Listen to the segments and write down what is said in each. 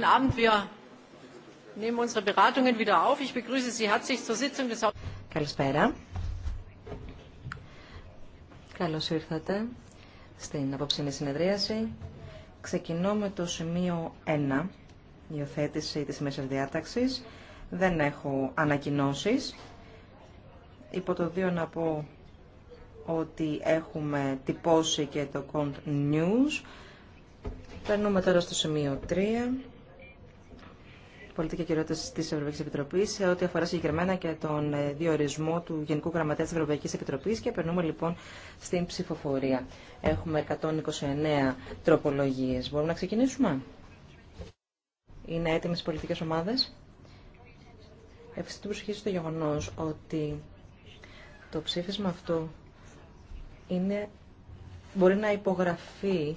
Guten Abend. Wir nehmen unsere Beratungen wieder auf. Ich begrüße Sie herzlich zur Sitzung des Καλησπέρα. Καλώ ήρθατε στην απόψινή συνεδρίαση. Ξεκινώ με το σημείο 1, υιοθέτηση τη μέσα διάταξη. Δεν έχω ανακοινώσει, Υπό το 2 να πω ότι έχουμε τυπώσει και το Cont News. Περνούμε τώρα στο σημείο 3 πολιτική κυριότητα τη Ευρωπαϊκή Επιτροπή σε ό,τι αφορά συγκεκριμένα και τον ε, διορισμό του Γενικού Γραμματέα τη Ευρωπαϊκή Επιτροπή και περνούμε λοιπόν στην ψηφοφορία. Έχουμε 129 τροπολογίε. Μπορούμε να ξεκινήσουμε. Είναι έτοιμε οι πολιτικέ ομάδε. Ευχαριστώ την προσοχή στο γεγονό ότι το ψήφισμα αυτό είναι, μπορεί να υπογραφεί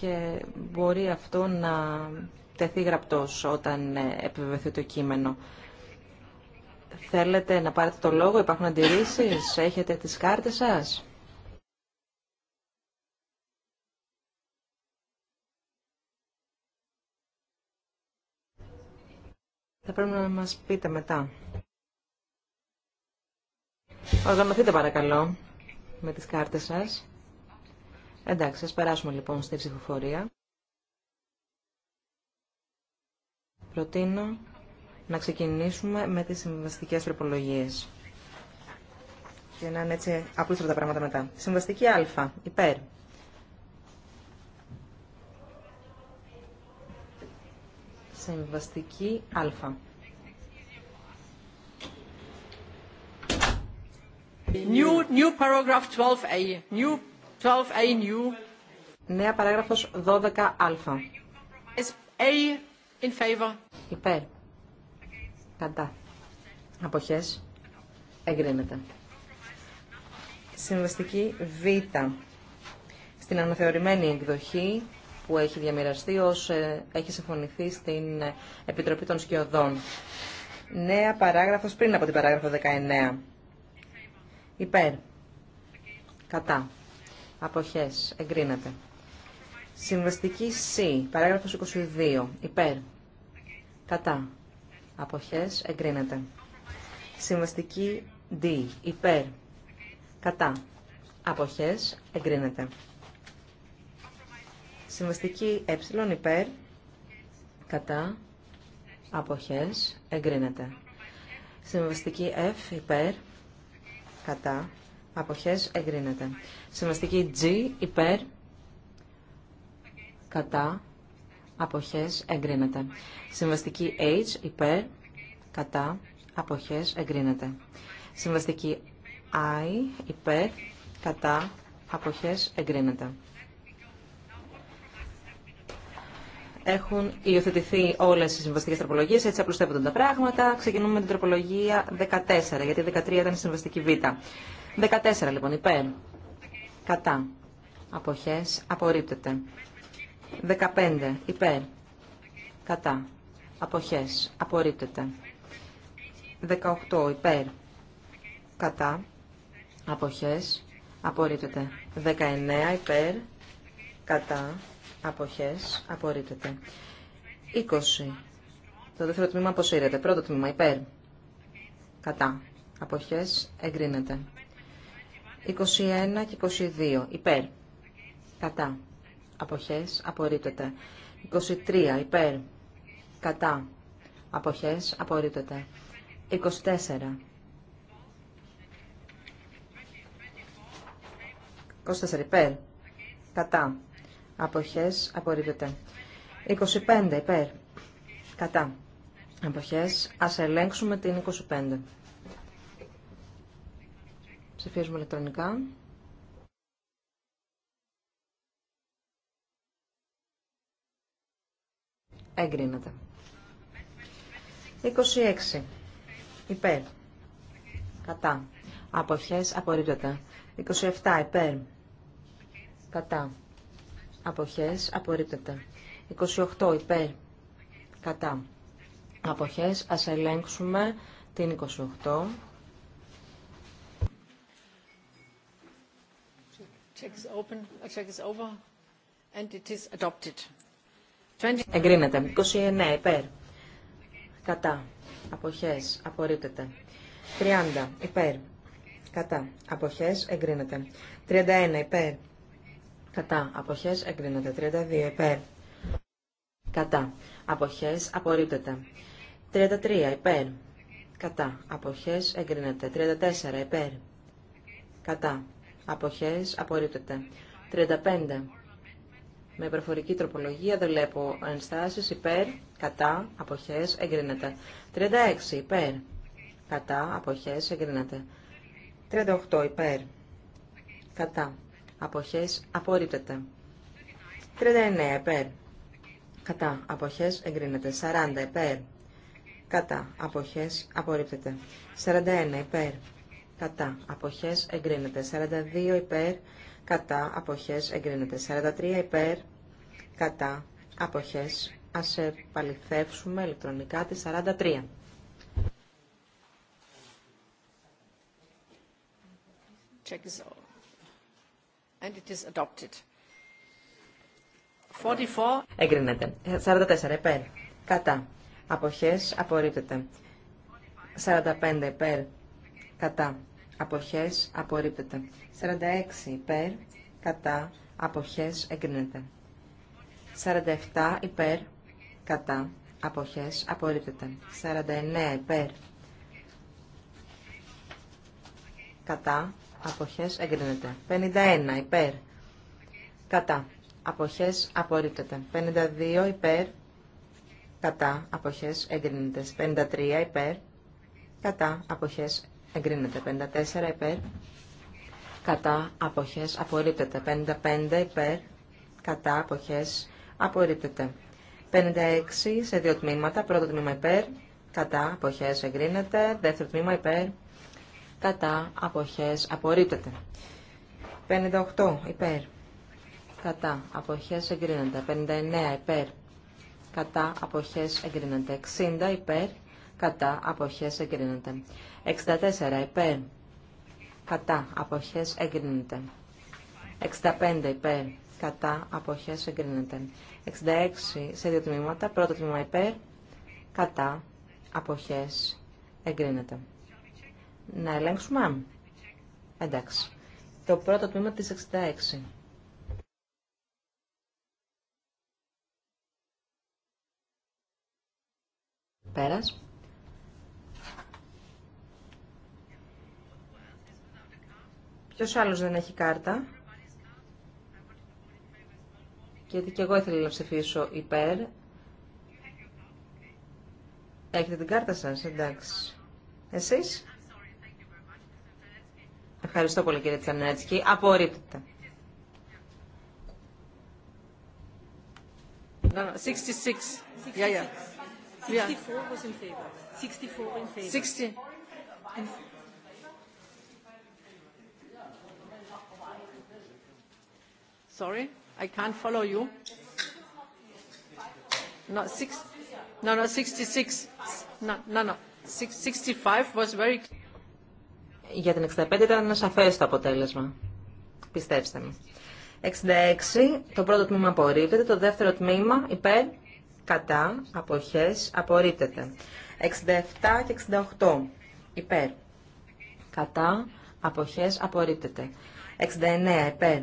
και μπορεί αυτό να τεθεί γραπτός όταν ε, επιβεβαιωθεί το κείμενο. Θέλετε να πάρετε το λόγο, υπάρχουν αντιρρήσεις, έχετε τις κάρτες σας. Θα πρέπει να μας πείτε μετά. Οργανωθείτε παρακαλώ με τις κάρτες σας. Εντάξει, ας περάσουμε λοιπόν στη ψηφοφορία. προτείνω να ξεκινήσουμε με τις συμβαστικές τροπολογίες. Και να είναι έτσι απλούστερα τα πράγματα μετά. Συμβαστική Α, υπέρ. Συμβαστική Α. New, new paragraph 12a. New 12a new. Νέα παράγραφος 12α. A In favor. Υπέρ. Κατά. Αποχές. Εγκρίνεται. Συμβαστική Β. Στην αναθεωρημένη εκδοχή που έχει διαμοιραστεί ως ε, έχει συμφωνηθεί στην Επιτροπή των Σκιωδών. Νέα παράγραφος πριν από την παράγραφο 19. Υπέρ. Κατά. Αποχές. Εγκρίνεται. Συμβαστική C, παράγραφος 22, υπέρ. Κατά. Αποχές εγκρίνεται. Συμβαστική D, υπέρ. Κατά. Αποχές εγκρίνεται. Συμβαστική ε, υπέρ. Κατά. Αποχές εγκρίνεται. Συμβαστική F, υπέρ. Κατά. Αποχές εγκρίνεται. Συμβαστική G, υπέρ κατά, αποχές, εγκρίνεται. Συμβαστική H, υπέρ, κατά, αποχές, εγκρίνεται. Συμβαστική I, υπέρ, κατά, αποχές, εγκρίνεται. Έχουν υιοθετηθεί όλες οι συμβαστικές τροπολογίες, έτσι απλουστεύονται τα πράγματα. Ξεκινούμε με την τροπολογία 14, γιατί 13 ήταν η συμβαστική Β. 14 λοιπόν, υπέρ, κατά, αποχές, απορρίπτεται. 15 υπέρ. Κατά. Αποχές. Απορρίπτεται. 18 υπέρ. Κατά. Αποχές. Απορρίπτεται. 19 υπέρ. Κατά. Αποχές. Απορρίπτεται. 20. Το δεύτερο τμήμα αποσύρεται. Πρώτο τμήμα υπέρ. Κατά. Αποχές. Εγκρίνεται. 21 και 22 υπέρ. Κατά αποχές απορρίπτεται. 23 υπέρ κατά αποχές απορρίπτεται. 24 24 υπέρ κατά αποχές απορρίπτεται. 25 υπέρ κατά αποχές. Ας ελέγξουμε την 25. Ψηφίζουμε ηλεκτρονικά. Εγκρίνεται. 26. Υπέρ. Κατά. Αποχές απορρίπτεται. 27. Υπέρ. Κατά. Αποχές απορρίπτεται. 28. Υπέρ. Κατά. Αποχές. Ας ελέγξουμε την 28. Check is open. Check is over, and it is adopted. Εγκρίνεται. 29 υπέρ. Κατά. Αποχές. Απορρίπτεται. 30 υπέρ. Κατά. Αποχές. Εγκρίνεται. 31 υπέρ. Κατά. Αποχές. Εγκρίνεται. 32 υπέρ. Κατά. Αποχές. Απορρίπτεται. 33 υπέρ. Κατά. Αποχές. Εγκρίνεται. 34 υπέρ. Κατά. Αποχές. Απορρίπτεται. 35 με προφορική τροπολογία. Δεν βλέπω Υπέρ, κατά, αποχέ, εγκρίνεται. 36. Υπέρ, κατά, απόχέ εγκρίνεται. 38. Υπέρ, κατά, αποχές, απορρίπτεται. 39. Υπέρ, κατά, αποχές, εγκρίνεται. 40. Υπέρ, κατά, αποχές, απορρίπτεται. 41. Υπέρ, κατά, απόχέ, εγκρίνεται. 42. Υπέρ, κατά αποχές εγκρίνεται. 43 υπέρ κατά αποχές. Ας επαληθεύσουμε ηλεκτρονικά τη 43. Check And it is adopted. 44. Εγκρίνεται. 44 υπέρ. Κατά. Αποχές απορρίπτεται. 45 υπέρ. Κατά αποχές απορρίπτεται. 46 υπέρ, κατά, αποχές εγκρίνεται. 47 υπέρ, κατά, αποχές απορρίπτεται. 49 υπέρ, κατά, αποχές εγκρίνεται. 51 υπέρ, κατά, αποχές απορρίπτεται. 52 υπέρ, κατά, αποχές εγκρίνεται. 53 υπέρ, κατά, αποχές εγκρίνεται. 54 υπέρ, κατά αποχές απορρίπτεται. 55 υπέρ, κατά αποχές απορρίπτεται. 56 σε δύο τμήματα, πρώτο τμήμα υπέρ, κατά αποχές εγκρίνεται, δεύτερο τμήμα υπέρ, κατά αποχές απορρίπτεται. 58 υπέρ, κατά αποχές εγκρίνεται. 59 υπέρ, κατά αποχές εγκρίνεται. 60 υπέρ, κατά αποχές εγκρίνεται. 64 υπέρ. Κατά αποχές εγκρίνεται. 65 υπέρ. Κατά αποχές εγκρίνεται. 66 σε δύο τμήματα. Πρώτο τμήμα υπέρ. Κατά αποχές εγκρίνεται. Να ελέγξουμε. Εντάξει. Το πρώτο τμήμα της 66. Πέρας. Ποιος άλλος δεν έχει κάρτα. Γιατί και εγώ ήθελα να ψηφίσω υπέρ. Έχετε την κάρτα σας, εντάξει. Εσείς. Ευχαριστώ πολύ κύριε Τσανέτσκι. Απορρίπτεται. 66. Yeah, yeah. 64 was in favor. 64 in favor. 60. Sorry, I can't follow you. No, 66. No, no, 65 was very... Για την 65 ήταν σαφές το αποτέλεσμα. Πιστέψτε με. 66, το πρώτο τμήμα απορρίπτεται, το δεύτερο τμήμα υπέρ, κατά, αποχές, απορρίπτεται. 67 και 68, υπέρ, κατά, αποχές, απορρίπτεται. 69, υπέρ,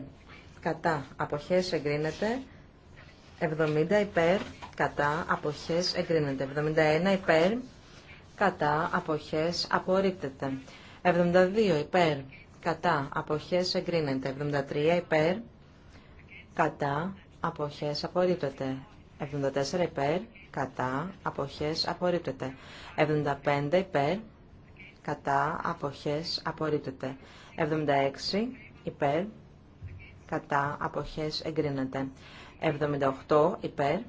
κατά αποχές εγκρίνεται 70 υπέρ κατά αποχές εγκρίνεται 71 υπέρ κατά αποχές απορρίπτεται 72 υπέρ κατά αποχές εγκρίνεται 73 υπέρ κατά αποχές απορρίπτεται 74 υπέρ κατά αποχές απορρίπτεται 75 υπέρ κατά αποχές απορρίπτεται 76 υπέρ κατά αποχές εγκρίνεται. 78 υπέρ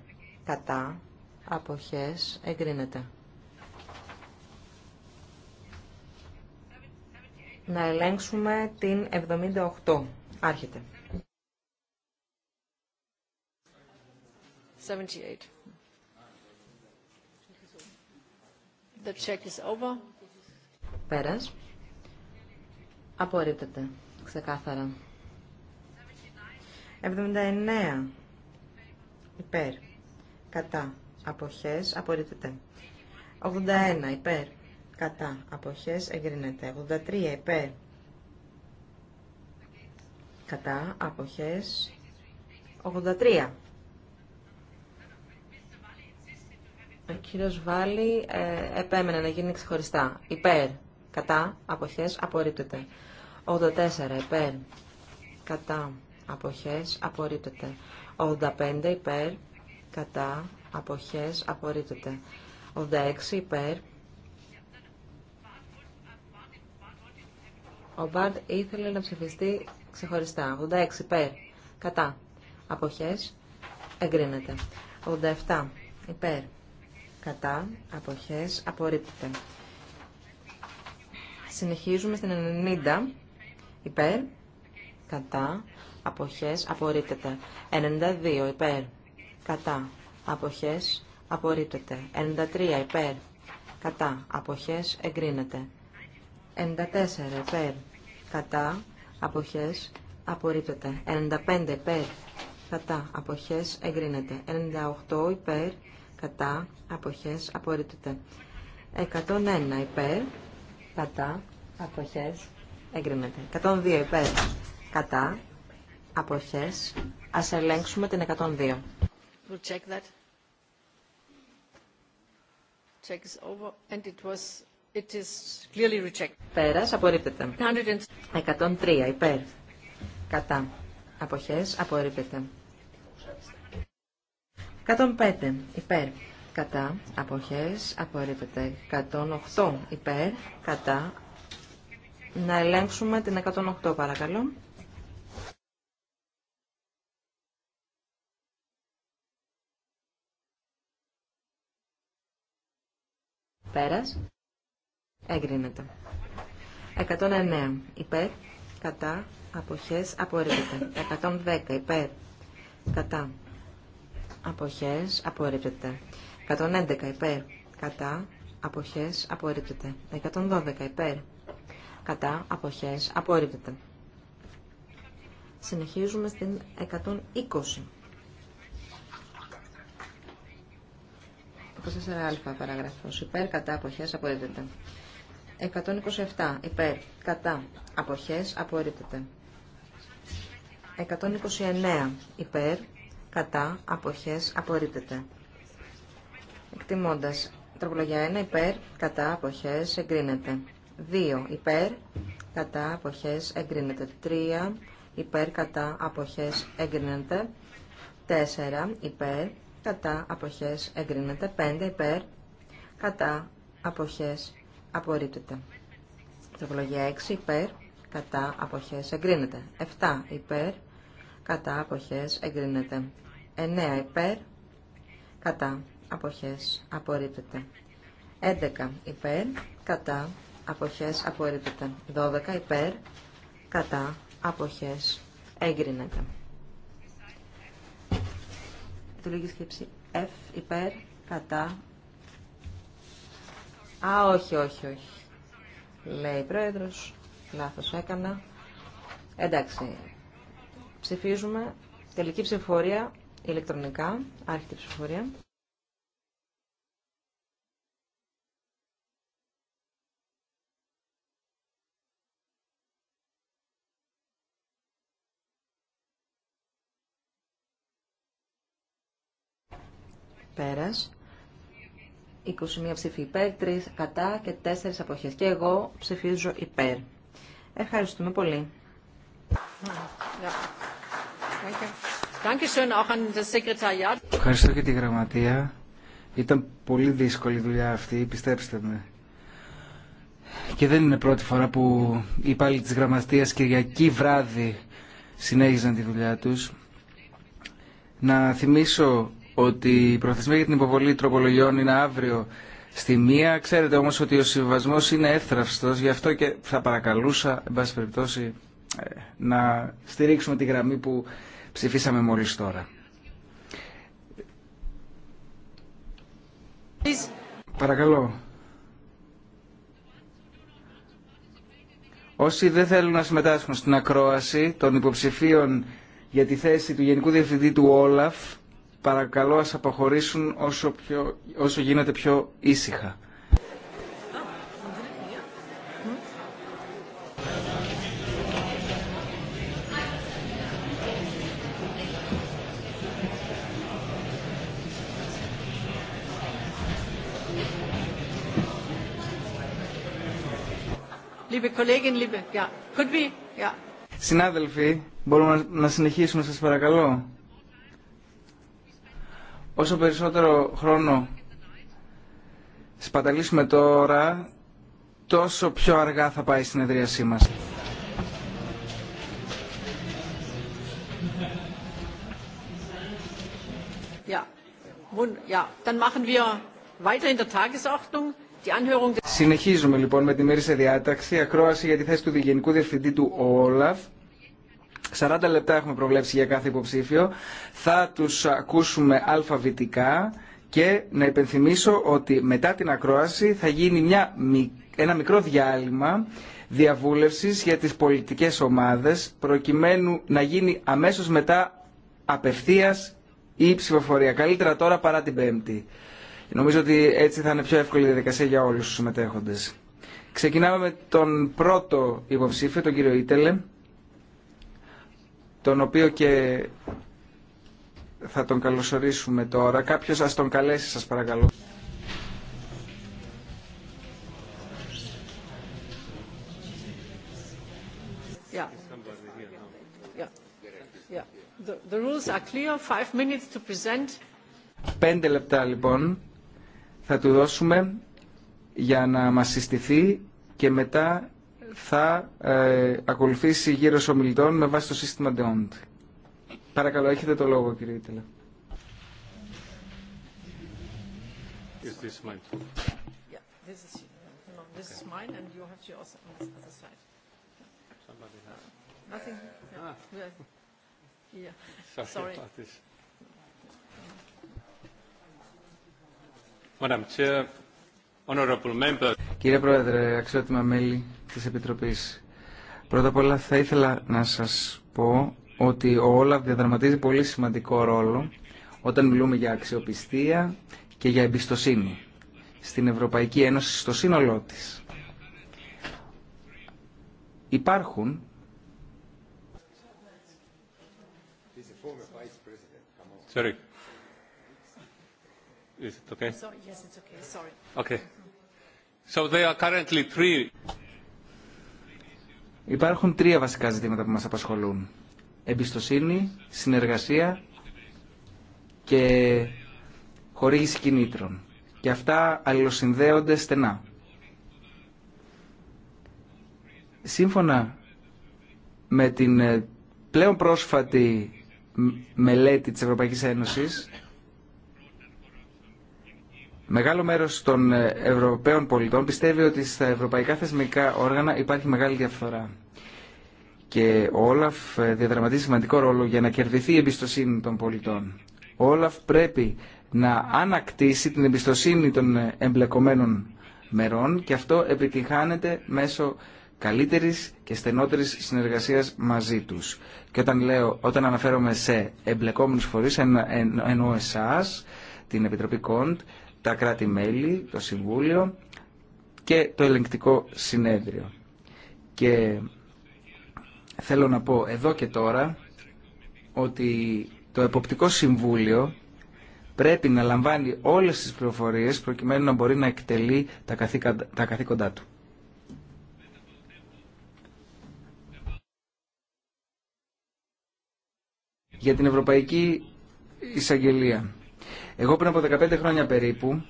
κατά αποχές εγκρίνεται. Να ελέγξουμε την 78. Άρχεται. 78. The check is over. Πέρας. Απορρίπτεται. Ξεκάθαρα. 79 υπέρ κατά αποχές απορρίπτεται 81 υπέρ κατά αποχές εγκρίνεται 83 υπέρ κατά αποχές 83 Ο κύριος Βάλλη ε, επέμενε να γίνει ξεχωριστά. Υπέρ, κατά, αποχές, απορρίπτεται. 84, υπέρ, κατά, αποχές απορρίπτεται. 85 υπέρ κατά αποχές απορρίπτεται. 86 υπέρ Ο Μπάρτ ήθελε να ψηφιστεί ξεχωριστά. 86 υπέρ κατά αποχές εγκρίνεται. 87 υπέρ κατά αποχές απορρίπτεται. Συνεχίζουμε στην 90 υπέρ κατά αποχές απορρίπτεται. 92 υπέρ κατά αποχές απορρίπτεται. 93 υπέρ κατά αποχές εγκρίνεται. 94 υπέρ κατά αποχές απορρίπτεται. 95 υπέρ κατά αποχές εγκρίνεται. 98 υπέρ κατά αποχές απορρίπτεται. 101 υπέρ κατά αποχές εγκρίνεται. 102 υπέρ κατά αποχές. Ας ελέγξουμε την 102. Πέρας, απορρίπτεται. 103, υπέρ. Κατά. Αποχές, απορρίπτεται. 105, υπέρ. Κατά. Αποχές, απορρίπτεται. 108, υπέρ. Κατά. Να ελέγξουμε την 108, παρακαλώ. Πέρας. Εγκρίνεται. 109 υπέρ. Κατά. Αποχές. Απορρίπτεται. 110 υπέρ. Κατά. Αποχές. Απορρίπτεται. 111 υπέρ. Κατά. Αποχές. Απορρίπτεται. 112 υπέρ. Κατά. Αποχές. Απορρίπτεται. Συνεχίζουμε στην 120. 24 α άλφα Υπέρ κατά αποχές απορρίπτεται. 127. Υπέρ κατά αποχές απορρίπτεται. 129. Υπέρ κατά αποχές απορρίπτεται. Εκτιμώντα. Τροπολογία 1. Υπέρ κατά αποχέ, εγκρίνεται. 2. Υπέρ κατά αποχέ, εγκρίνεται. 3. Υπέρ κατά αποχές εγκρίνεται. 4. Υπέρ κατά αποχές εγκρίνεται. 5 υπέρ κατά αποχές απορρίπτεται. Τροπολογία 6 υπέρ κατά αποχές εγκρίνεται. 7 υπέρ κατά αποχές εγκρίνεται. 9 υπέρ κατά αποχές απορρίπτεται. 11 υπέρ κατά αποχές απορρίπτεται. 12 υπέρ κατά αποχές εγκρίνεται τελική σκέψη F υπέρ κατά. Α, όχι, όχι, όχι. Λέει η πρόεδρος. Λάθος έκανα. Εντάξει. Ψηφίζουμε. Τελική ψηφορία, ηλεκτρονικά. Άρχιτη ψηφορία. Πέρας. 21 ψήφοι υπέρ, 3 κατά και 4 αποχές. Και εγώ ψηφίζω υπέρ. Ευχαριστούμε πολύ. Ευχαριστώ και τη γραμματεία. Ήταν πολύ δύσκολη δουλειά αυτή, πιστέψτε με. Και δεν είναι πρώτη φορά που οι υπάλληλοι της γραμματείας Κυριακή βράδυ συνέχιζαν τη δουλειά τους. Να θυμίσω ότι η προθεσμία για την υποβολή τροπολογιών είναι αύριο στη μία. Ξέρετε όμως ότι ο συμβασμός είναι έθραυστος, γι' αυτό και θα παρακαλούσα, εν πάση περιπτώσει, ε, να στηρίξουμε τη γραμμή που ψηφίσαμε μόλις τώρα. Παρακαλώ. Όσοι δεν θέλουν να συμμετάσχουν στην ακρόαση των υποψηφίων για τη θέση του Γενικού Διευθυντή του Όλαφ, παρακαλώ ας αποχωρήσουν όσο, γίνεται πιο ήσυχα. Liebe Kollegin, liebe, ja, Συνάδελφοι, μπορούμε να συνεχίσουμε σας παρακαλώ. Όσο περισσότερο χρόνο σπαταλήσουμε τώρα, τόσο πιο αργά θα πάει η συνεδρίασή μας. Συνεχίζουμε λοιπόν με τη μέρη σε διάταξη, ακρόαση για τη θέση του Γενικού Διευθυντή του ΟΛΑΦ 40 λεπτά έχουμε προβλέψει για κάθε υποψήφιο. Θα τους ακούσουμε αλφαβητικά και να υπενθυμίσω ότι μετά την ακρόαση θα γίνει μια, ένα μικρό διάλειμμα διαβούλευσης για τις πολιτικές ομάδες προκειμένου να γίνει αμέσως μετά απευθείας η ψηφοφορία. Καλύτερα τώρα παρά την Πέμπτη. Νομίζω ότι έτσι θα είναι πιο εύκολη η διαδικασία για όλους τους συμμετέχοντες. Ξεκινάμε με τον πρώτο υποψήφιο, τον κύριο Ήτελε τον οποίο και θα τον καλωσορίσουμε τώρα. Κάποιος ας τον καλέσει σας παρακαλώ. Πέντε λεπτά λοιπόν θα του δώσουμε για να μας συστηθεί και μετά θα ε, ακολουθήσει γύρω ομιλητών με βάση το σύστημα DONT. Παρακαλώ, έχετε το λόγο κύριε Ιτελα. Ah. Madam Chair, honourable members. Κύριε Πρόεδρε, αξιότιμα μέλη της Επιτροπής, πρώτα απ' όλα θα ήθελα να σας πω ότι ο Όλαβ διαδραματίζει πολύ σημαντικό ρόλο όταν μιλούμε για αξιοπιστία και για εμπιστοσύνη στην Ευρωπαϊκή Ένωση στο σύνολό της. Υπάρχουν Sorry. Is it okay? yes, it's okay. Sorry. Okay. Υπάρχουν τρία βασικά ζητήματα που μας απασχολούν. Εμπιστοσύνη, συνεργασία και χορήγηση κινήτρων. Και αυτά αλληλοσυνδέονται στενά. Σύμφωνα με την ε, πλέον πρόσφατη μελέτη της Ευρωπαϊκής Ένωσης, Μεγάλο μέρο των ε, Ευρωπαίων πολιτών πιστεύει ότι στα ευρωπαϊκά θεσμικά όργανα υπάρχει μεγάλη διαφθορά. Και ο Όλαφ ε, διαδραματίζει σημαντικό ρόλο για να κερδιθεί η εμπιστοσύνη των πολιτών. Ο Όλαφ πρέπει να ανακτήσει την εμπιστοσύνη των ε, εμπλεκομένων μερών και αυτό επιτυχάνεται μέσω καλύτερης και στενότερης συνεργασίας μαζί τους. Και όταν, λέω, όταν αναφέρομαι σε εμπλεκόμενους φορείς, εννοώ εσάς, την Επιτροπή Κοντ, τα κράτη-μέλη, το Συμβούλιο και το Ελεγκτικό Συνέδριο. Και θέλω να πω εδώ και τώρα ότι το Εποπτικό Συμβούλιο πρέπει να λαμβάνει όλες τις πληροφορίες προκειμένου να μπορεί να εκτελεί τα, καθήκοντα, τα καθήκοντά του. Για την Ευρωπαϊκή Εισαγγελία. Εγώ πριν από 15 χρόνια περίπου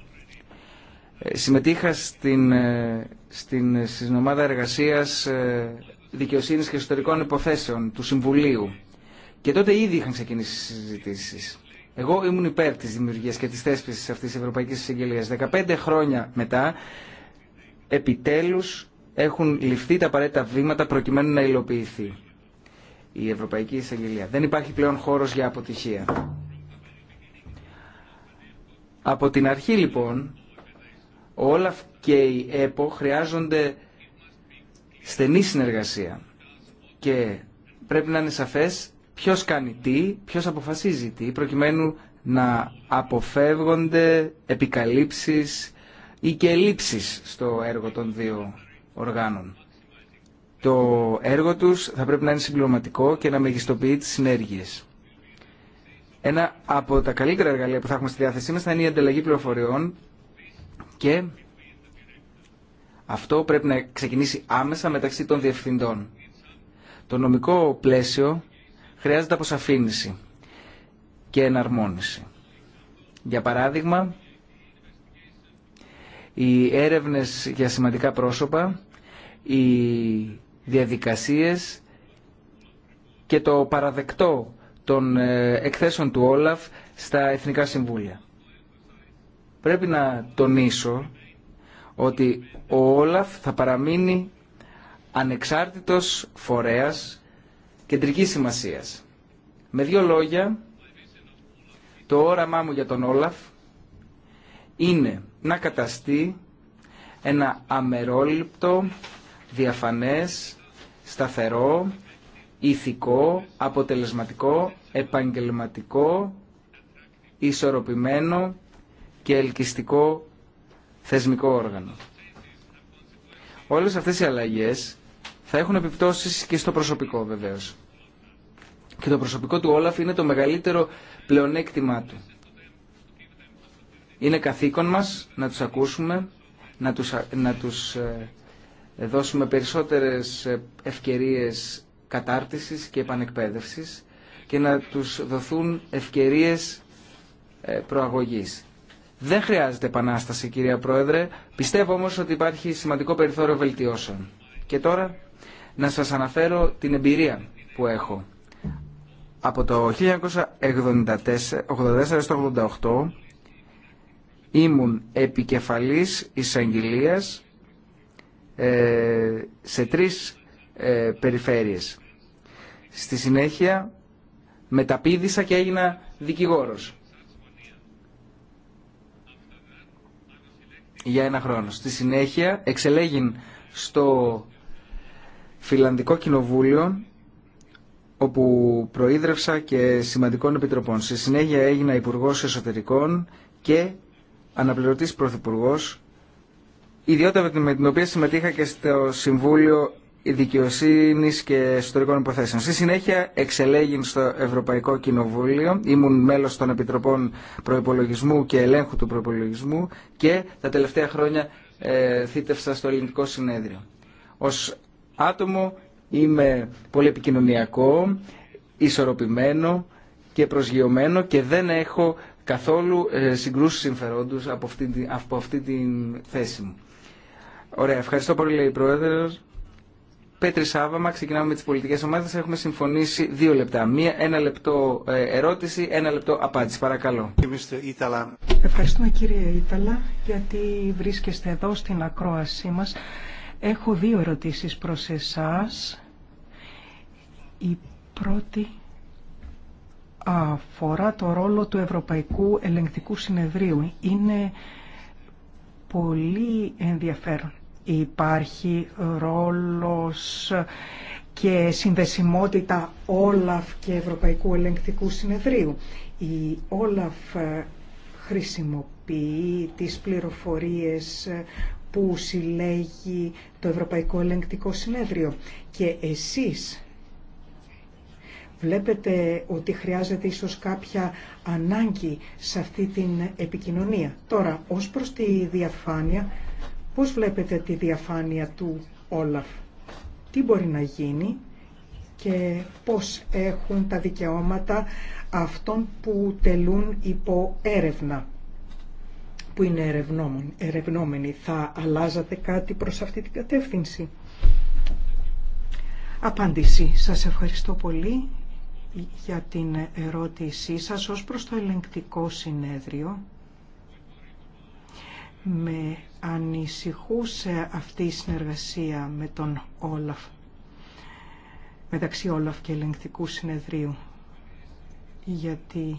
ε, συμμετείχα στην, ε, στην, ε, στην ομάδα εργασίας δικαιοσύνης και ιστορικών υποθέσεων του Συμβουλίου και τότε ήδη είχαν ξεκινήσει συζητήσει. Εγώ ήμουν υπέρ τη δημιουργία και της θέσπισης αυτή τη ευρωπαϊκή Εισαγγελία. 15 χρόνια μετά, επιτέλους έχουν ληφθεί τα απαραίτητα βήματα προκειμένου να υλοποιηθεί η Ευρωπαϊκή Εισαγγελία. Δεν υπάρχει πλέον χώρο για αποτυχία. Από την αρχή λοιπόν, όλα και η ΕΠΟ χρειάζονται στενή συνεργασία και πρέπει να είναι σαφές ποιος κάνει τι, ποιος αποφασίζει τι, προκειμένου να αποφεύγονται επικαλύψεις ή και ελλείψεις στο έργο των δύο οργάνων. Το έργο τους θα πρέπει να είναι συμπληρωματικό και να μεγιστοποιεί τις συνέργειες. Ένα από τα καλύτερα εργαλεία που θα έχουμε στη διάθεσή μας θα είναι η ανταλλαγή πληροφοριών και αυτό πρέπει να ξεκινήσει άμεσα μεταξύ των διευθυντών. Το νομικό πλαίσιο χρειάζεται αποσαφήνιση και εναρμόνιση. Για παράδειγμα, οι έρευνες για σημαντικά πρόσωπα, οι διαδικασίες και το παραδεκτό των ε, εκθέσεων του Όλαφ στα Εθνικά Συμβούλια. Πρέπει να τονίσω ότι ο Όλαφ θα παραμείνει ανεξάρτητος φορέας κεντρικής σημασίας. Με δύο λόγια, το όραμά μου για τον Όλαφ είναι να καταστεί ένα αμερόληπτο, διαφανές, σταθερό ηθικό, αποτελεσματικό, επαγγελματικό, ισορροπημένο και ελκυστικό θεσμικό όργανο. Όλες αυτές οι αλλαγές θα έχουν επιπτώσεις και στο προσωπικό βεβαίως. Και το προσωπικό του Όλαφ είναι το μεγαλύτερο πλεονέκτημά του. Είναι καθήκον μας να τους ακούσουμε, να τους, να τους ε, δώσουμε περισσότερες ε, ευκαιρίες κατάρτισης και επανεκπαίδευσης και να τους δοθούν ευκαιρίες ε, προαγωγής. Δεν χρειάζεται επανάσταση κυρία Πρόεδρε, πιστεύω όμως ότι υπάρχει σημαντικό περιθώριο βελτιώσεων. Και τώρα να σας αναφέρω την εμπειρία που έχω. Από το 1984 στο 1988 ήμουν επικεφαλής εισαγγελίας ε, σε τρεις ε, περιφέρειες. Στη συνέχεια μεταπίδησα και έγινα δικηγόρος. Για ένα χρόνο. Στη συνέχεια εξελέγην στο Φιλανδικό Κοινοβούλιο όπου προείδρευσα και σημαντικών επιτροπών. Στη συνέχεια έγινα Υπουργός Εσωτερικών και αναπληρωτής Πρωθυπουργός ιδιότητα με την οποία συμμετείχα και στο Συμβούλιο Δικαιοσύνη και Ιστορικών Υποθέσεων. Στη συνέχεια εξελέγην στο Ευρωπαϊκό Κοινοβούλιο, ήμουν μέλο των Επιτροπών Προπολογισμού και Ελέγχου του Προπολογισμού και τα τελευταία χρόνια ε, θύτευσα στο Ελληνικό Συνέδριο. Ω άτομο είμαι πολύ επικοινωνιακό, ισορροπημένο και προσγειωμένο και δεν έχω καθόλου ε, συγκρούσει συμφερόντου από αυτή, την θέση μου. Ωραία, ευχαριστώ πολύ λέει η Πέτρη Σάβαμα, ξεκινάμε με τις πολιτικές ομάδες. Έχουμε συμφωνήσει δύο λεπτά. Μία, ένα λεπτό ε, ερώτηση, ένα λεπτό απάντηση. Παρακαλώ. Ευχαριστούμε κύριε Ήταλα γιατί βρίσκεστε εδώ στην ακρόασή μας. Έχω δύο ερωτήσεις προς εσάς. Η πρώτη αφορά το ρόλο του Ευρωπαϊκού Ελεγκτικού Συνεδρίου. Είναι πολύ ενδιαφέρον. Υπάρχει ρόλος και συνδεσιμότητα Όλαφ και Ευρωπαϊκού Ελεγκτικού Συνεδρίου. Η Όλαφ ε, χρησιμοποιεί τις πληροφορίες ε, που συλλέγει το Ευρωπαϊκό Ελεγκτικό Συνέδριο. Και εσείς βλέπετε ότι χρειάζεται ίσως κάποια ανάγκη σε αυτή την επικοινωνία. Τώρα, ως προς τη διαφάνεια, Πώς βλέπετε τη διαφάνεια του Όλαφ, τι μπορεί να γίνει και πώς έχουν τα δικαιώματα αυτών που τελούν υπό έρευνα, που είναι ερευνόμενοι. Θα αλλάζατε κάτι προς αυτή την κατεύθυνση. Απάντηση. Σας ευχαριστώ πολύ για την ερώτησή σας ως προς το ελεγκτικό συνέδριο με ανησυχούσε αυτή η συνεργασία με τον Όλαφ, μεταξύ Όλαφ και ελεγκτικού συνεδρίου, γιατί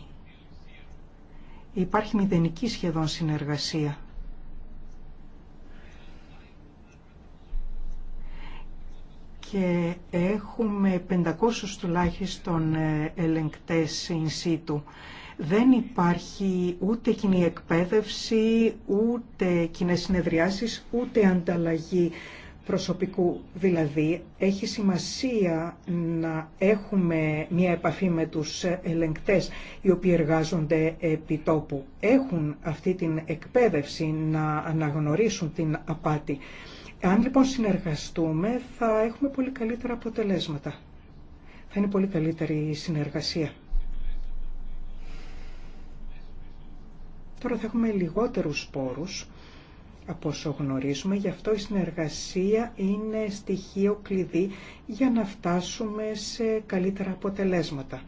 υπάρχει μηδενική σχεδόν συνεργασία. και έχουμε 500 τουλάχιστον ε, ελεγκτές in δεν υπάρχει ούτε κοινή εκπαίδευση, ούτε κοινέ συνεδριάσεις, ούτε ανταλλαγή προσωπικού. Δηλαδή, έχει σημασία να έχουμε μια επαφή με τους ελεγκτές οι οποίοι εργάζονται επί τόπου. Έχουν αυτή την εκπαίδευση να αναγνωρίσουν την απάτη. Αν λοιπόν συνεργαστούμε θα έχουμε πολύ καλύτερα αποτελέσματα. Θα είναι πολύ καλύτερη η συνεργασία. Τώρα θα έχουμε λιγότερους σπόρους από όσο γνωρίζουμε, γι' αυτό η συνεργασία είναι στοιχείο κλειδί για να φτάσουμε σε καλύτερα αποτελέσματα.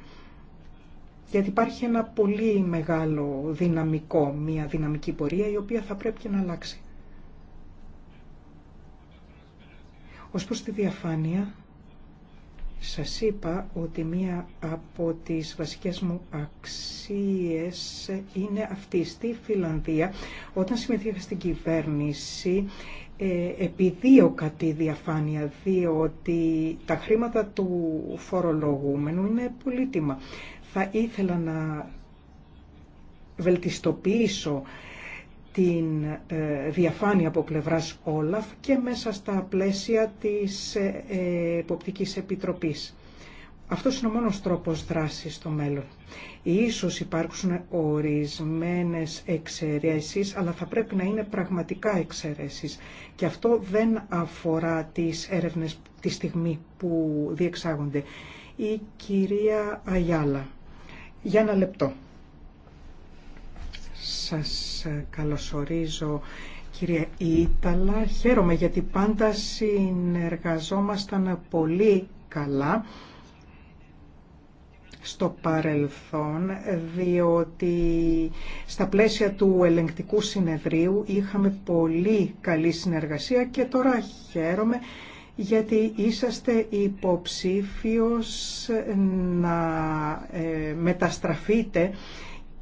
Γιατί υπάρχει ένα πολύ μεγάλο δυναμικό, μια δυναμική πορεία η οποία θα πρέπει και να αλλάξει. Ως προς τη διαφάνεια, σας είπα ότι μία από τις βασικές μου αξίες είναι αυτή στη Φιλανδία. Όταν συμμετείχα στην κυβέρνηση ε, επιδίωκα τη διαφάνεια διότι τα χρήματα του φορολογούμενου είναι πολύτιμα. Θα ήθελα να βελτιστοποιήσω την ε, διαφάνεια από πλευράς Όλαφ και μέσα στα πλαίσια της ε, ε, Εποπτικής Επιτροπής. Αυτός είναι ο μόνος τρόπος δράσης στο μέλλον. Ίσως υπάρξουν ορισμένες εξαιρέσεις, αλλά θα πρέπει να είναι πραγματικά εξαιρέσεις. Και αυτό δεν αφορά τις έρευνες τη στιγμή που διεξάγονται. Η κυρία Αγιάλα, για ένα λεπτό. Σας ε, καλωσορίζω κυρία Ήταλα. Χαίρομαι γιατί πάντα συνεργαζόμασταν πολύ καλά στο παρελθόν, διότι στα πλαίσια του ελεγκτικού συνεδρίου είχαμε πολύ καλή συνεργασία και τώρα χαίρομαι γιατί είσαστε υποψήφιος να ε, μεταστραφείτε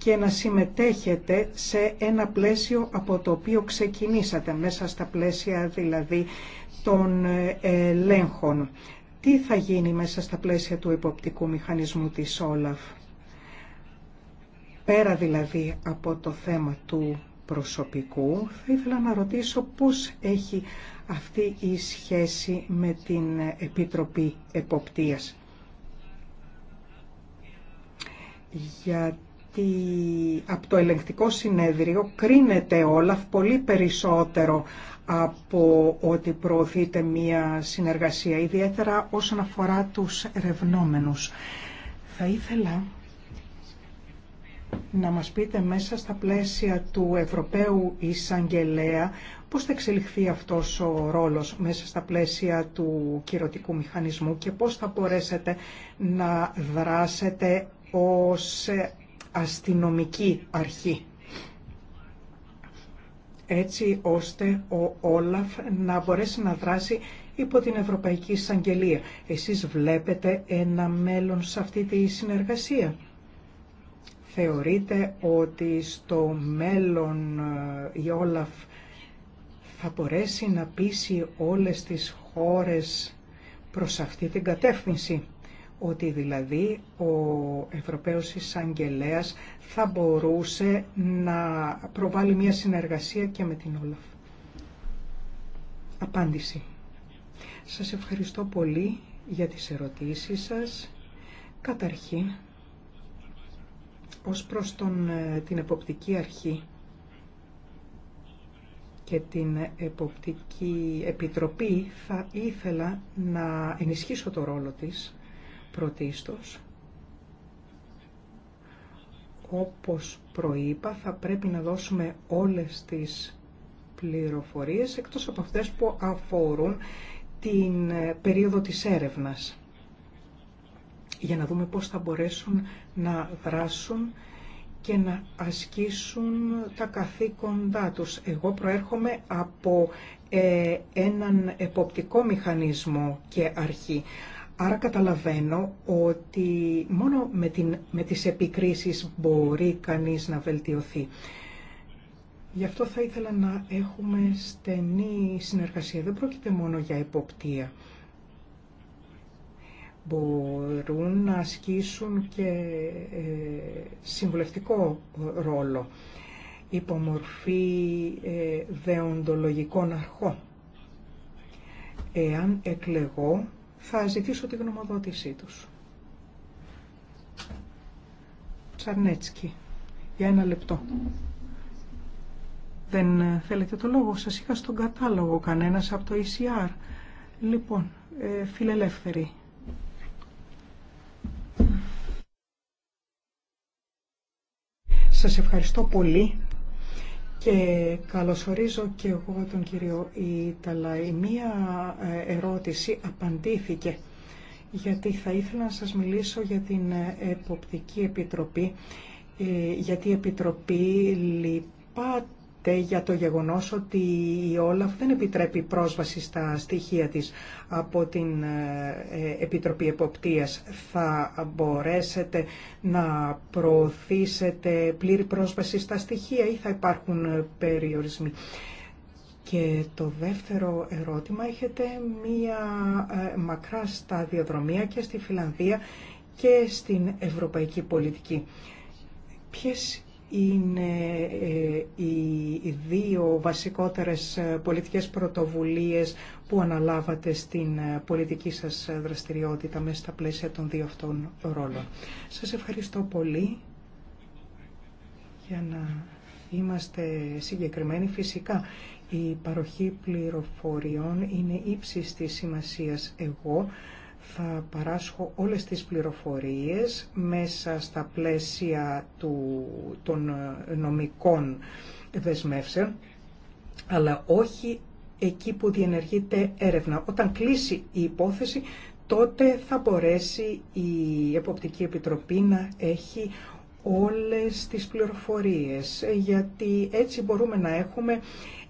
και να συμμετέχετε σε ένα πλαίσιο από το οποίο ξεκινήσατε, μέσα στα πλαίσια δηλαδή των ε, ελέγχων. Τι θα γίνει μέσα στα πλαίσια του υποπτικού μηχανισμού της Όλαφ, πέρα δηλαδή από το θέμα του προσωπικού, θα ήθελα να ρωτήσω πώς έχει αυτή η σχέση με την Επιτροπή Εποπτείας από το ελεγκτικό συνέδριο κρίνεται όλα πολύ περισσότερο από ότι προωθείται μία συνεργασία, ιδιαίτερα όσον αφορά τους ερευνόμενους. Θα ήθελα να μας πείτε μέσα στα πλαίσια του Ευρωπαίου Ισαγγελέα πώς θα εξελιχθεί αυτός ο ρόλος μέσα στα πλαίσια του κυρωτικού μηχανισμού και πώς θα μπορέσετε να δράσετε ως αστυνομική αρχή έτσι ώστε ο Όλαφ να μπορέσει να δράσει υπό την Ευρωπαϊκή Εισαγγελία. Εσείς βλέπετε ένα μέλλον σε αυτή τη συνεργασία. Θεωρείτε ότι στο μέλλον ε, η Όλαφ θα μπορέσει να πείσει όλες τις χώρες προς αυτή την κατεύθυνση ότι δηλαδή ο Ευρωπαίος εισαγγελέα θα μπορούσε να προβάλλει μια συνεργασία και με την Όλαφ. Απάντηση. Σας ευχαριστώ πολύ για τις ερωτήσεις σας. Καταρχήν, ως προς τον, ε, την εποπτική αρχή και την Εποπτική Επιτροπή θα ήθελα να ενισχύσω το ρόλο της Πρωτίστως, όπως προείπα, θα πρέπει να δώσουμε όλες τις πληροφορίες, εκτός από αυτές που αφορούν την ε, περίοδο της έρευνας, για να δούμε πώς θα μπορέσουν να δράσουν και να ασκήσουν τα καθήκοντά τους. Εγώ προέρχομαι από ε, έναν εποπτικό μηχανισμό και αρχή. Άρα καταλαβαίνω ότι μόνο με, την, με τις επικρίσεις μπορεί κανείς να βελτιωθεί. Γι' αυτό θα ήθελα να έχουμε στενή συνεργασία. Δεν πρόκειται μόνο για εποπτεία. Μπορούν να ασκήσουν και ε, συμβουλευτικό ρόλο υπομορφή ε, δεοντολογικών αρχών. Εάν εκλεγώ θα ζητήσω τη γνωμοδότησή τους. Τσαρνέτσκι, για ένα λεπτό. Δεν ε, θέλετε το λόγο, σας είχα στον κατάλογο κανένας από το ECR. Λοιπόν, ε, φιλελεύθεροι. Σας ευχαριστώ πολύ και καλωσορίζω και εγώ τον κύριο Ιταλά. Η μία ε, ερώτηση απαντήθηκε γιατί θα ήθελα να σας μιλήσω για την ε, Εποπτική Επιτροπή ε, γιατί η Επιτροπή λυπάται για το γεγονός ότι η Όλαφ δεν επιτρέπει πρόσβαση στα στοιχεία της από την ε, ε, Επιτροπή Εποπτείας. Θα μπορέσετε να προωθήσετε πλήρη πρόσβαση στα στοιχεία ή θα υπάρχουν ε, περιορισμοί. Και το δεύτερο ερώτημα, έχετε μία μακρά σταδιοδρομία και στη Φιλανδία και στην ευρωπαϊκή πολιτική. Ποιες είναι ε, οι δύο βασικότερες ε, πολιτικές πρωτοβουλίες που αναλάβατε στην ε, πολιτική σας δραστηριότητα μέσα στα πλαίσια των δύο αυτών ρόλων. Σας ευχαριστώ πολύ για να είμαστε συγκεκριμένοι. Φυσικά η παροχή πληροφοριών είναι ύψης της σημασίας εγώ θα παράσχω όλες τις πληροφορίες μέσα στα πλαίσια του, των ε, νομικών δεσμεύσεων, αλλά όχι εκεί που διενεργείται έρευνα. Όταν κλείσει η υπόθεση, τότε θα μπορέσει η Εποπτική Επιτροπή να έχει όλες τις πληροφορίες, ε, γιατί έτσι μπορούμε να έχουμε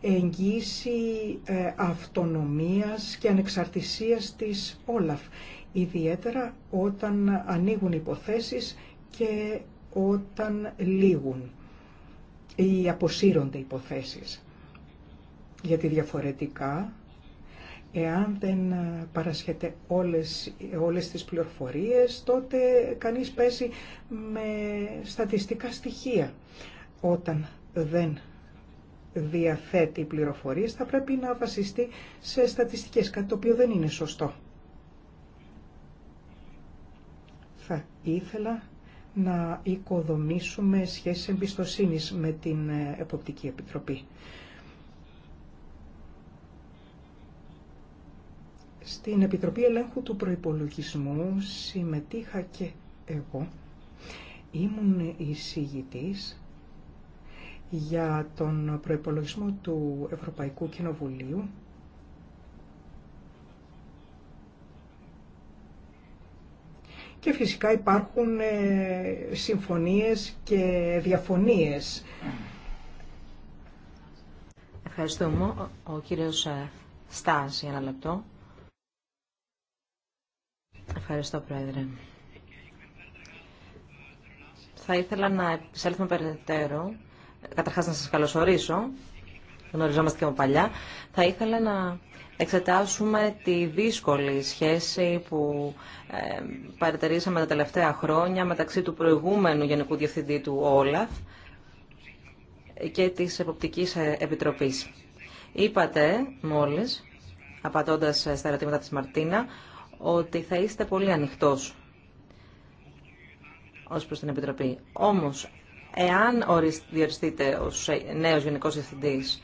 εγγύηση ε, αυτονομίας και ανεξαρτησίας της Όλαφ, ιδιαίτερα όταν ανοίγουν υποθέσεις και όταν λήγουν ή αποσύρονται υποθέσεις. Γιατί διαφορετικά, εάν δεν παρασχέται όλες, όλες τις πληροφορίες, τότε κανείς πέσει με στατιστικά στοιχεία όταν δεν διαθέτει πληροφορίες θα πρέπει να βασιστεί σε στατιστικές, κάτι το οποίο δεν είναι σωστό. Θα ήθελα να οικοδομήσουμε σχέσεις εμπιστοσύνης με την ε, Εποπτική Επιτροπή. Στην Επιτροπή Ελέγχου του Προϋπολογισμού συμμετείχα και εγώ. Ήμουν εισηγητής για τον προϋπολογισμό του Ευρωπαϊκού Κοινοβουλίου και φυσικά υπάρχουν ε, συμφωνίες και διαφωνίες. Ευχαριστούμε. Ο κύριος ε, Στάς για ένα λεπτό. Ευχαριστώ, Πρόεδρε. Θα ήθελα να επισέλθουμε περαιτέρω Καταρχά να σας καλωσορίσω, γνωριζόμαστε και από παλιά. Θα ήθελα να εξετάσουμε τη δύσκολη σχέση που ε, παρατηρήσαμε τα τελευταία χρόνια μεταξύ του προηγούμενου Γενικού Διευθυντή του Όλαφ και της Εποπτικής ε, Επιτροπής. Είπατε μόλις, απαντώντας στα ερωτήματα της Μαρτίνα, ότι θα είστε πολύ ανοιχτός ως προς την Επιτροπή. Όμως, εάν διοριστείτε ως νέος Γενικός Διευθυντής,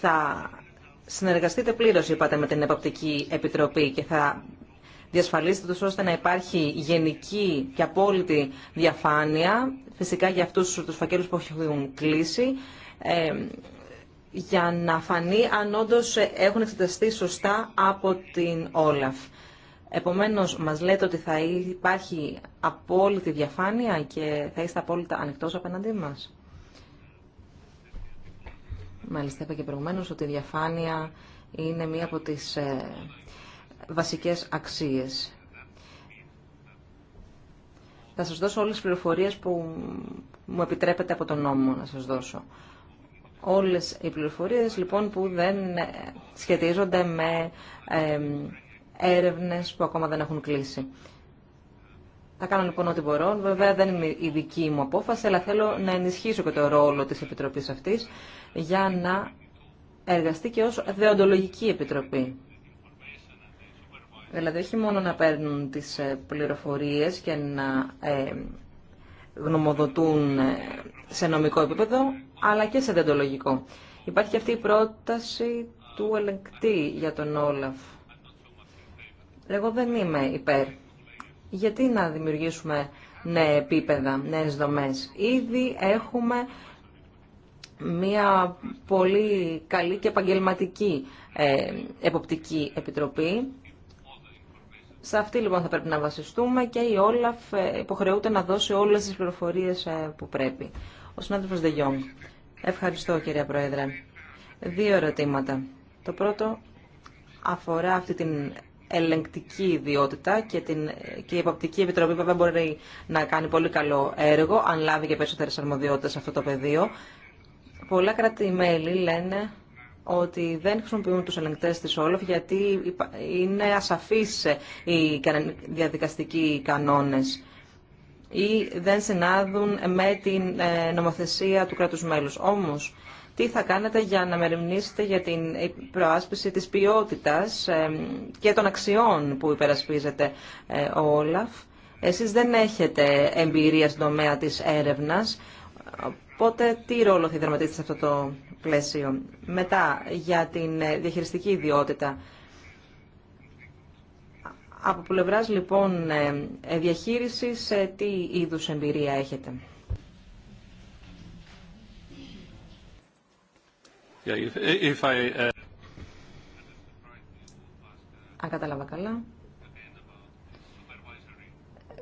θα συνεργαστείτε πλήρως, είπατε, με την Επαπτική Επιτροπή και θα διασφαλίσετε τους ώστε να υπάρχει γενική και απόλυτη διαφάνεια, φυσικά για αυτούς τους φακέλους που έχουν κλείσει, ε, για να φανεί αν όντω έχουν εξεταστεί σωστά από την Όλαφ. Επομένως, μας λέτε ότι θα υπάρχει απόλυτη διαφάνεια και θα είστε απόλυτα ανοιχτός απέναντί μας. Μάλιστα, είπα και προηγουμένως ότι η διαφάνεια είναι μία από τις ε, βασικές αξίες. Θα σας δώσω όλες τις πληροφορίες που μου επιτρέπεται από τον νόμο να σας δώσω. Όλες οι πληροφορίες, λοιπόν, που δεν ε, σχετίζονται με ε, έρευνες που ακόμα δεν έχουν κλείσει. Θα κάνω λοιπόν ό,τι μπορώ. Βέβαια δεν είναι η δική μου απόφαση, αλλά θέλω να ενισχύσω και το ρόλο της Επιτροπής αυτής για να εργαστεί και ως δεοντολογική επιτροπή. Δηλαδή όχι μόνο να παίρνουν τις ε, πληροφορίες και να ε, γνωμοδοτούν ε, σε νομικό επίπεδο, αλλά και σε δεοντολογικό Υπάρχει αυτή η πρόταση του ελεγκτή για τον Όλαφ εγώ δεν είμαι υπέρ. Γιατί να δημιουργήσουμε νέα επίπεδα, νέες δομές. Ήδη έχουμε μια πολύ καλή και επαγγελματική ε, εποπτική επιτροπή. Σε αυτή λοιπόν θα πρέπει να βασιστούμε και η Όλαφ ε, υποχρεούται να δώσει όλες τις πληροφορίες ε, που πρέπει. Ο συνάδελφος Δεγιόμ. Ευχαριστώ κυρία Πρόεδρε. Δύο ερωτήματα. Το πρώτο αφορά αυτή την ελεγκτική ιδιότητα και, την, και η Εποπτική Επιτροπή βέβαια μπορεί να κάνει πολύ καλό έργο αν λάβει και περισσότερες αρμοδιότητες σε αυτό το πεδίο. Πολλά κράτη-μέλη λένε ότι δεν χρησιμοποιούν τους ελεγκτές της Όλοφ γιατί είναι ασαφείς οι διαδικαστικοί κανόνες ή δεν συνάδουν με την ε, νομοθεσία του κράτους μέλους. Όμως, τι θα κάνετε για να μεριμνήσετε για την προάσπιση της ποιότητας και των αξιών που υπερασπίζεται ε, ο Όλαφ. Εσείς δεν έχετε εμπειρία στον τομέα της έρευνας, οπότε τι ρόλο θα δραματίσετε σε αυτό το πλαίσιο. Μετά, για την ε, διαχειριστική ιδιότητα. Από πλευράς λοιπόν ε, διαχείρισης, τι είδους εμπειρία έχετε. Uh, Αν κατάλαβα καλά.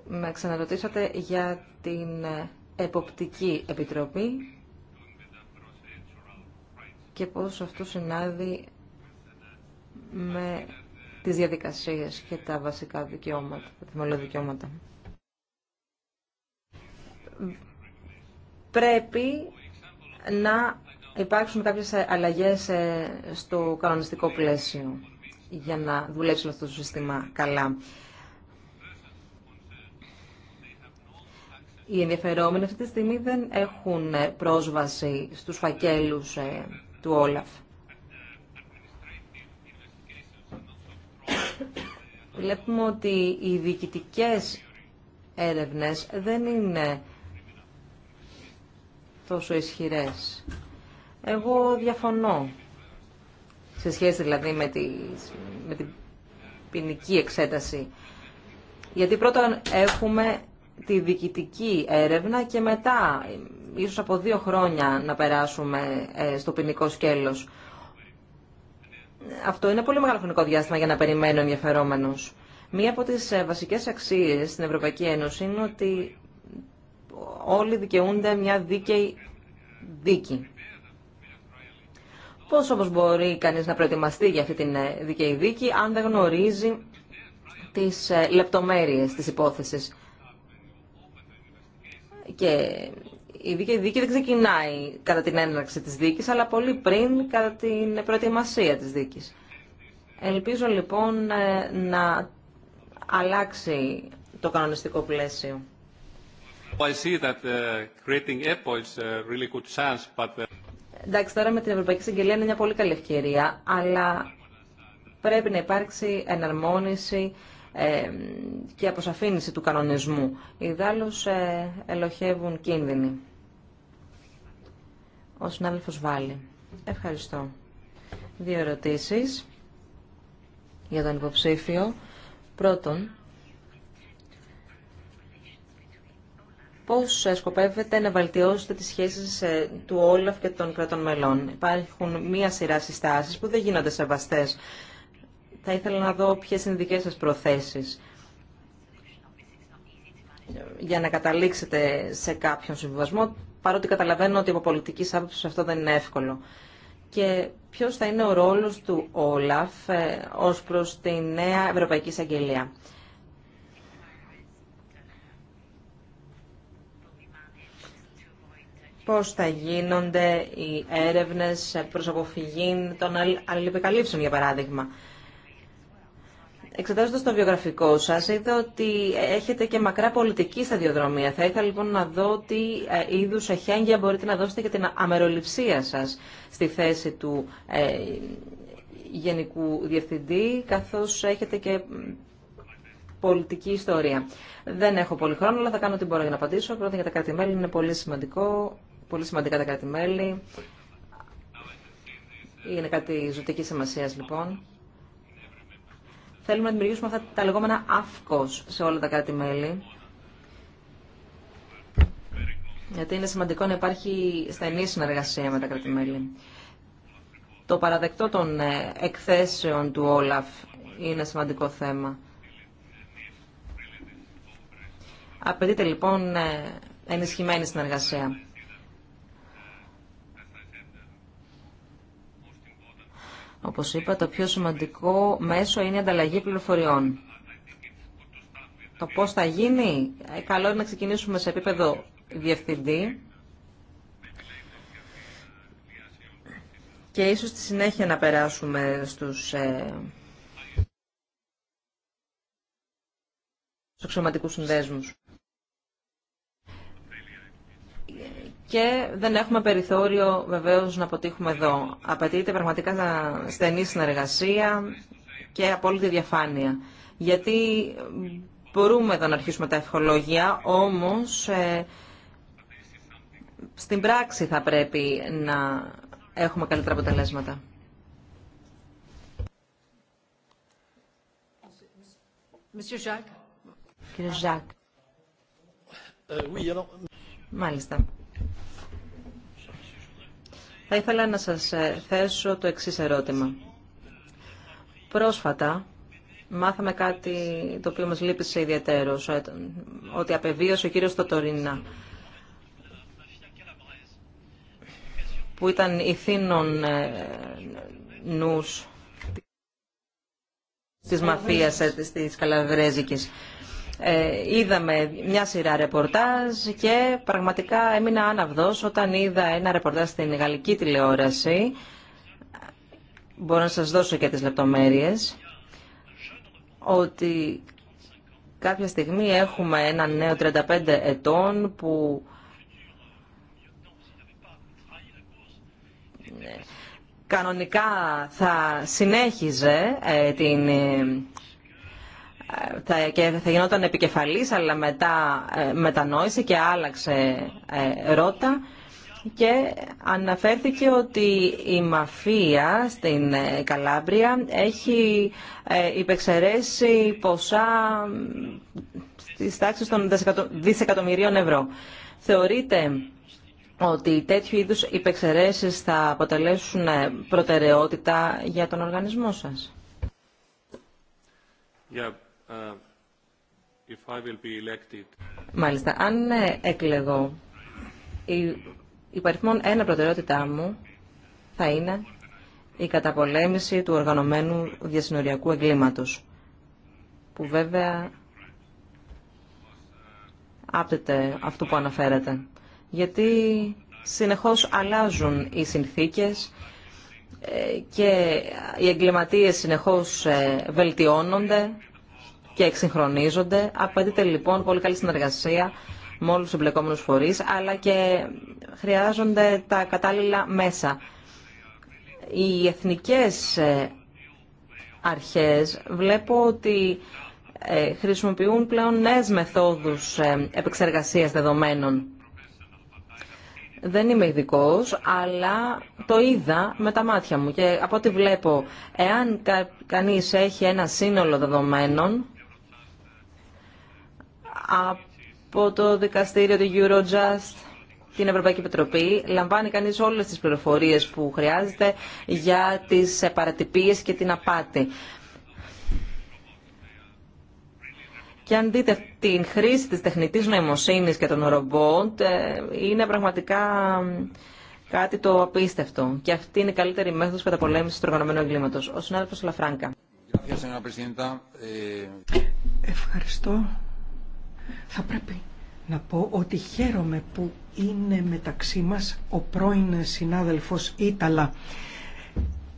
Με ξαναρωτήσατε για την ε, Εποπτική Επιτροπή και πώς αυτό συνάδει με τις διαδικασίες και τα βασικά δικαιώματα, τα θεμελιώδη Πρέπει να υπάρξουν κάποιες ε, αλλαγές ε, στο κανονιστικό πλαίσιο για να δουλέψει αυτό το σύστημα καλά. Οι ενδιαφερόμενοι αυτή τη στιγμή δεν έχουν ε, πρόσβαση στους φακέλους του Όλαφ. Βλέπουμε ότι οι διοικητικέ έρευνες δεν είναι τόσο ισχυρές. Εγώ διαφωνώ. Σε σχέση δηλαδή με, με την ποινική εξέταση. Γιατί πρώτα έχουμε τη διοικητική έρευνα και μετά, ίσως από δύο χρόνια, να περάσουμε ε, στο ποινικό σκέλος. Αυτό είναι πολύ μεγάλο χρονικό διάστημα για να περιμένω ενδιαφερόμενος. Μία από τις ε, βασικές αξίες στην Ευρωπαϊκή Ένωση είναι ότι όλοι δικαιούνται μια δίκαιη δίκη. Πώς όμως μπορεί κανείς να προετοιμαστεί για αυτή την ε, δικαιή δίκη αν δεν γνωρίζει τις ε, λεπτομέρειες της υπόθεσης. Και η δίκαιη δίκη δεν ξεκινάει κατά την έναρξη της δίκης, αλλά πολύ πριν κατά την προετοιμασία της δίκης. Ελπίζω λοιπόν ε, να αλλάξει το κανονιστικό πλαίσιο. Εντάξει, τώρα με την Ευρωπαϊκή Συγγελία είναι μια πολύ καλή ευκαιρία, αλλά πρέπει να υπάρξει εναρμόνιση και αποσαφήνιση του κανονισμού. Οι ε, ελοχεύουν κίνδυνοι. Ο συνάδελφος Βάλλη. Ευχαριστώ. Δύο ερωτήσεις για τον υποψήφιο. Πρώτον, πώς σκοπεύετε να βελτιώσετε τις σχέσεις ε, του Όλαφ και των κρατών μελών. Υπάρχουν μία σειρά συστάσεις που δεν γίνονται σεβαστές. Θα ήθελα να δω ποιες είναι οι δικές σας προθέσεις για να καταλήξετε σε κάποιον συμβιβασμό, παρότι καταλαβαίνω ότι από πολιτική άποψη αυτό δεν είναι εύκολο. Και ποιος θα είναι ο ρόλος του Όλαφ ε, ως προς τη νέα Ευρωπαϊκή Εισαγγελία. πώς θα γίνονται οι έρευνες προς αποφυγή των αλληλεπικαλύψεων, για παράδειγμα. Εξετάζοντας το βιογραφικό σας, είδα ότι έχετε και μακρά πολιτική σταδιοδρομία. Θα ήθελα λοιπόν να δω τι ε, είδους εχέγγυα μπορείτε να δώσετε για την αμεροληψία σας στη θέση του ε, Γενικού Διευθυντή, καθώς έχετε και πολιτική ιστορία. Δεν έχω πολύ χρόνο, αλλά θα κάνω ό,τι μπορώ για να απαντήσω. Πρώτα για τα κράτη-μέλη είναι πολύ σημαντικό πολύ σημαντικά τα κράτη-μέλη. Είναι κάτι ζωτική σημασία λοιπόν. Θέλουμε να δημιουργήσουμε αυτά τα λεγόμενα αύκος σε όλα τα κράτη-μέλη. Γιατί είναι σημαντικό να υπάρχει στενή συνεργασία με τα κράτη-μέλη. Το παραδεκτό των ε, εκθέσεων του Όλαφ είναι σημαντικό θέμα. Απαιτείται λοιπόν ε, ενισχυμένη συνεργασία. Όπως είπα, το πιο σημαντικό μέσο είναι η ανταλλαγή πληροφοριών. Το πώς θα γίνει, ε, καλό είναι να ξεκινήσουμε σε επίπεδο διευθυντή και ίσως στη συνέχεια να περάσουμε στους εξωματικούς συνδέσμους. και δεν έχουμε περιθώριο βεβαίως να αποτύχουμε εδώ. Απαιτείται πραγματικά στενή συνεργασία και απόλυτη διαφάνεια. Γιατί μπορούμε εδώ να αρχίσουμε τα ευχολόγια, όμως ε, στην πράξη θα πρέπει να έχουμε καλύτερα αποτελέσματα. Κύριε Ζακ. Ε, ε, Μάλιστα. Θα ήθελα να σας ε, θέσω το εξής ερώτημα. Πρόσφατα μάθαμε κάτι το οποίο μας λείπησε ιδιαίτερο, ε, ότι απεβίωσε ο κύριος Τωτορίνα, που ήταν ηθήνων ε, νους της μαφίας της Καλαβρέζικης. Ε, είδαμε μια σειρά ρεπορτάζ και πραγματικά έμεινα άναυδος όταν είδα ένα ρεπορτάζ στην γαλλική τηλεόραση. Μπορώ να σας δώσω και τις λεπτομέρειες. Ότι κάποια στιγμή έχουμε ένα νέο 35 ετών που... κανονικά θα συνέχιζε ε, την και θα γινόταν επικεφαλής αλλά μετά ε, μετανόησε και άλλαξε ε, ρότα και αναφέρθηκε ότι η μαφία στην ε, Καλάμπρια έχει υπεξαιρέσει ποσά στις τάξεις των δισεκατομμυρίων ευρώ. Θεωρείται ότι τέτοιου είδους υπεξαιρέσεις θα αποτελέσουν προτεραιότητα για τον οργανισμό σας. Uh, Μάλιστα, αν ε, εκλεγώ, η παριθμόν ένα προτεραιότητά μου θα είναι η καταπολέμηση του οργανωμένου διασυνοριακού εγκλήματος, που βέβαια άπτεται αυτού που αναφέρατε. Γιατί συνεχώς αλλάζουν οι συνθήκες ε, και οι εγκληματίες συνεχώς ε, βελτιώνονται και εξυγχρονίζονται. Απαιτείται λοιπόν πολύ καλή συνεργασία με όλου του εμπλεκόμενου φορεί, αλλά και χρειάζονται τα κατάλληλα μέσα. Οι εθνικές ε, αρχές βλέπω ότι ε, χρησιμοποιούν πλέον νέε μεθόδους ε, επεξεργασίας δεδομένων. Δεν είμαι ειδικό, αλλά το είδα με τα μάτια μου και από ό,τι βλέπω, εάν κανείς έχει ένα σύνολο δεδομένων, από το δικαστήριο του Eurojust, την Ευρωπαϊκή Επιτροπή. Λαμβάνει κανείς όλες τις πληροφορίες που χρειάζεται για τις παρατυπίες και την απάτη. Και αν δείτε την χρήση της τεχνητής νοημοσύνης και των ρομπότ, ε, είναι πραγματικά κάτι το απίστευτο. Και αυτή είναι η καλύτερη μέθοδος καταπολέμησης του οργανωμένου εγκλήματος. Ο συνάδελφος Λαφράγκα. Ευχαριστώ. Θα πρέπει να πω ότι χαίρομαι που είναι μεταξύ μας ο πρώην συνάδελφος Ήταλα.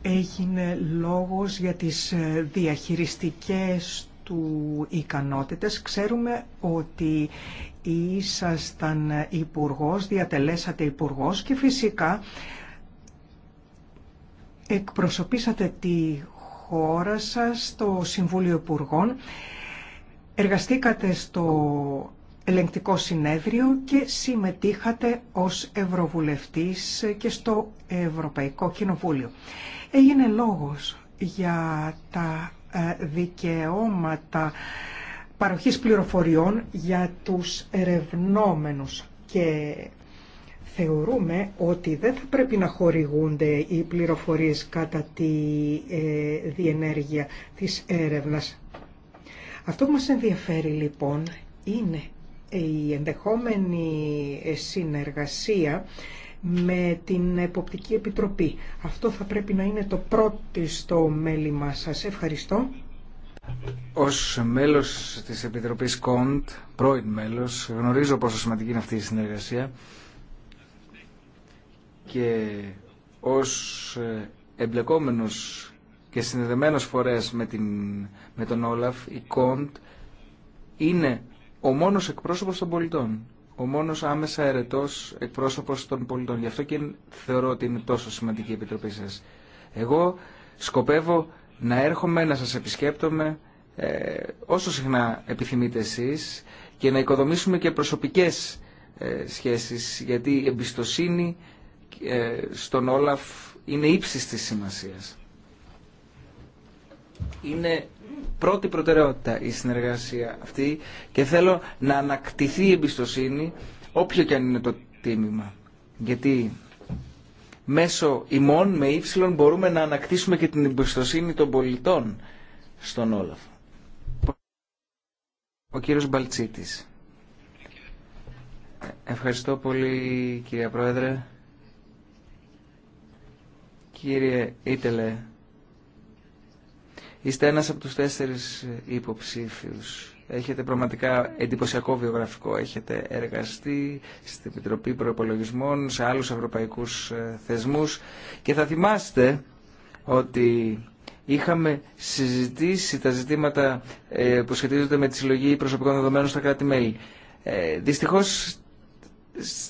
Έγινε λόγος για τις ε, διαχειριστικές του ικανότητες. Ξέρουμε ότι ήσασταν υπουργός, διατελέσατε υπουργός και φυσικά εκπροσωπήσατε τη χώρα σας στο Συμβούλιο Υπουργών Εργαστήκατε στο ελεγκτικό συνέδριο και συμμετείχατε ως Ευρωβουλευτής και στο Ευρωπαϊκό Κοινοβούλιο. Έγινε λόγος για τα ε, δικαιώματα παροχής πληροφοριών για τους ερευνόμενους και θεωρούμε ότι δεν θα πρέπει να χορηγούνται οι πληροφορίες κατά τη ε, διενέργεια της έρευνας αυτό που μας ενδιαφέρει λοιπόν είναι η ενδεχόμενη ε, συνεργασία με την Εποπτική Επιτροπή. Αυτό θα πρέπει να είναι το πρώτο στο μέλημά σας. Ευχαριστώ. Ως μέλος της Επιτροπής ΚΟΝΤ, πρώην μέλος, γνωρίζω πόσο σημαντική είναι αυτή η συνεργασία και ως ε, εμπλεκόμενος και συνδεδεμένος φορές με, την, τον Όλαφ, η Κοντ, είναι ο μόνος εκπρόσωπος των πολιτών. Ο μόνος άμεσα αιρετός εκπρόσωπος των πολιτών. Γι' αυτό και θεωρώ ότι είναι τόσο σημαντική η Επιτροπή σας. Εγώ σκοπεύω να έρχομαι, να σας επισκέπτομαι ε, όσο συχνά επιθυμείτε εσείς και να οικοδομήσουμε και προσωπικές ε, σχέσεις γιατί η εμπιστοσύνη ε, στον Όλαφ είναι ύψης της σημασίας είναι πρώτη προτεραιότητα η συνεργασία αυτή και θέλω να ανακτηθεί η εμπιστοσύνη όποιο και αν είναι το τίμημα. Γιατί μέσω ημών με ύψιλον μπορούμε να ανακτήσουμε και την εμπιστοσύνη των πολιτών στον Όλαφ. Ο κύριος Μπαλτσίτης. Ευχαριστώ πολύ κύριε Πρόεδρε. Κύριε Ήτελε, Είστε ένας από τους τέσσερις υποψήφιους. Έχετε πραγματικά εντυπωσιακό βιογραφικό. Έχετε εργαστεί στην Επιτροπή Προπολογισμών, σε άλλους ευρωπαϊκούς ε, θεσμούς και θα θυμάστε ότι είχαμε συζητήσει τα ζητήματα ε, που σχετίζονται με τη συλλογή προσωπικών δεδομένων στα κράτη-μέλη. Ε, δυστυχώς,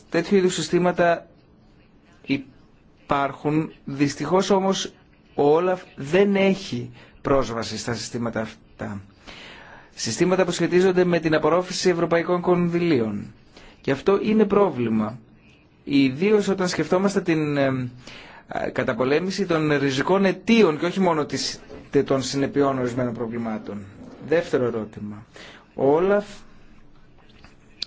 τέτοιου είδους συστήματα υπάρχουν. Δυστυχώς όμως ο Όλαφ δεν έχει πρόσβαση στα συστήματα αυτά. Συστήματα που σχετίζονται με την απορρόφηση ευρωπαϊκών κονδυλίων. Και αυτό είναι πρόβλημα. Ιδίω όταν σκεφτόμαστε την ε, ε, καταπολέμηση των ριζικών αιτίων και όχι μόνο των συνεπειών ορισμένων προβλημάτων. Δεύτερο ερώτημα. Ο Όλαφ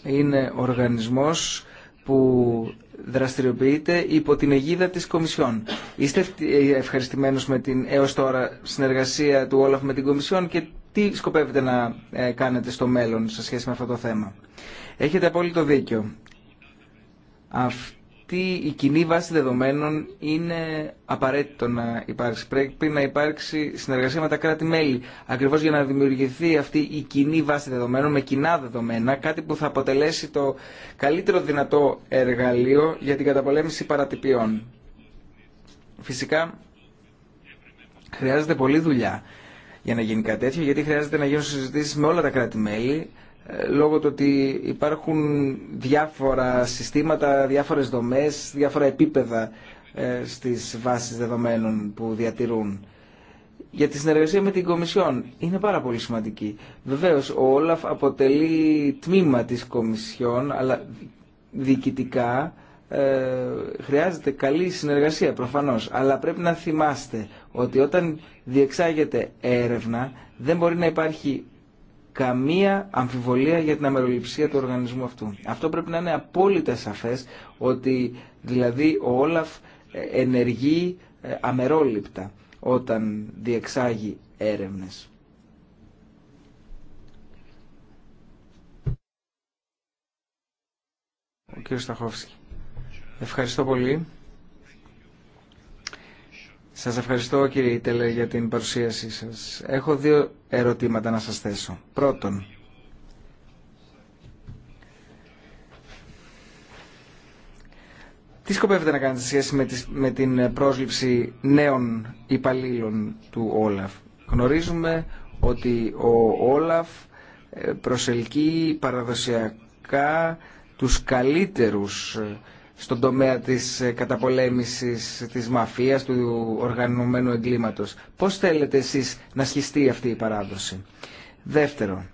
είναι οργανισμός που δραστηριοποιείται υπό την αιγίδα της Κομισιόν. Είστε ε, ευχαριστημένος με την έως τώρα συνεργασία του Όλαφ με την Κομισιόν και τι σκοπεύετε να ε, κάνετε στο μέλλον σε σχέση με αυτό το θέμα. Έχετε απόλυτο δίκιο. Αυτό αυτή η κοινή βάση δεδομένων είναι απαραίτητο να υπάρξει. Πρέπει να υπάρξει συνεργασία με τα κράτη-μέλη. Ακριβώ για να δημιουργηθεί αυτή η κοινή βάση δεδομένων με κοινά δεδομένα, κάτι που θα αποτελέσει το καλύτερο δυνατό εργαλείο για την καταπολέμηση παρατυπιών. Φυσικά, χρειάζεται πολλή δουλειά για να γίνει κάτι τέτοιο, γιατί χρειάζεται να γίνουν συζητήσει με όλα τα κράτη-μέλη λόγω του ότι υπάρχουν διάφορα συστήματα, διάφορες δομές, διάφορα επίπεδα ε, στις βάσεις δεδομένων που διατηρούν. Για τη συνεργασία με την Κομισιόν είναι πάρα πολύ σημαντική. Βεβαίως, ο Όλαφ αποτελεί τμήμα της Κομισιόν, αλλά διοικητικά ε, χρειάζεται καλή συνεργασία προφανώς. Αλλά πρέπει να θυμάστε ότι όταν διεξάγεται έρευνα δεν μπορεί να υπάρχει καμία αμφιβολία για την αμεροληψία του οργανισμού αυτού. Αυτό πρέπει να είναι απόλυτα σαφές ότι δηλαδή ο Όλαφ ε, ενεργεί ε, αμερόληπτα όταν διεξάγει έρευνες. Ο Ευχαριστώ πολύ. Σας ευχαριστώ κύριε Ιτέλε για την παρουσίασή σας. Έχω δύο ερωτήματα να σας θέσω. Πρώτον, Τι σκοπεύετε να κάνετε σχέση με, με την πρόσληψη νέων υπαλλήλων του Όλαφ. Γνωρίζουμε ότι ο Όλαφ ε, προσελκύει παραδοσιακά τους καλύτερους ε, στον τομέα της ε, καταπολέμησης της μαφίας, του οργανωμένου εγκλήματος. Πώς θέλετε εσείς να σχιστεί αυτή η παράδοση. Δεύτερο,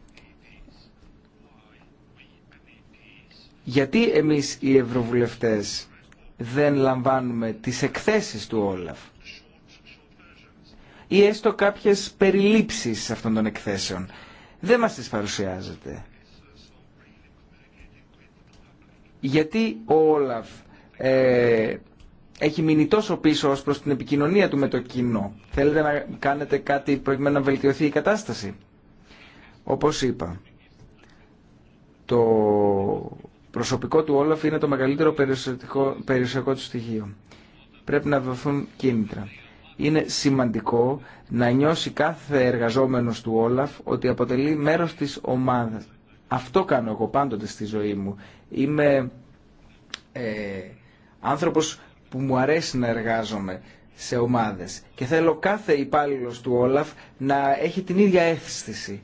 γιατί εμείς οι ευρωβουλευτές δεν λαμβάνουμε τις εκθέσεις του Όλαφ ή έστω κάποιες περιλήψεις αυτών των εκθέσεων. Δεν μας τις παρουσιάζεται. γιατί ο Όλαφ ε, έχει μείνει τόσο πίσω ως προς την επικοινωνία του με το κοινό. Θέλετε να κάνετε κάτι προκειμένου να βελτιωθεί η κατάσταση. Όπως είπα, το προσωπικό του Όλαφ είναι το μεγαλύτερο περιουσιακό του στοιχείο. Πρέπει να δοθούν κίνητρα. Είναι σημαντικό να νιώσει κάθε εργαζόμενος του Όλαφ ότι αποτελεί μέρος της ομάδας. Αυτό κάνω εγώ πάντοτε στη ζωή μου. Είμαι ε, άνθρωπος που μου αρέσει να εργάζομαι σε ομάδες και θέλω κάθε υπάλληλο του Όλαφ να έχει την ίδια αίσθηση.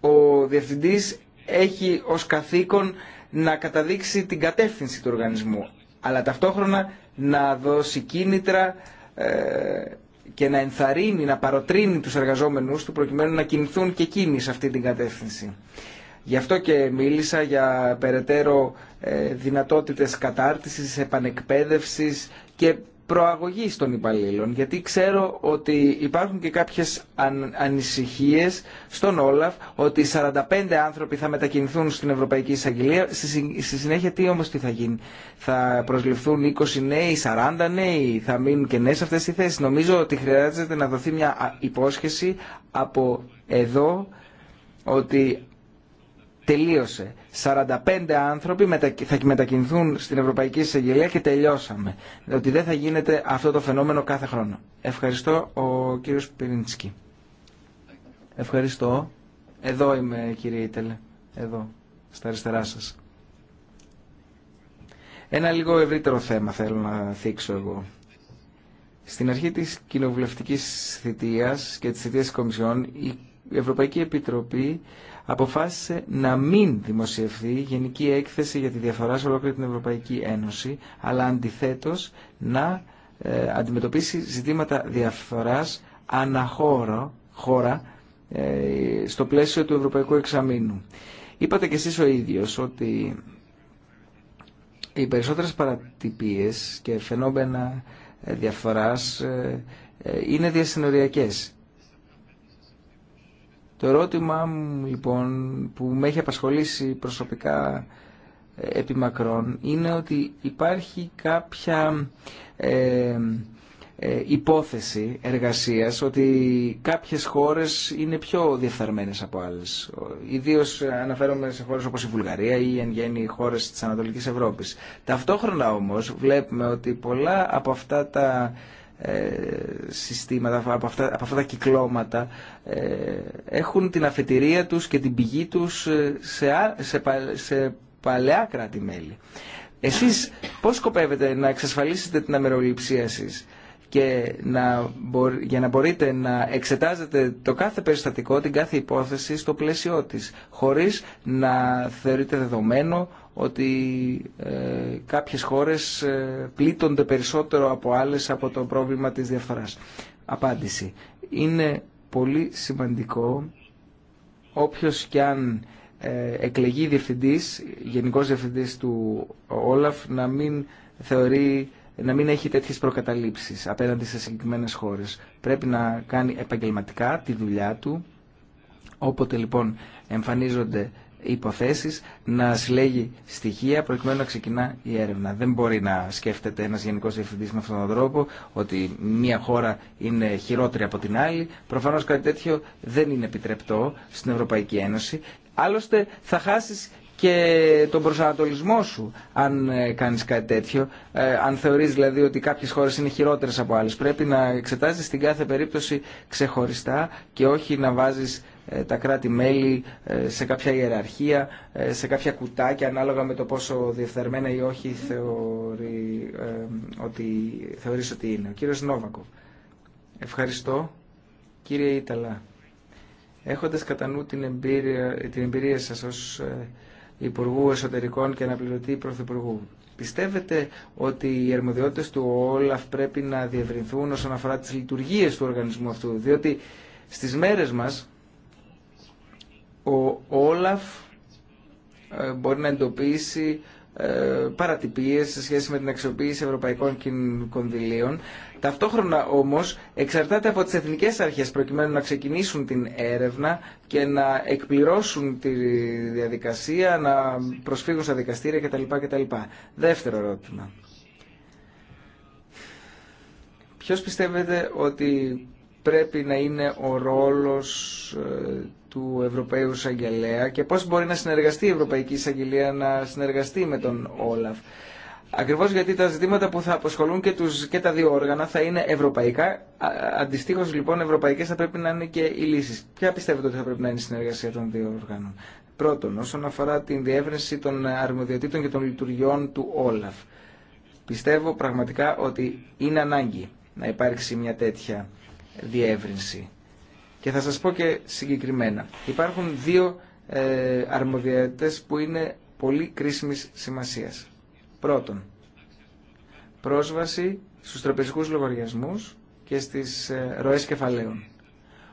Ο διευθυντής έχει ως καθήκον να καταδείξει την κατεύθυνση του οργανισμού αλλά ταυτόχρονα να δώσει κίνητρα ε, και να ενθαρρύνει, να παροτρύνει τους εργαζόμενους του προκειμένου να κινηθούν και εκείνοι σε αυτή την κατεύθυνση. Γι' αυτό και μίλησα για περαιτέρω ε, δυνατότητες κατάρτισης, επανεκπαίδευσης και προαγωγής των υπαλλήλων. Γιατί ξέρω ότι υπάρχουν και κάποιες ανησυχίες στον Όλαφ ότι 45 άνθρωποι θα μετακινηθούν στην Ευρωπαϊκή Εισαγγελία. Στη συνέχεια τι όμως τι θα γίνει. Θα προσληφθούν 20 νέοι, 40 νέοι, θα μείνουν και νέες αυτές οι θέσεις. Νομίζω ότι χρειάζεται να δοθεί μια υπόσχεση από εδώ ότι τελείωσε. 45 άνθρωποι θα μετακινηθούν στην Ευρωπαϊκή Εισαγγελία και τελειώσαμε. Ότι δεν θα γίνεται αυτό το φαινόμενο κάθε χρόνο. Ευχαριστώ ο κύριος Πυρίντσκι. Ευχαριστώ. Εδώ είμαι κύριε Ήτελε. Εδώ. Στα αριστερά σας. Ένα λίγο ευρύτερο θέμα θέλω να θίξω εγώ. Στην αρχή της κοινοβουλευτικής θητείας και της θητείας της Κομισιόν η Ευρωπαϊκή Επιτροπή αποφάσισε να μην δημοσιευθεί η Γενική Έκθεση για τη Διαφορά σε ολόκληρη την Ευρωπαϊκή Ένωση, αλλά αντιθέτως να ε, αντιμετωπίσει ζητήματα διαφοράς αναχώρο χώρα, ε, στο πλαίσιο του Ευρωπαϊκού Εξαμήνου. Είπατε και εσείς ο ίδιος ότι οι περισσότερες παρατυπίες και φαινόμενα ε, διαφοράς είναι διασυνοριακές το ερώτημά μου λοιπόν που με έχει απασχολήσει προσωπικά ε, επί μακρόν είναι ότι υπάρχει κάποια ε, ε, υπόθεση εργασίας ότι κάποιες χώρες είναι πιο διεφθαρμένες από άλλες. Ιδίως αναφέρομαι σε χώρες όπως η Βουλγαρία ή εν γέννη χώρες της Ανατολικής Ευρώπης. Ταυτόχρονα όμως βλέπουμε ότι πολλά από αυτά τα ε, συστήματα, από αυτά, από αυτά τα κυκλώματα ε, έχουν την αφετηρία τους και την πηγή τους ε, σε, σε, σε παλαιά κράτη-μέλη. Εσείς πώς σκοπεύετε να εξασφαλίσετε την αμεροληψία σας και να, για να μπορείτε να εξετάζετε το κάθε περιστατικό, την κάθε υπόθεση στο πλαίσιό της, χωρίς να θεωρείτε δεδομένο ότι ε, κάποιες χώρες ε, πλήττονται περισσότερο από άλλες από το πρόβλημα της διαφθοράς. Απάντηση. Είναι πολύ σημαντικό όποιος κι αν ε, εκλεγεί διευθυντής, γενικός διευθυντής του Όλαφ, να μην θεωρεί να μην έχει τέτοιες προκαταλήψεις απέναντι σε συγκεκριμένες χώρες. Πρέπει να κάνει επαγγελματικά τη δουλειά του, όποτε λοιπόν εμφανίζονται υποθέσεις, να συλλέγει στοιχεία προκειμένου να ξεκινά η έρευνα. Δεν μπορεί να σκέφτεται ένας γενικός διευθυντής με αυτόν τον τρόπο ότι μια χώρα είναι χειρότερη από την άλλη. Προφανώς κάτι τέτοιο δεν είναι επιτρεπτό στην Ευρωπαϊκή Ένωση. Άλλωστε θα χάσεις και τον προσανατολισμό σου αν ε, κάνεις κάτι τέτοιο. Ε, αν θεωρείς δηλαδή ότι κάποιες χώρες είναι χειρότερες από άλλες. Πρέπει να εξετάζεις την κάθε περίπτωση ξεχωριστά και όχι να βάζεις ε, τα κράτη-μέλη ε, σε κάποια ιεραρχία, ε, σε κάποια κουτάκια ανάλογα με το πόσο διεφθαρμένα ή όχι θεωρεί, ότι, θεωρείς ότι είναι. Ο κύριος Νόβακο. Ευχαριστώ. Κύριε Ιταλά, έχοντας κατά νου την εμπειρία, την εμπειρία σας ως Υπουργού Εσωτερικών και Αναπληρωτή Πρωθυπουργού, Πιστεύετε ότι οι αρμοδιότητες του ΟΛΑΦ πρέπει να διευρυνθούν όσον αφορά τις λειτουργίες του οργανισμού αυτού, διότι στις μέρες μας ο Όλαφ ε, μπορεί να εντοπίσει ε, παρατυπίες σε σχέση με την αξιοποίηση ευρωπαϊκών κονδυλίων. Ταυτόχρονα όμως εξαρτάται από τις εθνικές αρχές προκειμένου να ξεκινήσουν την έρευνα και να εκπληρώσουν τη διαδικασία, να προσφύγουν στα δικαστήρια κτλ. κτλ. Δεύτερο ερώτημα. Ποιος πιστεύετε ότι πρέπει να είναι ο ρόλος ε, του Ευρωπαίου Σαγγελέα και πώς μπορεί να συνεργαστεί η Ευρωπαϊκή Εισαγγελία να συνεργαστεί με τον Όλαφ. Ακριβώς γιατί τα ζητήματα που θα αποσχολούν και, τους, και τα δύο όργανα θα είναι ευρωπαϊκά. Αντιστοίχω λοιπόν ευρωπαϊκές θα πρέπει να είναι και οι λύσεις. Ποια πιστεύετε ότι θα πρέπει να είναι η συνεργασία των δύο οργάνων. Πρώτον, όσον αφορά την διεύρυνση των αρμοδιοτήτων και των λειτουργιών του Όλαφ. Πιστεύω πραγματικά ότι είναι ανάγκη να υπάρξει μια τέτοια διεύρυνση. Και θα σας πω και συγκεκριμένα. Υπάρχουν δύο ε, που είναι πολύ κρίσιμης σημασίας. Πρώτον, πρόσβαση στους τραπεζικούς λογαριασμούς και στις ε, ροές κεφαλαίων.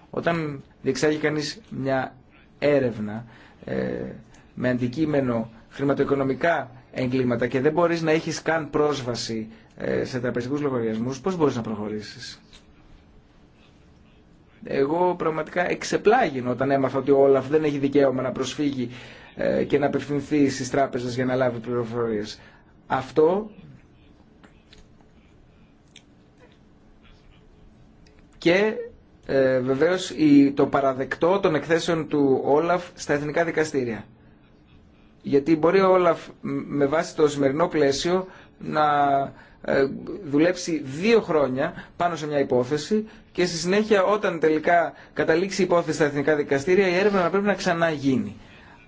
Όταν διεξάγει κανείς μια έρευνα ε, με αντικείμενο χρηματοοικονομικά εγκλήματα και δεν μπορείς να έχεις καν πρόσβαση ε, σε τραπεζικούς λογαριασμούς, πώς μπορείς να προχωρήσεις. Εγώ πραγματικά εξεπλάγει όταν έμαθα ότι ο Όλαφ δεν έχει δικαίωμα να προσφύγει ε, και να απευθυνθεί στι τράπεζες για να λάβει πληροφορίε. Αυτό και ε, βεβαίως το παραδεκτό των εκθέσεων του Όλαφ στα εθνικά δικαστήρια. Γιατί μπορεί ο Όλαφ με βάση το σημερινό πλαίσιο να ε, δουλέψει δύο χρόνια πάνω σε μια υπόθεση και στη συνέχεια όταν τελικά καταλήξει η υπόθεση στα εθνικά δικαστήρια η έρευνα πρέπει να ξανά γίνει.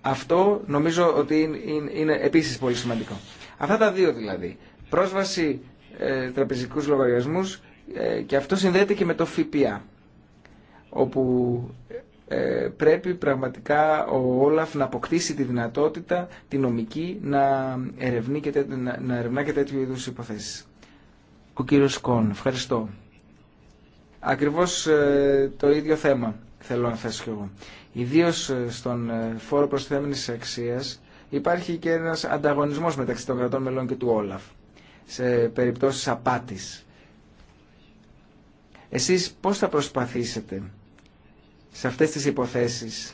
Αυτό νομίζω ότι είναι επίσης πολύ σημαντικό. Αυτά τα δύο δηλαδή. Πρόσβαση ε, τραπεζικούς λογαριασμούς ε, και αυτό συνδέεται και με το ΦΠΑ όπου ε, πρέπει πραγματικά ο Όλαφ να αποκτήσει τη δυνατότητα, τη νομική, να, και, να ερευνά και τέτοιου είδους υποθέσεις. Ο κύριος Κον, ευχαριστώ. Ακριβώς ε, το ίδιο θέμα θέλω να θέσω κι εγώ. Ιδίως ε, στον φόρο προσθέμενης αξίας υπάρχει και ένας ανταγωνισμός μεταξύ των κρατών μελών και του Όλαφ σε περιπτώσεις απάτης. Εσείς πώς θα προσπαθήσετε σε αυτές τις υποθέσεις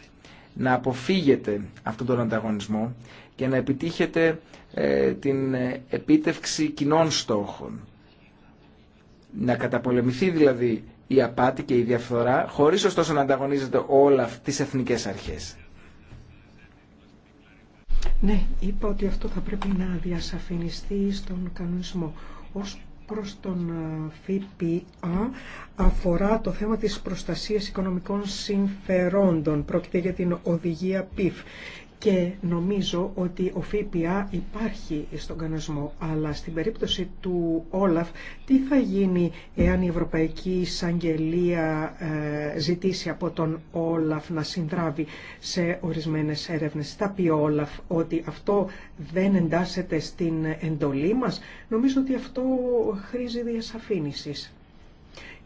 να αποφύγετε αυτόν τον ανταγωνισμό και να επιτύχετε ε, την επίτευξη κοινών στόχων. Να καταπολεμηθεί δηλαδή η απάτη και η διαφθορά χωρίς ωστόσο να ανταγωνίζεται όλα τις εθνικές αρχές. Ναι, είπα ότι αυτό θα πρέπει να διασαφινιστεί στον κανονισμό προς τον ε, ΦΠΑ αφορά το θέμα της προστασίας οικονομικών συμφερόντων. Πρόκειται για την οδηγία PIF και νομίζω ότι ο ΦΠΑ υπάρχει στον κανονισμό, αλλά στην περίπτωση του Όλαφ, τι θα γίνει εάν η Ευρωπαϊκή Εισαγγελία ε, ζητήσει από τον Όλαφ να συνδράβει σε ορισμένες έρευνες. Θα πει ο Όλαφ ότι αυτό δεν εντάσσεται στην εντολή μας. Νομίζω ότι αυτό χρήζει διασαφήνισης.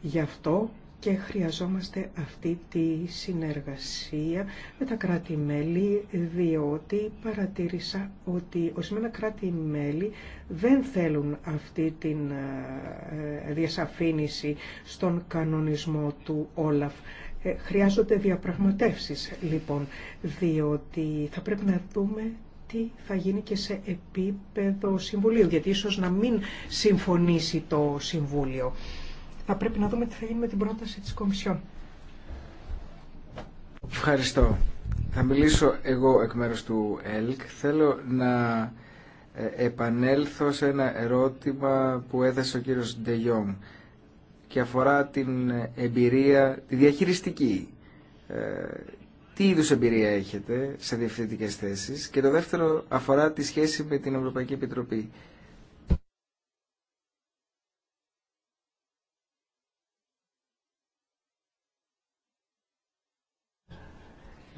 Γι' αυτό και χρειαζόμαστε αυτή τη συνεργασία με τα κράτη-μέλη διότι παρατήρησα ότι ορισμένα κράτη-μέλη δεν θέλουν αυτή τη ε, ε, διασαφήνιση στον κανονισμό του Όλαφ. Ε, χρειάζονται διαπραγματεύσεις λοιπόν διότι θα πρέπει να δούμε τι θα γίνει και σε επίπεδο Συμβουλίου γιατί ίσως να μην συμφωνήσει το Συμβούλιο θα πρέπει να δούμε τι θα γίνει με την πρόταση της Κομισιόν. Ευχαριστώ. Θα μιλήσω εγώ εκ μέρους του ΕΛΚ. Θέλω να ε, επανέλθω σε ένα ερώτημα που έθεσε ο κύριος Ντεγιόμ και αφορά την εμπειρία, τη διαχειριστική. Ε, τι είδου εμπειρία έχετε σε διευθυντικές θέσεις και το δεύτερο αφορά τη σχέση με την Ευρωπαϊκή Επιτροπή.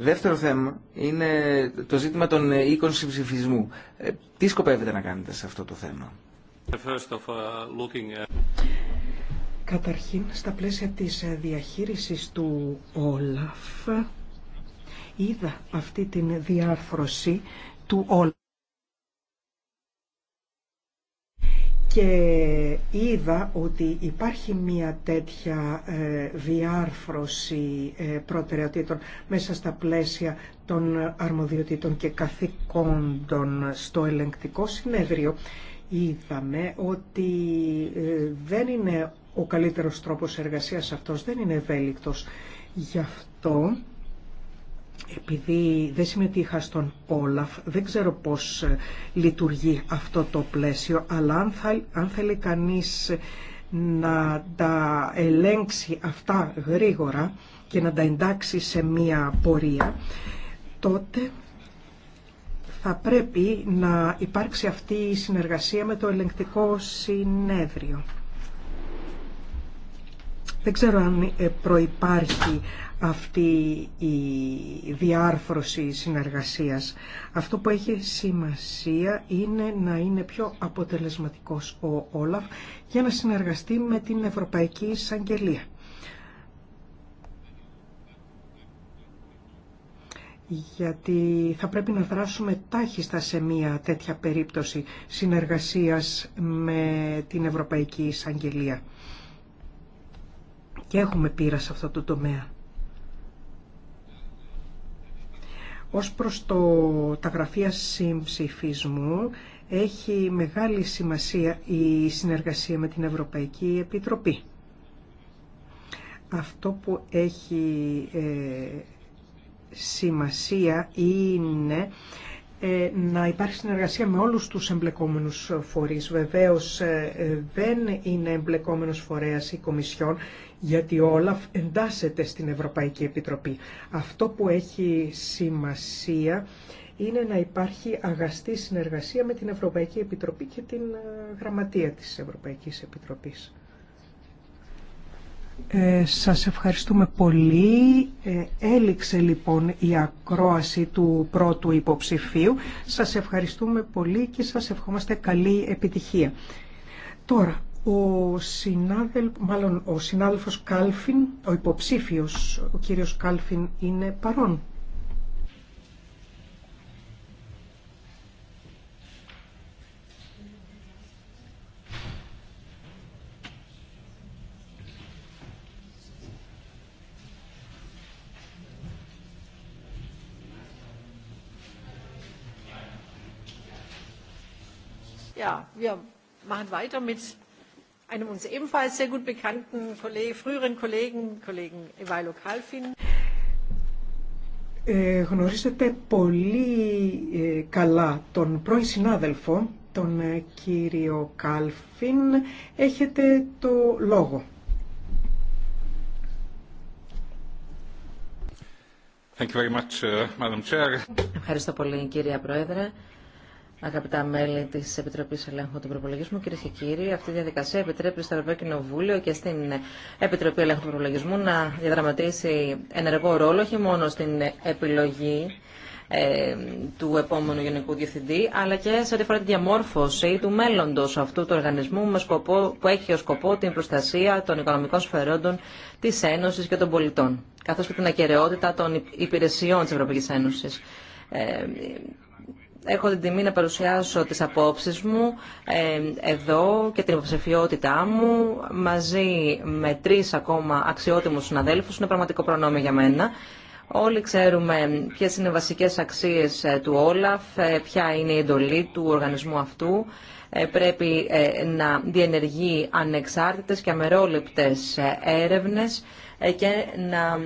Δεύτερο θέμα είναι το ζήτημα των οίκων συμψηφισμού. Ε, τι σκοπεύετε να κάνετε σε αυτό το θέμα. Καταρχήν, στα πλαίσια της ε, διαχείρισης του ΟΛΑΦ, είδα αυτή την διάρθρωση του ΟΛΑΦ και είδα ότι υπάρχει μια τέτοια ε, διάρθρωση ε, προτεραιοτήτων μέσα στα πλαίσια των αρμοδιοτήτων και καθηκόντων στο ελεγκτικό συνέδριο. Είδαμε ότι ε, δεν είναι ο καλύτερος τρόπος εργασίας αυτός, δεν είναι ευέλικτος. Γι' αυτό επειδή δεν συμμετείχα στον Όλαφ, δεν ξέρω πώς ε, λειτουργεί αυτό το πλαίσιο, αλλά αν, θέλει κανείς να τα ελέγξει αυτά γρήγορα και να τα εντάξει σε μία πορεία, τότε θα πρέπει να υπάρξει αυτή η συνεργασία με το ελεγκτικό συνέδριο. Δεν ξέρω αν ε, προϋπάρχει αυτή η διάρθρωση συνεργασίας. Αυτό που έχει σημασία είναι να είναι πιο αποτελεσματικός ο Όλαφ για να συνεργαστεί με την Ευρωπαϊκή Εισαγγελία. γιατί θα πρέπει να δράσουμε τάχιστα σε μια τέτοια περίπτωση συνεργασίας με την Ευρωπαϊκή Εισαγγελία. Και έχουμε πείρα σε αυτό το τομέα. Ως προς το, τα γραφεία συμψηφισμού έχει μεγάλη σημασία η συνεργασία με την Ευρωπαϊκή Επιτροπή. Αυτό που έχει ε, σημασία είναι ε, να υπάρχει συνεργασία με όλους τους εμπλεκόμενους φορείς. Βεβαίως ε, δεν είναι εμπλεκόμενος φορέας η Κομισιόν γιατί όλα Όλαφ εντάσσεται στην Ευρωπαϊκή Επιτροπή. Αυτό που έχει σημασία είναι να υπάρχει αγαστή συνεργασία με την Ευρωπαϊκή Επιτροπή και την ε, Γραμματεία της Ευρωπαϊκής Επιτροπής. Ε, σας ευχαριστούμε πολύ. Ε, έληξε λοιπόν η ακρόαση του πρώτου υποψηφίου. Σας ευχαριστούμε πολύ και σας ευχόμαστε καλή επιτυχία. Τώρα, ο, συνάδελφος, μάλλον, ο συνάδελφος Κάλφιν, ο υποψήφιος, ο κύριος Κάλφιν είναι παρόν. Ja, wir machen weiter mit einem uns ebenfalls sehr gut bekannten früheren Kollegen, Kollegen Evailo Kalfin. Ε, γνωρίζετε πολύ ε, καλά τον πρώην συνάδελφο, τον ε, κύριο Κάλφιν. Έχετε το λόγο. Thank you very much, Madam Chair. Ευχαριστώ πολύ, κυρία Πρόεδρε. Αγαπητά μέλη τη Επιτροπή Ελέγχου του Προπολογισμού, κυρίε και κύριοι, αυτή η διαδικασία επιτρέπει στο Ευρωπαϊκό Κοινοβούλιο και στην Επιτροπή Ελέγχου του Προπολογισμού να διαδραματίσει ενεργό ρόλο όχι μόνο στην επιλογή ε, του επόμενου Γενικού Διευθυντή, αλλά και σε ό,τι αφορά τη διαμόρφωση του μέλλοντο αυτού του οργανισμού με σκοπό, που έχει ω σκοπό την προστασία των οικονομικών σφαιρόντων τη Ένωση και των πολιτών, καθώ και την ακαιρεότητα των υπηρεσιών τη Ευρωπαϊκή Ένωση. Ε, Έχω την τιμή να παρουσιάσω τις απόψεις μου ε, εδώ και την υποψηφιότητά μου μαζί με τρεις ακόμα αξιότιμους συναδέλφους. Είναι πραγματικό προνόμιο για μένα. Όλοι ξέρουμε ποιες είναι οι βασικές αξίες ε, του Όλαφ, ε, ποια είναι η εντολή του οργανισμού αυτού. Πρέπει να διενεργεί ανεξάρτητες και αμερόληπτες έρευνες και να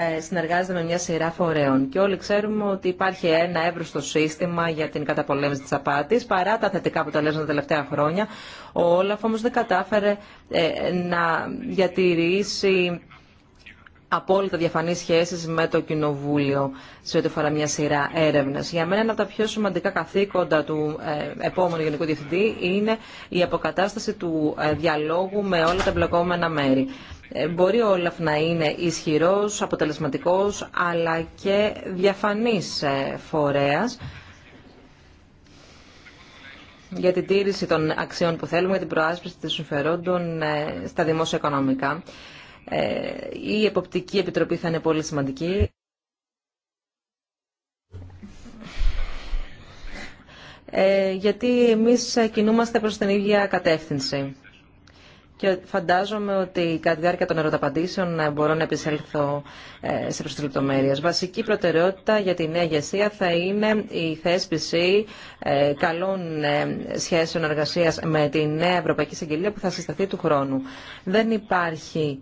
ε, συνεργάζεται με μια σειρά φορέων. Και όλοι ξέρουμε ότι υπάρχει ένα εύρωστο σύστημα για την καταπολέμηση τη απάτη, παρά τα θετικά αποτελέσματα τα τελευταία χρόνια. Ο Όλαφ όμω δεν κατάφερε ε, να διατηρήσει απόλυτα διαφανεί σχέσει με το Κοινοβούλιο σε ό,τι αφορά μια σειρά έρευνε. Για μένα, ένα από τα πιο σημαντικά καθήκοντα του ε, επόμενου Γενικού Διευθυντή είναι η αποκατάσταση του διαλόγου με όλα τα εμπλεκόμενα μέρη. Ε, μπορεί όλα Όλαφ να είναι ισχυρός, αποτελεσματικός, αλλά και διαφανής ε, φορέας για την τήρηση των αξιών που θέλουμε, για την προάσπιση των συμφερόντων ε, στα δημόσια οικονομικά. Η Εποπτική Επιτροπή θα είναι πολύ σημαντική. γιατί εμείς κινούμαστε προς την ίδια κατεύθυνση. Και φαντάζομαι ότι κατά τη διάρκεια των ερωταπαντήσεων ε, μπορώ να επισέλθω ε, σε προς λεπτομέρειες. Βασική προτεραιότητα για τη νέα ηγεσία θα είναι η θέσπιση ε, καλών σχέσεων εργασίας με τη νέα Ευρωπαϊκή Συγγελία που θα συσταθεί του χρόνου. Δεν υπάρχει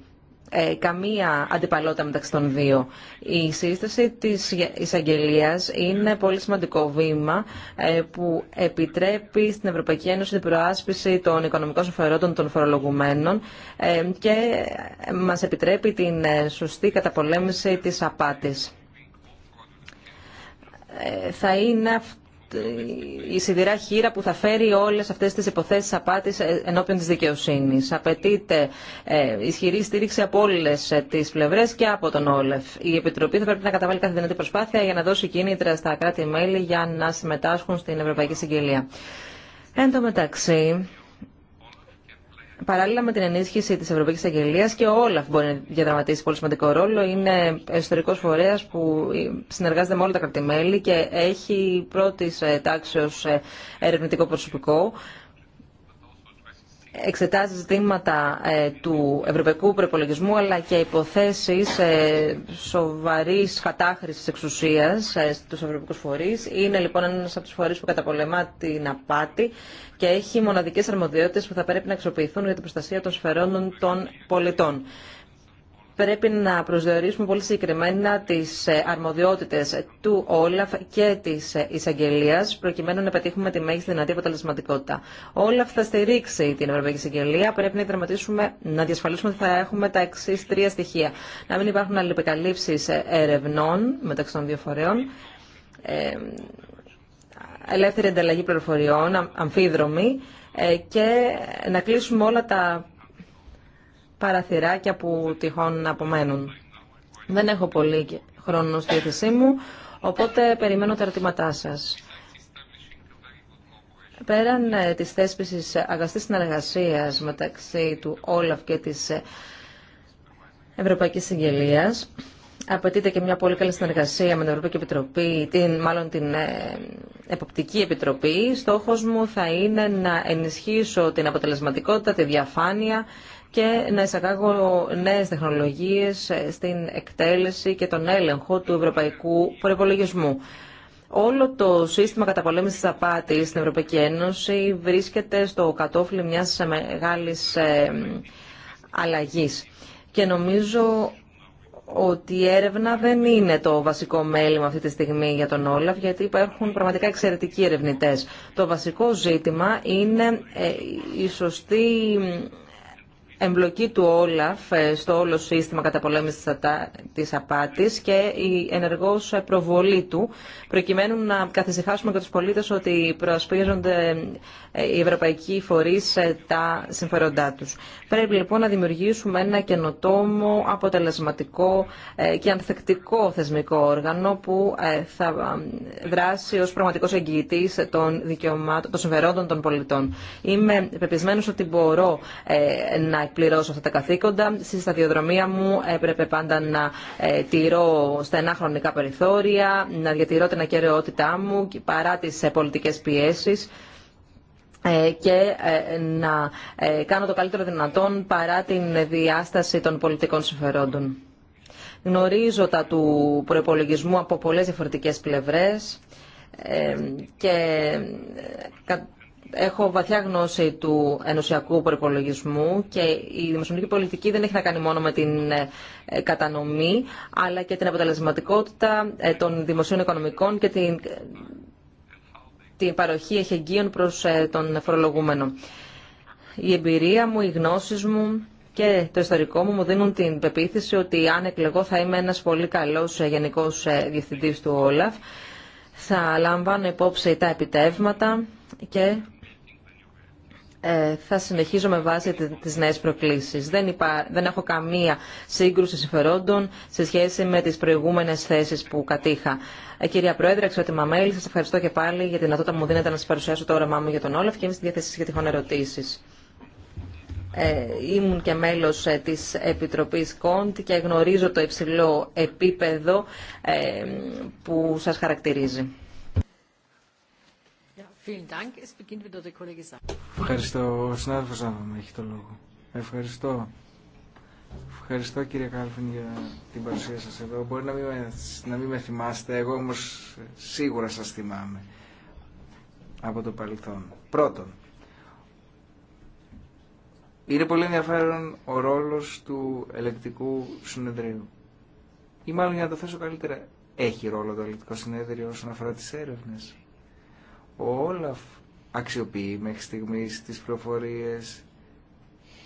ε, καμία αντιπαλότητα μεταξύ των δύο. Η σύσταση της εισαγγελία είναι πολύ σημαντικό βήμα ε, που επιτρέπει στην Ευρωπαϊκή Ένωση την προάσπιση των οικονομικών συμφερόντων των φορολογουμένων ε, και μας επιτρέπει την σωστή καταπολέμηση της απάτης. Θα είναι αυτό η σιδηρά χείρα που θα φέρει όλες αυτές τις υποθέσεις απάτης ενώπιον της δικαιοσύνης. Απαιτείται ε, ισχυρή στήριξη από όλες τις πλευρές και από τον Όλεφ. Η Επιτροπή θα πρέπει να καταβάλει κάθε δυνατή προσπάθεια για να δώσει κίνητρα στα κράτη-μέλη για να συμμετάσχουν στην Ευρωπαϊκή Συγγελία. Εν τω μεταξύ, Παράλληλα με την ενίσχυση της Ευρωπαϊκής Αγγελία και όλα μπορεί να διαδραματίσει πολύ σημαντικό ρόλο. Είναι εσωτερικό φορέας που συνεργάζεται με όλα τα κρατημέλη και έχει πρώτης ε, τάξεως ε, ερευνητικό προσωπικό εξετάζει ζητήματα ε, του ευρωπαϊκού προπολογισμού αλλά και υποθέσεις σοβαρή ε, σοβαρής κατάχρησης εξουσίας Ευρωπαϊκού στους ευρωπαϊκούς Είναι λοιπόν ένα από του φορεί που καταπολεμά την απάτη και έχει μοναδικές αρμοδιότητες που θα πρέπει να αξιοποιηθούν για την προστασία των σφαιρών των πολιτών πρέπει να προσδιορίσουμε πολύ συγκεκριμένα τις ε, αρμοδιότητες του Όλαφ και της ε, εισαγγελία, προκειμένου να πετύχουμε τη μέγιστη δυνατή αποτελεσματικότητα. Όλαφ θα στηρίξει την Ευρωπαϊκή Εισαγγελία. Πρέπει να, διασφαλίσουμε ότι θα έχουμε τα εξή τρία στοιχεία. Να μην υπάρχουν αλληλεπικαλύψεις ε, ερευνών μεταξύ των δύο φορέων. ελεύθερη ανταλλαγή πληροφοριών, αμφίδρομη και να κλείσουμε όλα τα παραθυράκια που τυχόν απομένουν. Δεν έχω πολύ χρόνο στη διάθεσή μου, οπότε περιμένω τα ερωτήματά σας. Πέραν ε, της θέσπισης αγαστής συνεργασίας μεταξύ του Όλαφ και της ε, Ευρωπαϊκής Συγγελίας, απαιτείται και μια πολύ καλή συνεργασία με την Ευρωπαϊκή Επιτροπή, την, μάλλον την ε, Εποπτική Επιτροπή. Στόχος μου θα είναι να ενισχύσω την αποτελεσματικότητα, τη διαφάνεια και να εισαγάγω νέες τεχνολογίες ε, στην εκτέλεση και τον έλεγχο του ευρωπαϊκού προπολογισμού. Όλο το σύστημα καταπολέμησης της απάτης στην Ευρωπαϊκή Ένωση βρίσκεται στο κατόφλι μιας μεγάλης αλλαγής. Και νομίζω ότι η έρευνα δεν είναι το βασικό μέλημα αυτή τη στιγμή για τον Όλαφ, γιατί υπάρχουν πραγματικά εξαιρετικοί ερευνητές. Το βασικό ζήτημα είναι ε, η σωστή εμπλοκή του Όλαφ ε, στο όλο σύστημα καταπολέμησης της απάτης και η ενεργός προβολή του, προκειμένου να καθησυχάσουμε και τους πολίτες ότι προασπίζονται ε, οι ευρωπαϊκοί φορείς ε, τα συμφέροντά τους. Πρέπει λοιπόν να δημιουργήσουμε ένα καινοτόμο, αποτελεσματικό και ανθεκτικό θεσμικό όργανο που θα δράσει ως πραγματικός εγγυητής των, δικαιωμάτων, των συμφερόντων των πολιτών. Είμαι πεπισμένος ότι μπορώ να εκπληρώσω αυτά τα καθήκοντα. Στη σταδιοδρομία μου έπρεπε πάντα να ε, τηρώ στενά χρονικά περιθώρια, να διατηρώ την ακεραιότητά μου παρά τις ε, πολιτικές πιέσεις ε, και να κάνω το καλύτερο δυνατόν παρά την διάσταση των πολιτικών συμφερόντων. Γνωρίζω τα του προπολογισμού από πολλές διαφορετικές πλευρές και Έχω βαθιά γνώση του ενωσιακού προπολογισμού και η δημοσιονομική πολιτική δεν έχει να κάνει μόνο με την ε, κατανομή, αλλά και την αποτελεσματικότητα ε, των δημοσίων οικονομικών και την, την παροχή εχεγγύων προς ε, τον φορολογούμενο. Η εμπειρία μου, οι γνώσεις μου και το ιστορικό μου μου δίνουν την πεποίθηση ότι αν εκλεγώ θα είμαι ένας πολύ καλός γενικός διευθυντής του Όλαφ. Θα λαμβάνω υπόψη τα επιτεύγματα και ε, θα συνεχίζω με βάση τις νέες προκλήσεις. Δεν, δεν έχω καμία σύγκρουση συμφερόντων σε σχέση με τις προηγούμενες θέσεις που κατήχα. Ε, κυρία Πρόεδρε, εξότιμα μέλη, σας ευχαριστώ και πάλι για την δυνατότητα που μου δίνετε να σας παρουσιάσω το όραμά μου για τον Όλαφ και είμαι στη διάθεση για τυχόν ερωτήσεις. Ε, ήμουν και μέλος ε, της Επιτροπής Κόντ και γνωρίζω το υψηλό επίπεδο που σας χαρακτηρίζει. Ευχαριστώ. Ο συνάδελφο Άβαμα έχει το λόγο. Ευχαριστώ. Ευχαριστώ κύριε Κάλφιν για την παρουσία σας εδώ. Μπορεί να μην με, να με θυμάστε, εγώ όμως σίγουρα σας θυμάμαι από το παρελθόν. Πρώτον, είναι πολύ ενδιαφέρον ο ρόλος του ελεκτικού συνεδρίου. Ή μάλλον για να το θέσω καλύτερα, έχει ρόλο το ελεκτικό συνέδριο όσον αφορά τις έρευνες. Ο Όλαφ αξιοποιεί μέχρι στιγμής τις πληροφορίες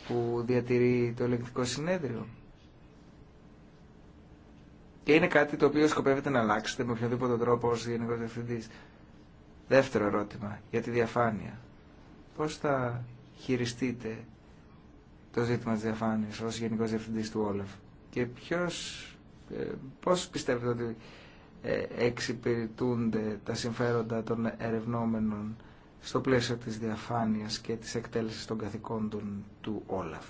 που διατηρεί το ελεγκτικό συνέδριο. Και είναι κάτι το οποίο σκοπεύετε να αλλάξετε με οποιοδήποτε τρόπο ως γενικό Διευθυντής. Δεύτερο ερώτημα για τη διαφάνεια. Πώς θα χειριστείτε το ζήτημα της διαφάνειας ως Γενικός Διευθυντής του Όλαφ και ποιος, ε, πώς πιστεύετε ότι ε, εξυπηρετούνται τα συμφέροντα των ερευνόμενων στο πλαίσιο της διαφάνειας και της εκτέλεσης των καθηκόντων του Όλαφ.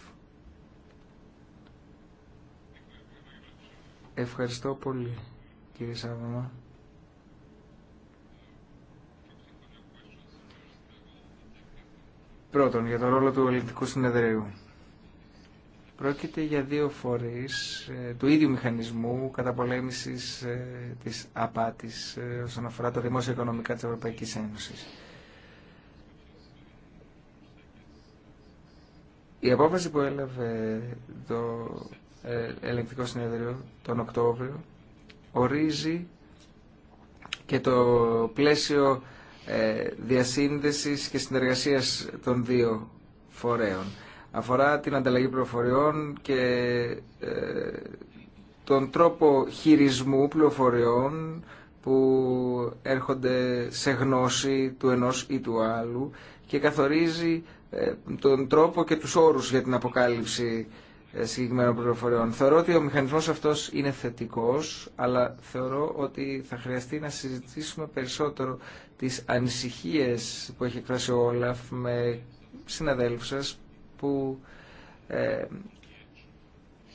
Ευχαριστώ πολύ κύριε Σάββαμα. Πρώτον, για τον ρόλο του ελληνικού συνεδρίου. Πρόκειται για δύο φορείς ε, του ίδιου μηχανισμού καταπολέμησης ε, της απάτης ε, όσον αφορά τα δημόσια οικονομικά της Ευρωπαϊκής Ένωσης. Η απόφαση που έλαβε το ελεγκτικό συνέδριο τον Οκτώβριο ορίζει και το πλαίσιο διασύνδεσης και συνεργασίας των δύο φορέων. Αφορά την ανταλλαγή πληροφοριών και ε, τον τρόπο χειρισμού πληροφοριών που έρχονται σε γνώση του ενός ή του άλλου και καθορίζει ε, τον τρόπο και τους όρους για την αποκάλυψη ε, συγκεκριμένων πληροφοριών. Θεωρώ ότι ο μηχανισμός αυτός είναι θετικός, αλλά θεωρώ ότι θα χρειαστεί να συζητήσουμε περισσότερο τις ανησυχίες που έχει εκφράσει ο Όλαφ με συναδέλφους σας που ε,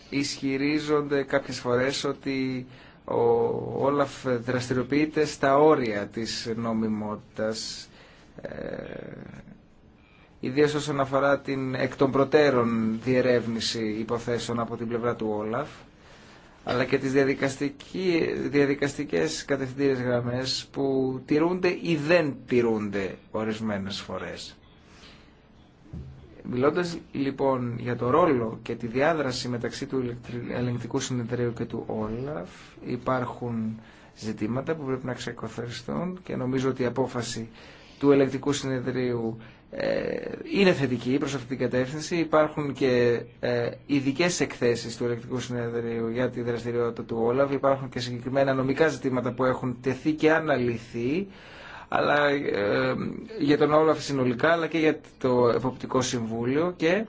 ισχυρίζονται κάποιες φορές ότι ο Όλαφ δραστηριοποιείται στα όρια της νομιμότητας ε, ιδίως όσον αφορά την εκ των προτέρων διερεύνηση υποθέσεων από την πλευρά του Όλαφ αλλά και τις διαδικαστικές κατευθυντήρες γραμμές που τηρούνται ή δεν τηρούνται ορισμένες φορές. Μιλώντα λοιπόν για το ρόλο και τη διάδραση μεταξύ του ελεγκτικού συνεδρίου και του Όλαφ υπάρχουν ζητήματα που πρέπει να ξεκοθαριστούν και νομίζω ότι η απόφαση του ελεγκτικού συνεδρίου ε, είναι θετική προς αυτή την κατεύθυνση. Υπάρχουν και ε, ειδικέ εκθέσεις του ελεκτικού συνεδρίου για τη δραστηριότητα του Όλαβ. Υπάρχουν και συγκεκριμένα νομικά ζητήματα που έχουν τεθεί και αναλυθεί αλλά ε, για τον Όλαφ συνολικά, αλλά και για το Εποπτικό Συμβούλιο και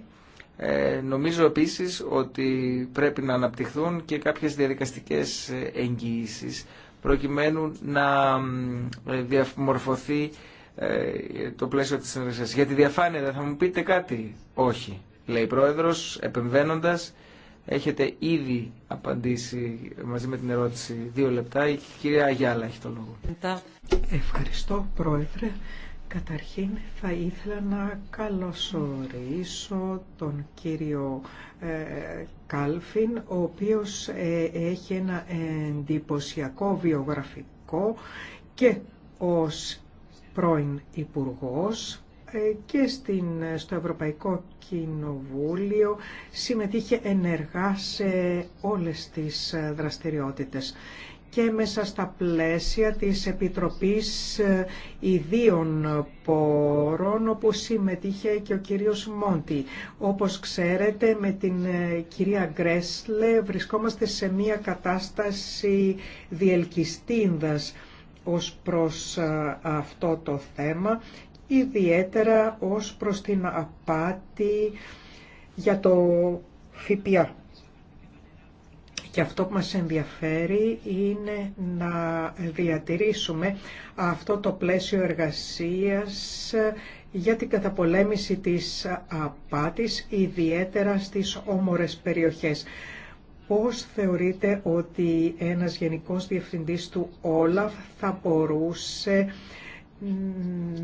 ε, νομίζω επίσης ότι πρέπει να αναπτυχθούν και κάποιες διαδικαστικές εγγυήσεις προκειμένου να ε, διαμορφωθεί ε, το πλαίσιο της συνεργασίας. Για τη διαφάνεια θα μου πείτε κάτι. Όχι, λέει η Πρόεδρος, επεμβαίνοντας Έχετε ήδη απαντήσει μαζί με την ερώτηση δύο λεπτά. Η κυρία Αγιάλα έχει το λόγο. Ευχαριστώ Πρόεδρε. Καταρχήν θα ήθελα να καλωσορίσω τον κύριο ε, Κάλφιν, ο οποίος ε, έχει ένα εντυπωσιακό βιογραφικό και ως πρώην Υπουργός ε, και στην, στο Ευρωπαϊκό Κοινοβούλιο συμμετείχε ενεργά σε όλες τις ε, δραστηριότητες και μέσα στα πλαίσια της Επιτροπής ε, Ιδίων Πόρων όπου συμμετείχε και ο κύριος Μόντι. Όπως ξέρετε με την κυρία Γκρέσλε βρισκόμαστε σε μια κατάσταση διελκυστίνδας ως προς αυτό το θέμα ιδιαίτερα ως προς την απάτη για το ΦΠΑ. Και αυτό που μας ενδιαφέρει είναι να διατηρήσουμε αυτό το πλαίσιο εργασίας για την καταπολέμηση της απάτης, ιδιαίτερα στις όμορες περιοχές. Πώς θεωρείτε ότι ένας γενικός διευθυντής του Όλαφ θα μπορούσε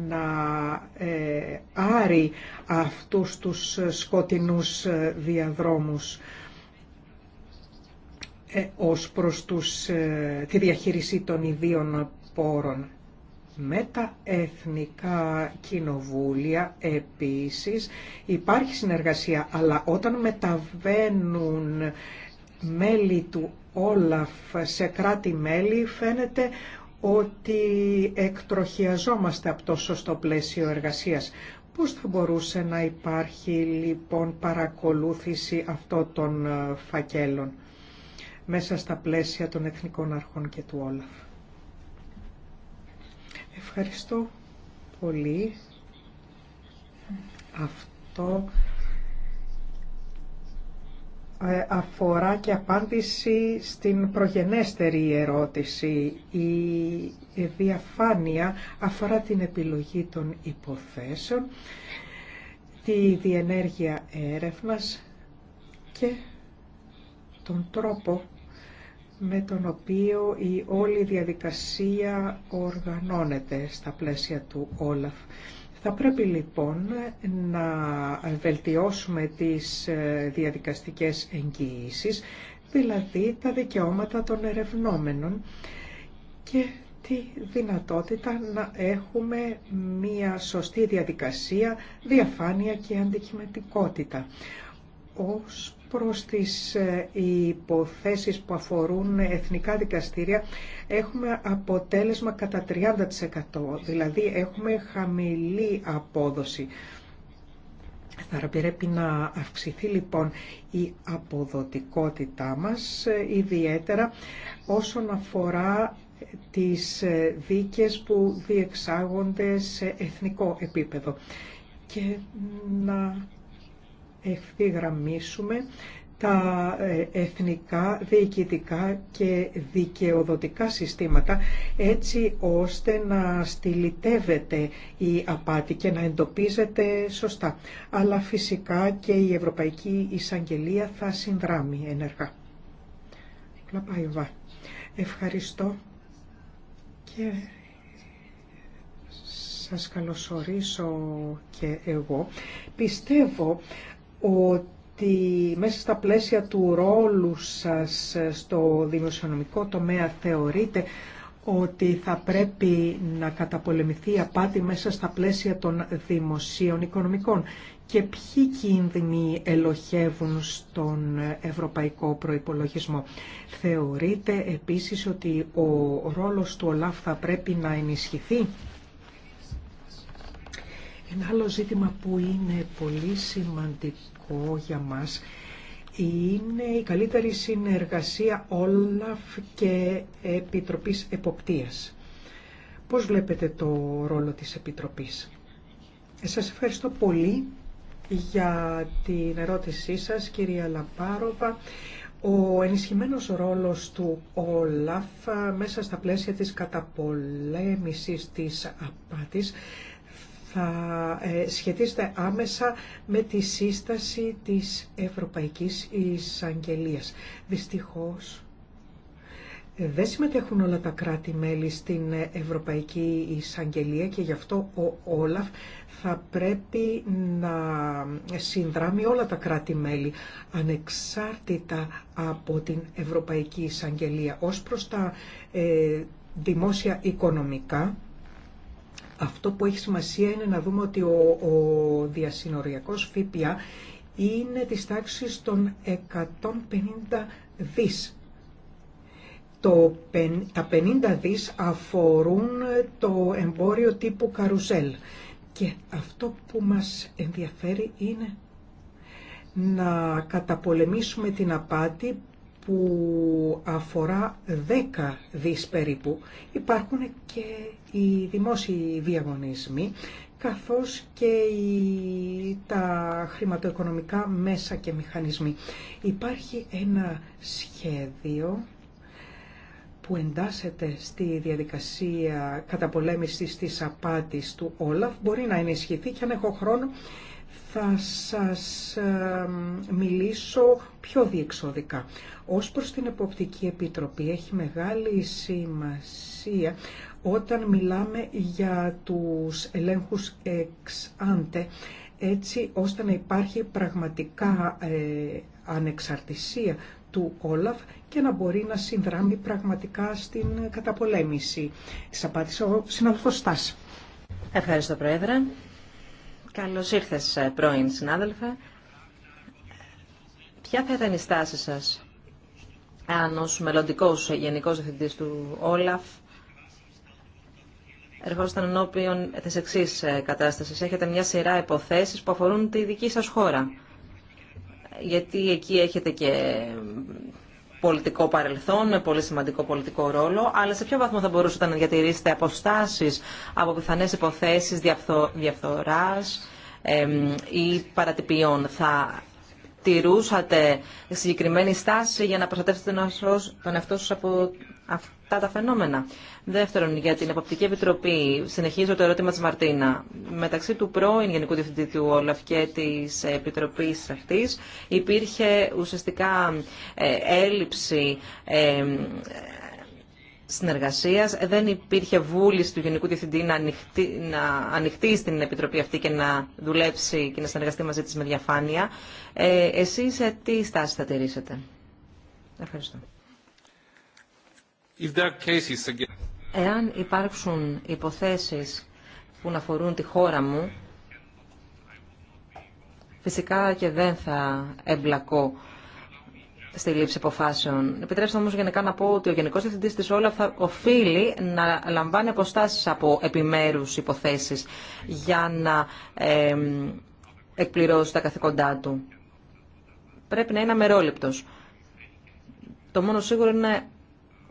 να ε, άρει αυτούς τους σκοτεινούς ε, διαδρόμους ε, ως προς τους, ε, τη διαχείριση των ιδίων πόρων. Με τα εθνικά κοινοβούλια επίσης υπάρχει συνεργασία, αλλά όταν μεταβαίνουν μέλη του Όλαφ σε κράτη-μέλη φαίνεται ότι εκτροχιαζόμαστε από το σωστό πλαίσιο εργασίας. Πώς θα μπορούσε να υπάρχει λοιπόν παρακολούθηση αυτών των ε, φακέλων μέσα στα πλαίσια των Εθνικών Αρχών και του Όλαφ. Ευχαριστώ πολύ. Αυτό ε, αφορά και απάντηση στην προγενέστερη ερώτηση. Η διαφάνεια αφορά την επιλογή των υποθέσεων, τη διενέργεια έρευνας και τον τρόπο με τον οποίο η όλη διαδικασία οργανώνεται στα πλαίσια του Όλαφ. Θα πρέπει λοιπόν να βελτιώσουμε τις ε, διαδικαστικές εγγύησεις, δηλαδή τα δικαιώματα των ερευνόμενων και τη δυνατότητα να έχουμε μία σωστή διαδικασία, διαφάνεια και αντικειμενικότητα προς τις ε, υποθέσεις που αφορούν εθνικά δικαστήρια έχουμε αποτέλεσμα κατά 30%, δηλαδή έχουμε χαμηλή απόδοση. Θα πρέπει να αυξηθεί λοιπόν η αποδοτικότητά μας, ε, ιδιαίτερα όσον αφορά τις ε, δίκες που διεξάγονται σε εθνικό επίπεδο και να ευθυγραμμίσουμε τα ε, εθνικά, διοικητικά και δικαιοδοτικά συστήματα έτσι ώστε να στυλιτεύεται η απάτη και να εντοπίζεται σωστά. Αλλά φυσικά και η Ευρωπαϊκή Εισαγγελία θα συνδράμει ενεργά. Ευχαριστώ και σας καλωσορίσω και εγώ. Πιστεύω ότι μέσα στα πλαίσια του ρόλου σας στο δημοσιονομικό τομέα θεωρείτε ότι θα πρέπει να καταπολεμηθεί η απάτη μέσα στα πλαίσια των δημοσίων οικονομικών και ποιοι κίνδυνοι ελοχεύουν στον ευρωπαϊκό προϋπολογισμό. Θεωρείτε επίσης ότι ο ρόλος του ΟΛΑΦ θα πρέπει να ενισχυθεί. Ένα άλλο ζήτημα που είναι πολύ σημαντικό για μας είναι η καλύτερη συνεργασία Όλαφ και Επιτροπής Εποπτείας. Πώς βλέπετε το ρόλο της Επιτροπής. Σας ευχαριστώ πολύ για την ερώτησή σας, κυρία Λαπάροβα. Ο ενισχυμένος ρόλος του ΟΛΑΦ ε, μέσα στα πλαίσια της καταπολέμησης της απάτης θα ε, σχετίζεται άμεσα με τη σύσταση της Ευρωπαϊκής Εισαγγελίας. Δυστυχώς ε, δεν συμμετέχουν όλα τα κράτη-μέλη στην ε, Ευρωπαϊκή Εισαγγελία και γι' αυτό ο Όλαφ θα πρέπει να συνδράμει όλα τα κράτη-μέλη ανεξάρτητα από την Ευρωπαϊκή Εισαγγελία ως προς τα δημόσια οικονομικά αυτό που έχει σημασία είναι να δούμε ότι ο, ο διασυνοριακός ΦΠΑ είναι της τάξης των 150 δις. Το, τα 50 δις αφορούν το εμπόριο τύπου καρουζέλ. Και αυτό που μας ενδιαφέρει είναι να καταπολεμήσουμε την απάτη που αφορά 10 δις περίπου. Υπάρχουν και οι δημόσιοι διαγωνισμοί καθώς και οι, τα χρηματοοικονομικά μέσα και μηχανισμοί. Υπάρχει ένα σχέδιο που εντάσσεται στη διαδικασία καταπολέμησης της απάτης του Όλαφ. Μπορεί να ενισχυθεί και αν έχω χρόνο θα σας μιλήσω πιο διεξοδικά. Ως προς την Εποπτική Επιτροπή έχει μεγάλη σημασία όταν μιλάμε για τους ελέγχους εξάντε έτσι ώστε να υπάρχει πραγματικά ε, ανεξαρτησία του Όλαφ και να μπορεί να συνδράμει πραγματικά στην καταπολέμηση. Της απάτης ο συναδελφός Στάς. Ευχαριστώ Πρόεδρε. Καλώς ήρθες, ε, πρώην συνάδελφε. Ποια θα ήταν η στάση σας αν ως μελλοντικός γενικός διευθυντής του Όλαφ ερχόσταν ενώπιον της εξής ε, κατάστασης. Έχετε μια σειρά υποθέσεις που αφορούν τη δική σας χώρα. Γιατί εκεί έχετε και πολιτικό παρελθόν, με πολύ σημαντικό πολιτικό ρόλο, αλλά σε ποιο βαθμό θα μπορούσατε να διατηρήσετε αποστάσεις από πιθανέ υποθέσεις διαφθο... διαφθοράς ή παρατυπιών. Θα τηρούσατε συγκεκριμένη στάση για να προστατεύσετε τον εαυτό σας από αυτά τα φαινόμενα. Δεύτερον, για την Εποπτική Επιτροπή, συνεχίζω το ερώτημα τη Μαρτίνα. Μεταξύ του πρώην Γενικού Διευθυντή του Όλαφ και τη Επιτροπή αυτή υπήρχε ουσιαστικά ε, έλλειψη ε, συνεργασίας. Δεν υπήρχε βούληση του Γενικού Διευθυντή να ανοιχτεί, στην Επιτροπή αυτή και να δουλέψει και να συνεργαστεί μαζί της με διαφάνεια. Ε, εσείς ε, τι στάση θα τηρήσετε. Ευχαριστώ. Εάν υπάρξουν υποθέσεις που να αφορούν τη χώρα μου, φυσικά και δεν θα εμπλακώ στη λήψη αποφάσεων. Επιτρέψτε όμως γενικά να πω ότι ο Γενικός Διευθυντής της Όλα θα οφείλει να λαμβάνει αποστάσεις από επιμέρους υποθέσεις για να εκπληρώσει τα καθήκοντά του. Πρέπει να είναι αμερόληπτος. Το μόνο σίγουρο είναι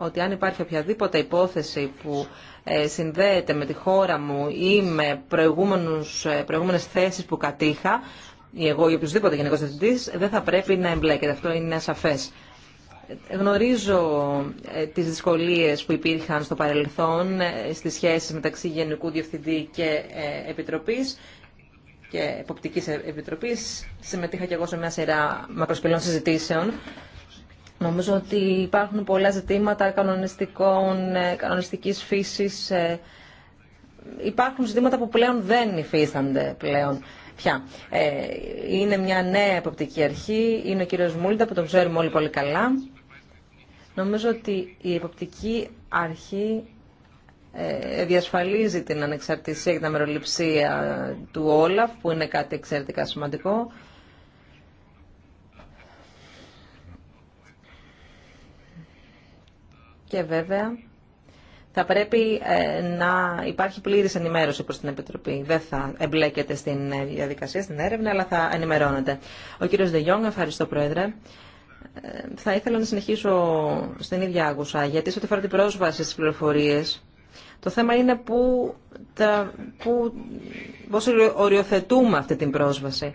ότι αν υπάρχει οποιαδήποτε υπόθεση που ε, συνδέεται με τη χώρα μου ή με προηγούμενε προηγούμενες θέσεις που κατήχα, ή εγώ ή οποιοδήποτε γενικό διευθυντή, δεν θα πρέπει να εμπλέκεται. Αυτό είναι ασαφέ. Γνωρίζω ε, τις δυσκολίες που υπήρχαν στο παρελθόν ε, στις σχέσεις μεταξύ Γενικού Διευθυντή και Επιτροπής και Εποπτικής Επιτροπής. Συμμετείχα και εγώ σε μια σειρά μακροσπηλών συζητήσεων Νομίζω ότι υπάρχουν πολλά ζητήματα κανονιστικών, ε, κανονιστικής φύσης. Ε, υπάρχουν ζητήματα που πλέον δεν υφίστανται πλέον πια. Ε, είναι μια νέα εποπτική αρχή, είναι ο κύριος Μούλτα που τον ξέρουμε όλοι πολύ καλά. Νομίζω ότι η εποπτική αρχή διασφαλίζει την ανεξαρτησία και την αμεροληψία του Όλαφ, που είναι κάτι εξαιρετικά σημαντικό. και βέβαια θα πρέπει ε, να υπάρχει πλήρης ενημέρωση προς την Επιτροπή. Δεν θα εμπλέκεται στην ε, διαδικασία, στην έρευνα, αλλά θα ενημερώνεται. Ο κύριος Δεγιόγκ, ευχαριστώ Πρόεδρε. Ε, θα ήθελα να συνεχίσω στην ίδια άγουσα, γιατί σε ό,τι φορά την πρόσβαση στις πληροφορίες, το θέμα είναι που, τα, που πώς οριοθετούμε αυτή την πρόσβαση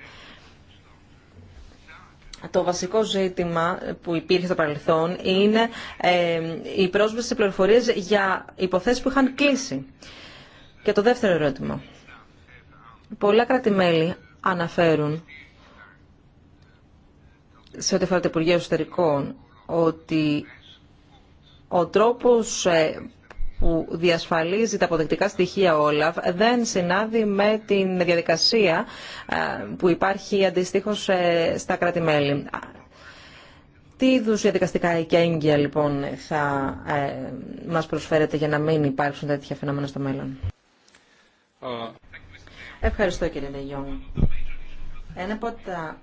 το βασικό ζήτημα που υπήρχε στο παρελθόν είναι ε, η πρόσβαση σε πληροφορίες για υποθέσεις που είχαν κλείσει. Και το δεύτερο ερώτημα. Πολλά κράτη-μέλη αναφέρουν σε ό,τι αφορά το Υπουργείο Εσωτερικών ότι ο τρόπος ε, που διασφαλίζει τα αποδεκτικά στοιχεία όλα δεν συνάδει με την διαδικασία ε, που υπάρχει αντιστοίχω ε, στα κράτη-μέλη. Τι είδου διαδικαστικά λοιπόν θα ε, μας προσφέρετε για να μην υπάρξουν τέτοια φαινόμενα στο μέλλον. Ευχαριστώ κύριε Λεγιόν. Ένα από τα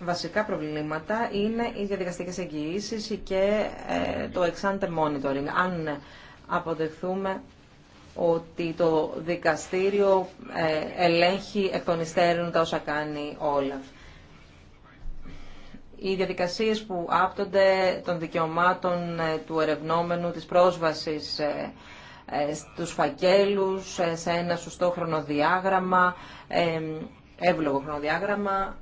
βασικά προβλήματα είναι οι διαδικαστικές εγγύησει και το ex monitoring. Αν αποδεχθούμε ότι το δικαστήριο ε, ελέγχει εκ των υστέρων τα όσα κάνει όλα. Οι διαδικασίες που άπτονται των δικαιωμάτων ε, του ερευνόμενου, της πρόσβασης ε, στους φακέλους, σε ένα σωστό χρονοδιάγραμμα, εύλογο χρονοδιάγραμμα,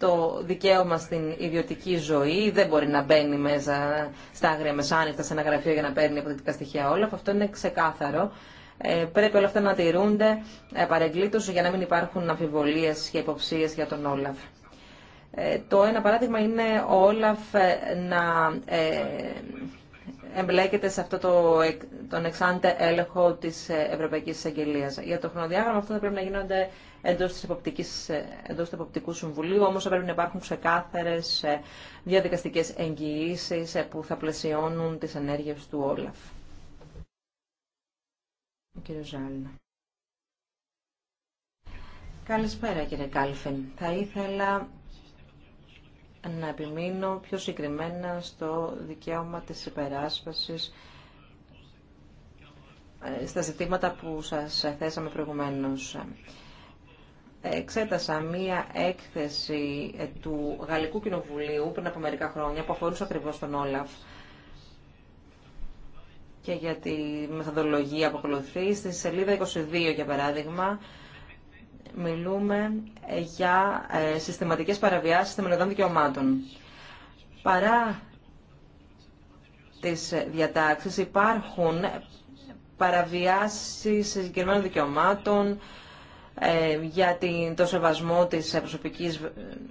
το δικαίωμα στην ιδιωτική ζωή δεν μπορεί να μπαίνει μέσα στα άγρια μεσάνυχτα σε ένα γραφείο για να παίρνει αποδεικτικά στοιχεία όλα. Αυτό είναι ξεκάθαρο. Ε, πρέπει όλα αυτά να τηρούνται ε, παρεγκλήτως για να μην υπάρχουν αμφιβολίες και υποψίες για τον Όλαφ. Ε, το ένα παράδειγμα είναι ο Όλαφ ε, να ε, εμπλέκεται σε αυτό το, τον εξάντε έλεγχο της Ευρωπαϊκής Εισαγγελίας. Για το χρονοδιάγραμμα αυτό θα πρέπει να γίνονται εντός, εποπτικής, ε, του Εποπτικού Συμβουλίου, όμως θα πρέπει να υπάρχουν ξεκάθαρες ε, διαδικαστικές εγγυήσεις ε, που θα πλαισιώνουν τις ενέργειες του Όλαφ. Καλησπέρα κύριε Κάλφιν. Θα ήθελα να επιμείνω πιο συγκεκριμένα στο δικαίωμα της υπεράσπασης στα ζητήματα που σας θέσαμε προηγουμένως εξέτασα μία έκθεση ε, του Γαλλικού Κοινοβουλίου πριν από μερικά χρόνια που αφορούσε ακριβώς τον Όλαφ και για τη μεθοδολογία που ακολουθεί. Στη σελίδα 22, για παράδειγμα, μιλούμε ε, για ε, συστηματικές παραβιάσεις θεμελιωδών δικαιωμάτων. Παρά τις διατάξεις υπάρχουν παραβιάσεις συγκεκριμένων δικαιωμάτων, ε, για το σεβασμό της προσωπικής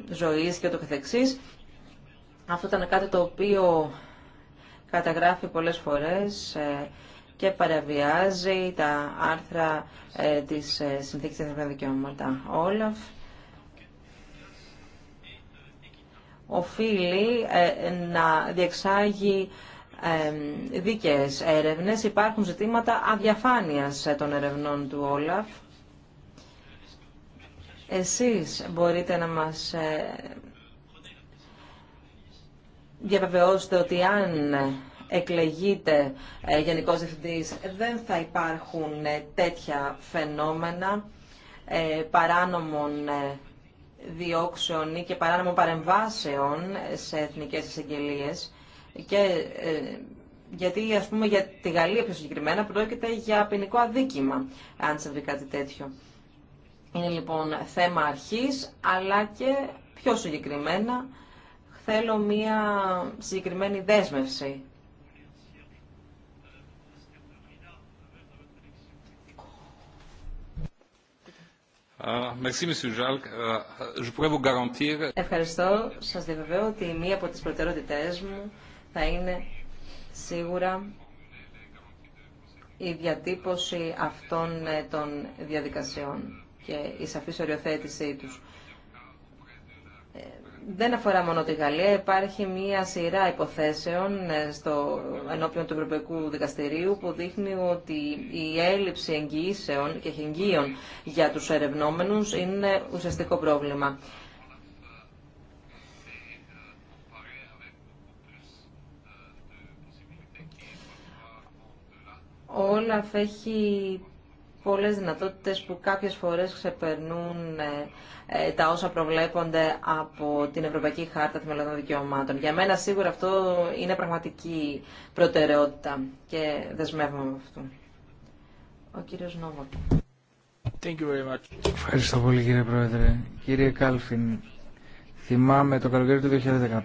ζωής και το καθεξής. Αυτό ήταν κάτι το οποίο καταγράφει πολλές φορές ε, και παραβιάζει τα άρθρα ε, της Συνθήκης Διεθνών Δικαιώματα Όλαφ. Οφείλει να διεξάγει δίκαιες έρευνες. Υπάρχουν ζητήματα αδιαφάνειας των ερευνών του Όλαφ εσείς μπορείτε να μας ε, διαβεβαιώσετε ότι αν εκλεγείτε ε, Γενικός Διευθυντής δεν θα υπάρχουν ε, τέτοια φαινόμενα παράνομων διώξεων ή και παράνομων παρεμβάσεων σε εθνικές εισαγγελίες και γιατί, ας πούμε, για τη Γαλλία πιο συγκεκριμένα πρόκειται για ποινικό αδίκημα, αν συμβεί κάτι τέτοιο. Είναι λοιπόν θέμα αρχής, αλλά και πιο συγκεκριμένα θέλω μία συγκεκριμένη δέσμευση. Ah, ah, Ευχαριστώ. Σας διαβεβαιώ ότι μία από τις προτεραιότητές μου θα είναι σίγουρα η διατύπωση αυτών ε, των διαδικασιών και η σαφή οριοθέτησή τους. Ε, δεν αφορά μόνο τη Γαλλία, υπάρχει μία σειρά υποθέσεων ε, στο ενώπιον του Ευρωπαϊκού Δικαστηρίου που δείχνει ότι η έλλειψη εγγυήσεων και εγγύων για τους ερευνόμενους είναι ουσιαστικό πρόβλημα. Όλα έχει πολλές δυνατότητες που κάποιες φορές ξεπερνούν ε, ε, τα όσα προβλέπονται από την Ευρωπαϊκή Χάρτα Θεμελιωδών Δικαιωμάτων. Για μένα σίγουρα αυτό είναι πραγματική προτεραιότητα και δεσμεύομαι με αυτό. Ο κύριος Thank you very much. Ευχαριστώ πολύ κύριε Πρόεδρε. Κύριε Κάλφιν, θυμάμαι το καλοκαίρι του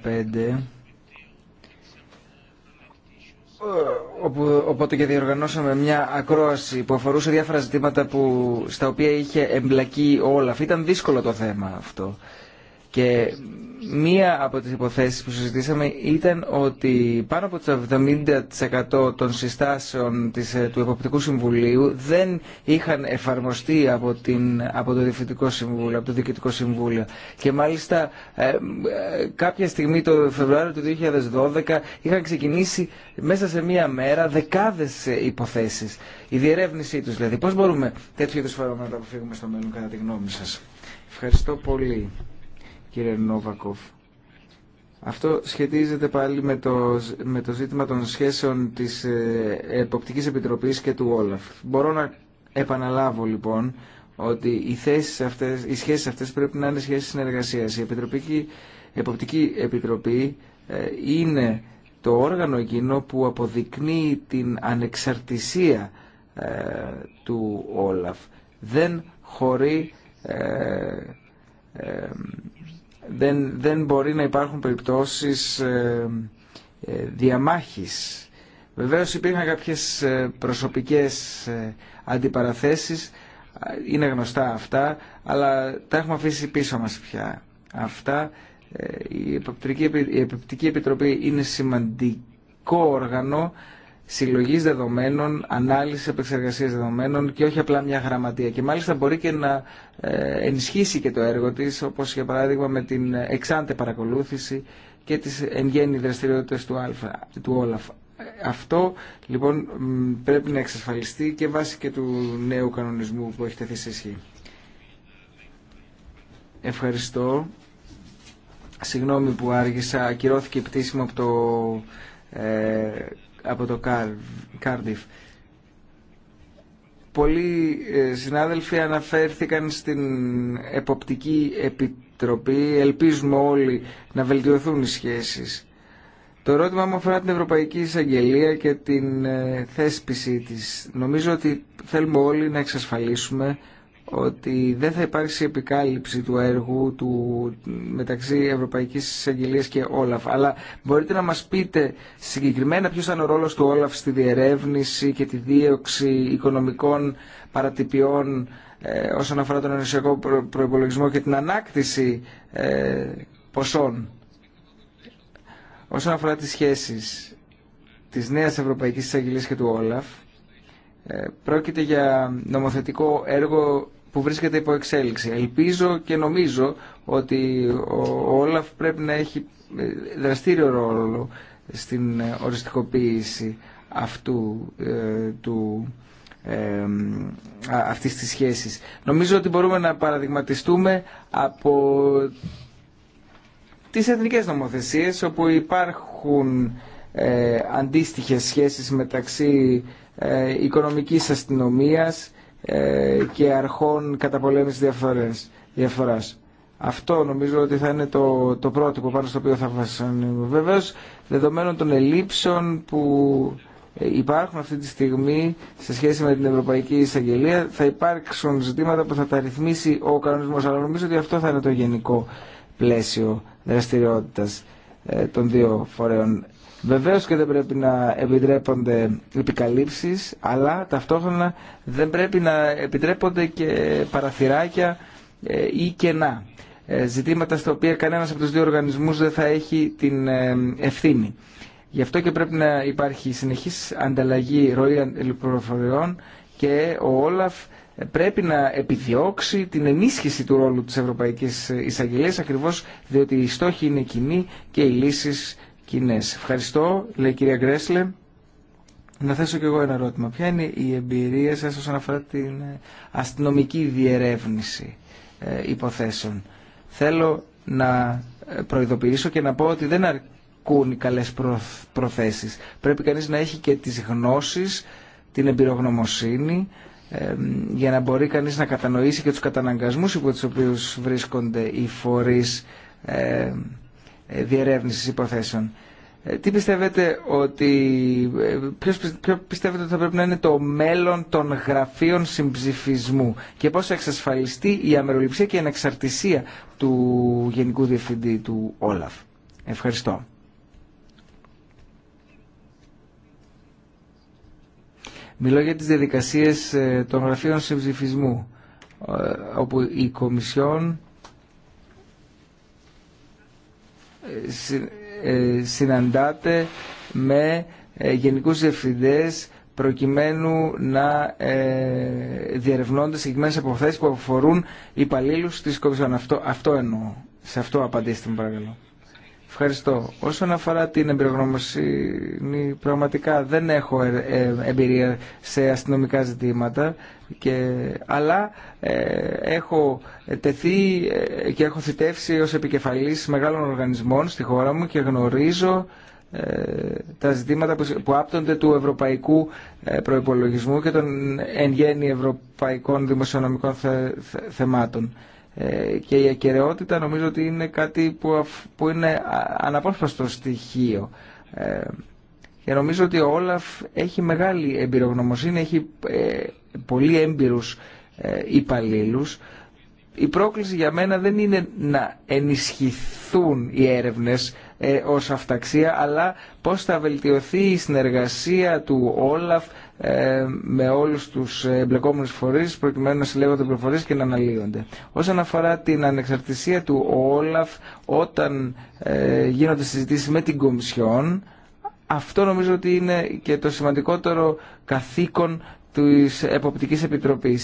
2015 ε, όπου, οπότε και διοργανώσαμε μια ακρόαση που αφορούσε διάφορα ζητήματα που, στα οποία είχε εμπλακεί όλα. Ήταν δύσκολο το θέμα αυτό. Και Μία από τις υποθέσεις που συζητήσαμε ήταν ότι πάνω από το 70% των συστάσεων της, ε, του Εποπτικού Συμβουλίου δεν είχαν εφαρμοστεί από, την, από το Διευθυντικό Συμβούλιο, από το Διοικητικό Συμβούλιο. Και μάλιστα ε, ε κάποια στιγμή το Φεβρουάριο του 2012 είχαν ξεκινήσει μέσα σε μία μέρα δεκάδες ε, υποθέσεις. Η διερεύνησή τους δηλαδή. Πώς μπορούμε τέτοιου είδους φαινόμενα να τα αποφύγουμε στο μέλλον κατά τη γνώμη σας. Ευχαριστώ πολύ κύριε Νόβακοφ. Αυτό σχετίζεται πάλι με το, με το ζήτημα των σχέσεων της ε, Εποπτικής Επιτροπής και του Όλαφ. Μπορώ να επαναλάβω λοιπόν ότι οι, θέσεις αυτές, οι σχέσεις αυτές πρέπει να είναι σχέσεις συνεργασίας. Η Επιτροπική, Εποπτική Επιτροπή ε, είναι το όργανο εκείνο που αποδεικνύει την ανεξαρτησία ε, του Όλαφ. Δεν χωρεί δεν, δεν μπορεί να υπάρχουν περιπτώσεις ε, ε, διαμάχης. Βεβαίως υπήρχαν κάποιες ε, προσωπικές ε, αντιπαραθέσεις, είναι γνωστά αυτά, αλλά τα έχουμε αφήσει πίσω μας πια. Αυτά ε, η Επιπτική Επιτροπή είναι σημαντικό όργανο συλλογής δεδομένων, ανάλυσης επεξεργασίας δεδομένων και όχι απλά μια γραμματεία. Και μάλιστα μπορεί και να ε, ενισχύσει και το έργο της, όπως για παράδειγμα με την εξάντε παρακολούθηση και τις εν γέννη δραστηριότητες του, Αλφα, του Όλαφ. Αυτό λοιπόν πρέπει να εξασφαλιστεί και βάσει και του νέου κανονισμού που έχει τεθεί σε ισχύ. Ευχαριστώ. Συγγνώμη που άργησα. Ακυρώθηκε η πτήση μου από το ε, από το Κάρντιφ. Πολλοί ε, συνάδελφοι αναφέρθηκαν στην Εποπτική Επιτροπή. Ελπίζουμε όλοι να βελτιωθούν οι σχέσεις. Το ερώτημα μου αφορά την Ευρωπαϊκή Εισαγγελία και την ε, θέσπιση της. Νομίζω ότι θέλουμε όλοι να εξασφαλίσουμε ότι δεν θα υπάρξει επικάλυψη του έργου του μεταξύ Ευρωπαϊκής Εισαγγελίας και Όλαφ. Αλλά μπορείτε να μας πείτε συγκεκριμένα ποιος ήταν ο ρόλος του Όλαφ στη διερεύνηση και τη δίωξη οικονομικών παρατυπιών ε, όσον αφορά τον ενωσιακό προϋπολογισμό και την ανάκτηση ε, ποσών. Όσον αφορά τις σχέσεις της νέας Ευρωπαϊκής Εισαγγελίας και του Όλαφ, ε, πρόκειται για νομοθετικό έργο που βρίσκεται υπό εξέλιξη. Ελπίζω και νομίζω ότι ο Όλαφ πρέπει να έχει ε, δραστήριο ρόλο στην ε, οριστικοποίηση αυτού του αυτής της σχέσης. Νομίζω ότι μπορούμε να παραδειγματιστούμε από τις εθνικές νομοθεσίες όπου υπάρχουν ε, αντίστοιχες σχέσεις μεταξύ ε, οικονομικής αστυνομίας ε, και αρχών καταπολέμησης διαφορές, διαφοράς. Αυτό νομίζω ότι θα είναι το, το πρότυπο πάνω στο οποίο θα βασανούμε. Βεβαίω, δεδομένων των ελλείψεων που ε, υπάρχουν αυτή τη στιγμή σε σχέση με την Ευρωπαϊκή Εισαγγελία, θα υπάρξουν ζητήματα που θα τα ρυθμίσει ο κανονισμό, Αλλά νομίζω ότι αυτό θα είναι το γενικό πλαίσιο δραστηριότητα ε, των δύο φορέων. Βεβαίω και δεν πρέπει να επιτρέπονται επικαλύψει, αλλά ταυτόχρονα δεν πρέπει να επιτρέπονται και παραθυράκια ε, ή κενά. Ε, ζητήματα στα οποία κανένας από τους δύο οργανισμούς δεν θα έχει την ε, ευθύνη. Γι' αυτό και πρέπει να υπάρχει συνεχής ανταλλαγή ροή πληροφοριών και ο Όλαφ πρέπει να επιδιώξει την ενίσχυση του ρόλου της Ευρωπαϊκής Εισαγγελίας ακριβώς διότι οι στόχοι είναι κοινοί και οι λύσεις κοινέ. Ευχαριστώ, λέει η κυρία Γκρέσλε. Να θέσω κι εγώ ένα ερώτημα. Ποια είναι η εμπειρία σας όσον αφορά την ε, αστυνομική διερεύνηση ε, υποθέσεων. Θέλω να ε, προειδοποιήσω και να πω ότι δεν αρκούν οι καλές προθέσεις. Πρέπει κανείς να έχει και τις γνώσεις, την εμπειρογνωμοσύνη, για να μπορεί κανείς να κατανοήσει και τους καταναγκασμούς υπό τους οποίους βρίσκονται οι φορείς ε, διερεύνησης υποθέσεων. Ε, τι πιστεύετε ότι, ε, ποιος, ποιο πιστεύετε ότι θα πρέπει να είναι το μέλλον των γραφείων συμψηφισμού και πώς θα εξασφαλιστεί η αμεροληψία και η ανεξαρτησία του Γενικού Διευθυντή του Όλαφ. Ευχαριστώ. Μιλώ για τις διαδικασίες των γραφείων συμψηφισμού όπου η Κομισιόν Ε, συναντάται με ε, γενικούς διευθυντές προκειμένου να ε, διερευνώνται συγκεκριμένες αποφθέσεις που αφορούν υπαλλήλους της Κομισιόν. Αυτό, αυτό εννοώ. Σε αυτό απαντήστε μου παρακαλώ. Ευχαριστώ. Όσον αφορά την εμπειρογνωμοσύνη, πραγματικά δεν έχω ε, ε, εμπειρία σε αστυνομικά ζητήματα, και, αλλά ε, έχω τεθεί και έχω θητεύσει ως επικεφαλής μεγάλων οργανισμών στη χώρα μου και γνωρίζω τα ζητήματα που άπτονται του ευρωπαϊκού προϋπολογισμού και των εν γέννη ευρωπαϊκών δημοσιονομικών θεμάτων. Ε, και η ακαιρεότητα νομίζω ότι είναι κάτι που, είναι αναπόσπαστο στοιχείο. Ε, και νομίζω ότι ο Όλαφ έχει μεγάλη εμπειρογνωμοσύνη, έχει ε, πολύ έμπειρους υπαλλήλους. Η πρόκληση για μένα δεν είναι να ενισχυθούν οι έρευνες ως αυταξία, αλλά πώς θα βελτιωθεί η συνεργασία του Όλαφ ε, με όλους τους εμπλεκόμενου φορεί προκειμένου να συλλέγονται πληροφορίε και να αναλύονται. Όσον αφορά την ανεξαρτησία του Όλαφ όταν ε, γίνονται συζητήσει με την Κομισιόν αυτό νομίζω ότι είναι και το σημαντικότερο καθήκον τη εποπτική επιτροπή.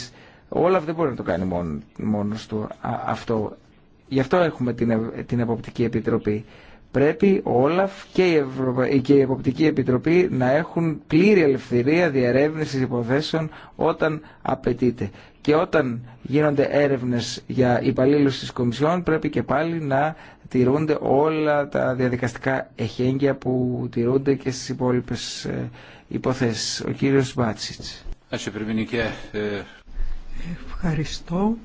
Ο Όλαφ δεν μπορεί να το κάνει μόνο, μόνος του αυτό. Γι' αυτό έχουμε την, την Εποπτική Επιτροπή πρέπει ο Όλαφ και η, Ευρωπα... και η Εποπτική Επιτροπή να έχουν πλήρη ελευθερία διερεύνησης υποθέσεων όταν απαιτείται. Και όταν γίνονται έρευνες για υπαλλήλους της Κομισιόν πρέπει και πάλι να τηρούνται όλα τα διαδικαστικά εχέγγυα που τηρούνται και στις υπόλοιπες ε, υποθέσεις. Ο κύριος Μπάτσιτς. Ε, Ευχαριστώ.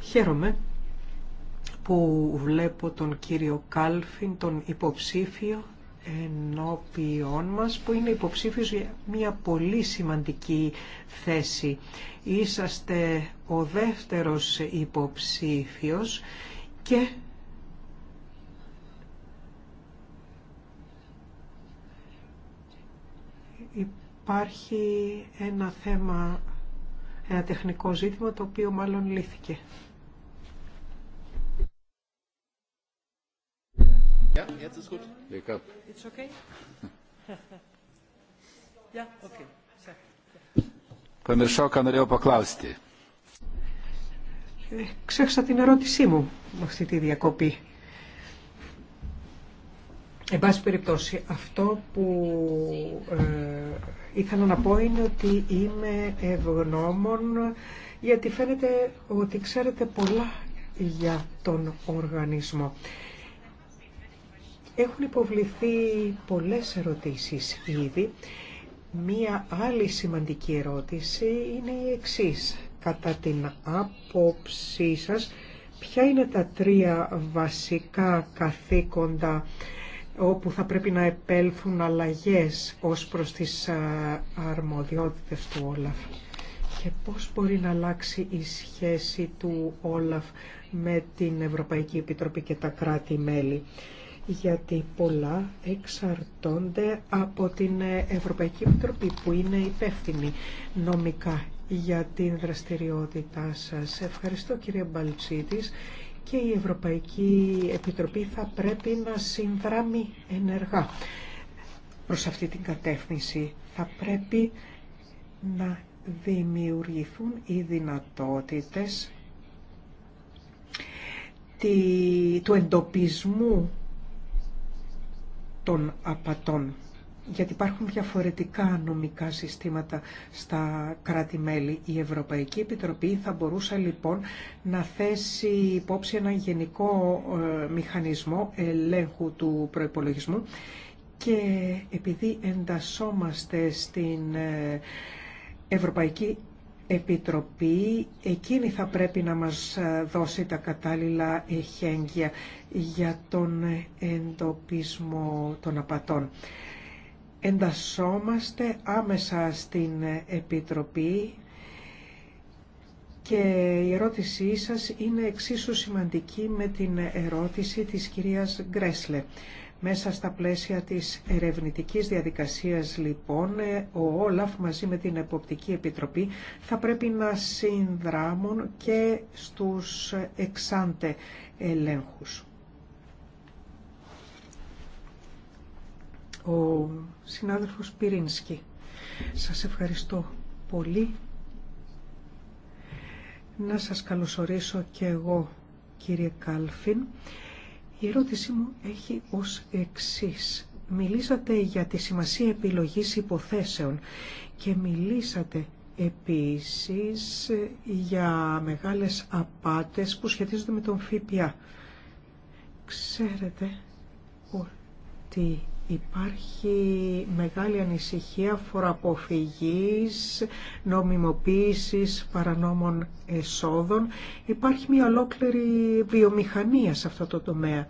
Χαίρομαι που βλέπω τον κύριο Κάλφιν, τον υποψήφιο ενώπιόν μας, που είναι υποψήφιος για μια πολύ σημαντική θέση. Είσαστε ο δεύτερος υποψήφιος και υπάρχει ένα θέμα, ένα τεχνικό ζήτημα το οποίο μάλλον λύθηκε. Ja, jetzt ist gut. Ε, ξέχασα την ερώτησή μου με αυτή τη διακοπή. Εν πάση περιπτώσει, αυτό που ε, ήθελα να πω είναι ότι είμαι ευγνώμων γιατί φαίνεται ότι ξέρετε πολλά για τον οργανισμό. Έχουν υποβληθεί πολλές ερωτήσεις ήδη. Μία άλλη σημαντική ερώτηση είναι η εξής. Κατά την άποψή σας, ποια είναι τα τρία βασικά καθήκοντα όπου θα πρέπει να επέλθουν αλλαγές ως προς τις αρμοδιότητες του Όλαφ και πώς μπορεί να αλλάξει η σχέση του Όλαφ με την Ευρωπαϊκή Επιτροπή και τα κράτη-μέλη γιατί πολλά εξαρτώνται από την Ευρωπαϊκή Επιτροπή που είναι υπεύθυνη νομικά για την δραστηριότητά σας. Ευχαριστώ κύριε Μπαλτσίτης και η Ευρωπαϊκή Επιτροπή θα πρέπει να συνδράμει ενεργά προς αυτή την κατεύθυνση. Θα πρέπει να δημιουργηθούν οι δυνατότητες του εντοπισμού των απατών γιατί υπάρχουν διαφορετικά νομικά συστήματα στα κράτη-μέλη. Η Ευρωπαϊκή Επιτροπή θα μπορούσε λοιπόν να θέσει υπόψη ένα γενικό ε, μηχανισμό ελέγχου του προϋπολογισμού και επειδή εντασσόμαστε στην ε, Ευρωπαϊκή Επιτροπή, εκείνη θα πρέπει να μας ε, δώσει τα κατάλληλα εχέγγυα για τον εντοπισμό των απατών. Εντασσόμαστε άμεσα στην Επιτροπή και η ερώτησή σας είναι εξίσου σημαντική με την ερώτηση της κυρίας Γκρέσλε. Μέσα στα πλαίσια της ερευνητικής διαδικασίας λοιπόν, ο Όλαφ μαζί με την Εποπτική Επιτροπή θα πρέπει να συνδράμουν και στους εξάντε ελέγχους. Ο συνάδελφος Πυρίνσκι. Σας ευχαριστώ πολύ. Να σας καλωσορίσω και εγώ κύριε Κάλφιν η ερώτησή μου έχει ως εξής. Μιλήσατε για τη σημασία επιλογής υποθέσεων και μιλήσατε επίσης για μεγάλες απάτες που σχετίζονται με τον ΦΠΑ. Ξέρετε ότι Υπάρχει μεγάλη ανησυχία φοροαποφυγής, νομιμοποίησης παρανόμων εσόδων. Υπάρχει μια ολόκληρη βιομηχανία σε αυτό το τομέα.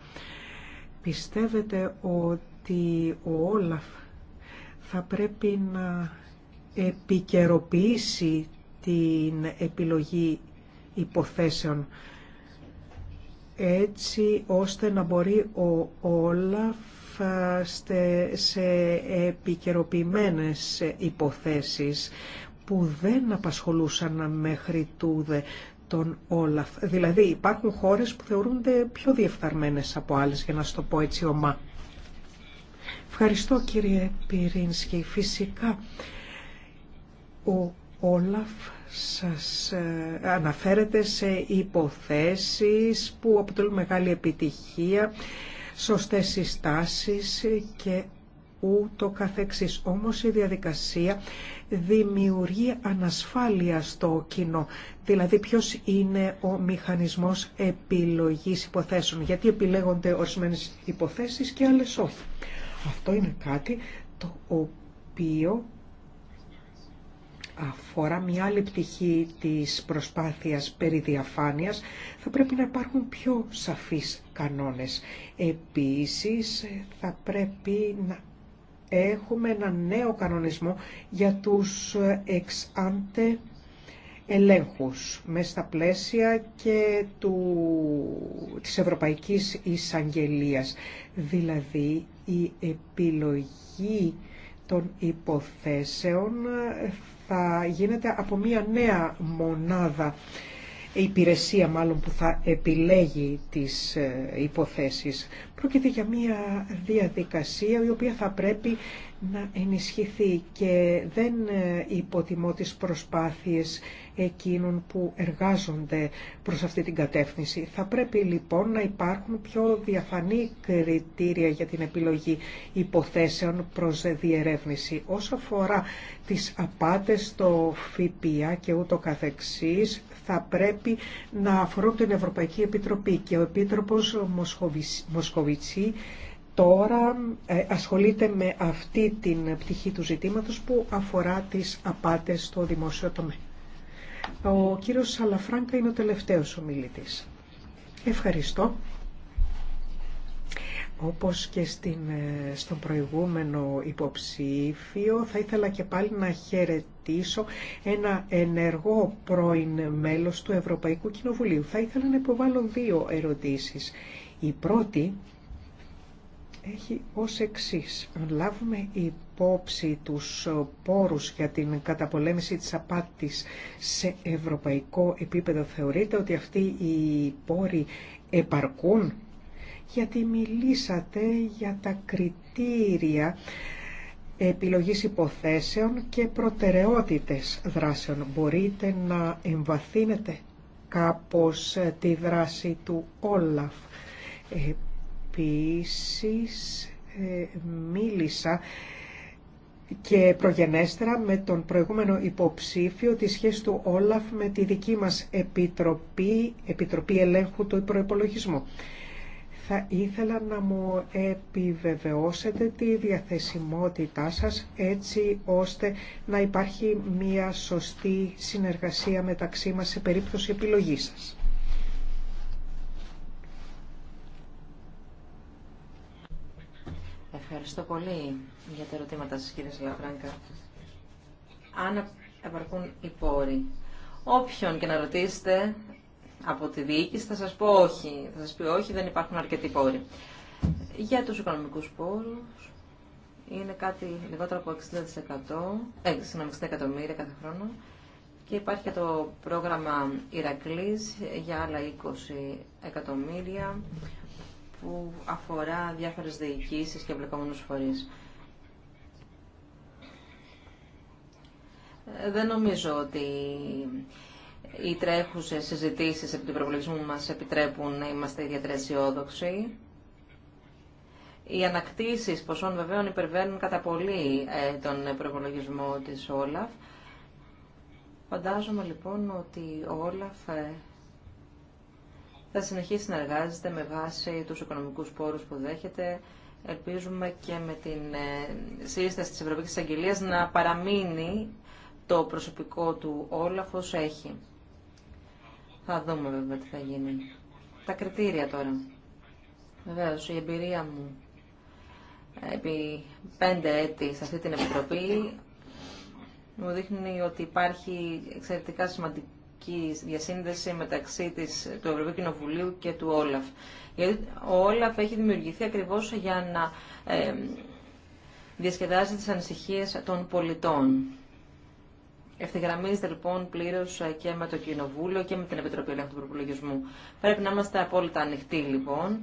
Πιστεύετε ότι ο Όλαφ θα πρέπει να επικαιροποιήσει την επιλογή υποθέσεων έτσι ώστε να μπορεί ο Όλαφ σε επικαιροποιημένε υποθέσεις που δεν απασχολούσαν μέχρι τούδε τον Όλαφ. Δηλαδή υπάρχουν χώρες που θεωρούνται πιο διεφθαρμένες από άλλες, για να σου το πω έτσι ομά. Ευχαριστώ κύριε Πυρίνσκι. Φυσικά ο Όλαφ σας ε, αναφέρεται σε υποθέσεις που αποτελούν μεγάλη επιτυχία σωστές συστάσεις και ούτω καθεξής. Όμως η διαδικασία δημιουργεί ανασφάλεια στο κοινό. Δηλαδή ποιος είναι ο μηχανισμός επιλογής υποθέσεων. Γιατί επιλέγονται ορισμένες υποθέσεις και άλλες όχι. Αυτό είναι κάτι το οποίο αφορά μια άλλη πτυχή της προσπάθειας περί διαφάνειας, θα πρέπει να υπάρχουν πιο σαφείς κανόνες. Επίσης, θα πρέπει να έχουμε ένα νέο κανονισμό για τους εξάντε ελέγχους μέσα στα πλαίσια και του, της Ευρωπαϊκής Εισαγγελίας. Δηλαδή η επιλογή των υποθέσεων θα γίνεται από μια νέα μονάδα υπηρεσία μάλλον που θα επιλέγει τις ε, υποθέσεις. Πρόκειται για μια διαδικασία η οποία θα πρέπει να ενισχυθεί και δεν ε, υποτιμώ τις προσπάθειες εκείνων που εργάζονται προς αυτή την κατεύθυνση. Θα πρέπει λοιπόν να υπάρχουν πιο διαφανή κριτήρια για την επιλογή υποθέσεων προς διερεύνηση. Όσο αφορά τις απάτες στο ΦΠΑ και ούτω καθεξής, θα πρέπει να αφορούν την Ευρωπαϊκή Επιτροπή και ο Επίτροπος Μοσχοβιτσί τώρα ε, ασχολείται με αυτή την πτυχή του ζητήματος που αφορά τις απάτες στο δημόσιο τομέα. Ο κύριος Σαλαφράνκα είναι ο τελευταίος ομιλητής. Ευχαριστώ. Όπως και στην, ε, στον προηγούμενο υποψήφιο, θα ήθελα και πάλι να χαιρετήσω ένα ενεργό πρώην μέλος του Ευρωπαϊκού Κοινοβουλίου. Θα ήθελα να υποβάλω δύο ερωτήσεις. Η πρώτη έχει ως εξής. Λάβουμε υπόψη τους πόρους για την καταπολέμηση της απάτης σε ευρωπαϊκό επίπεδο. Θεωρείτε ότι αυτοί οι πόροι επαρκούν γιατί μιλήσατε για τα κριτήρια επιλογής υποθέσεων και προτεραιότητες δράσεων. Μπορείτε να εμβαθύνετε κάπως τη δράση του Όλαφ. Ε, Επίσης ε, μίλησα και προγενέστερα με τον προηγούμενο υποψήφιο τη σχέση του Όλαφ με τη δική μας Επιτροπή, Επιτροπή Ελέγχου του Προϋπολογισμού. Θα ήθελα να μου επιβεβαιώσετε τη διαθεσιμότητά σας έτσι ώστε να υπάρχει μια σωστή συνεργασία μεταξύ μας σε περίπτωση επιλογής σας. Ευχαριστώ πολύ για τα ερωτήματα σας, κύριε Σαλαφράγκα. Αν επαρκούν οι πόροι. Όποιον και να ρωτήσετε από τη διοίκηση θα σας πω όχι. Θα σας πει όχι, δεν υπάρχουν αρκετοί πόροι. Για τους οικονομικούς πόρους είναι κάτι λιγότερο από 60%, ε, 60 εκατομμύρια κάθε χρόνο και υπάρχει και το πρόγραμμα Ηρακλής για άλλα 20 εκατομμύρια που αφορά διάφορες διοικήσεις και εμπλεκόμενους φορείς. Ε, δεν νομίζω ότι οι τρέχουσες συζητήσεις επί του μας επιτρέπουν να είμαστε ιδιαίτερα αισιόδοξοι. Οι ανακτήσεις ποσών βεβαίων υπερβαίνουν κατά πολύ ε, τον προπολογισμό της Όλαφ. Φαντάζομαι λοιπόν ότι ο Όλαφ ε, θα συνεχίσει να εργάζεται με βάση τους οικονομικούς πόρους που δέχεται. Ελπίζουμε και με την ε, σύσταση της Ευρωπαϊκής Αγγελίας να παραμείνει το προσωπικό του όλα έχει. Θα δούμε βέβαια τι θα γίνει. Τα κριτήρια τώρα. Βεβαίως, η εμπειρία μου ε, επί πέντε έτη σε αυτή την Επιτροπή μου δείχνει ότι υπάρχει εξαιρετικά σημαντικό διασύνδεση μεταξύ της, του Ευρωπαϊκού Κοινοβουλίου και του Όλαφ. Γιατί ο Όλαφ έχει δημιουργηθεί ακριβώς για να ε, διασκεδάζει τις ανησυχίες των πολιτών. Ευθυγραμμίζεται λοιπόν πλήρω ε, και με το Κοινοβούλιο και με την Επιτροπή Ελέγχου του Προπολογισμού. Πρέπει να είμαστε απόλυτα ανοιχτοί λοιπόν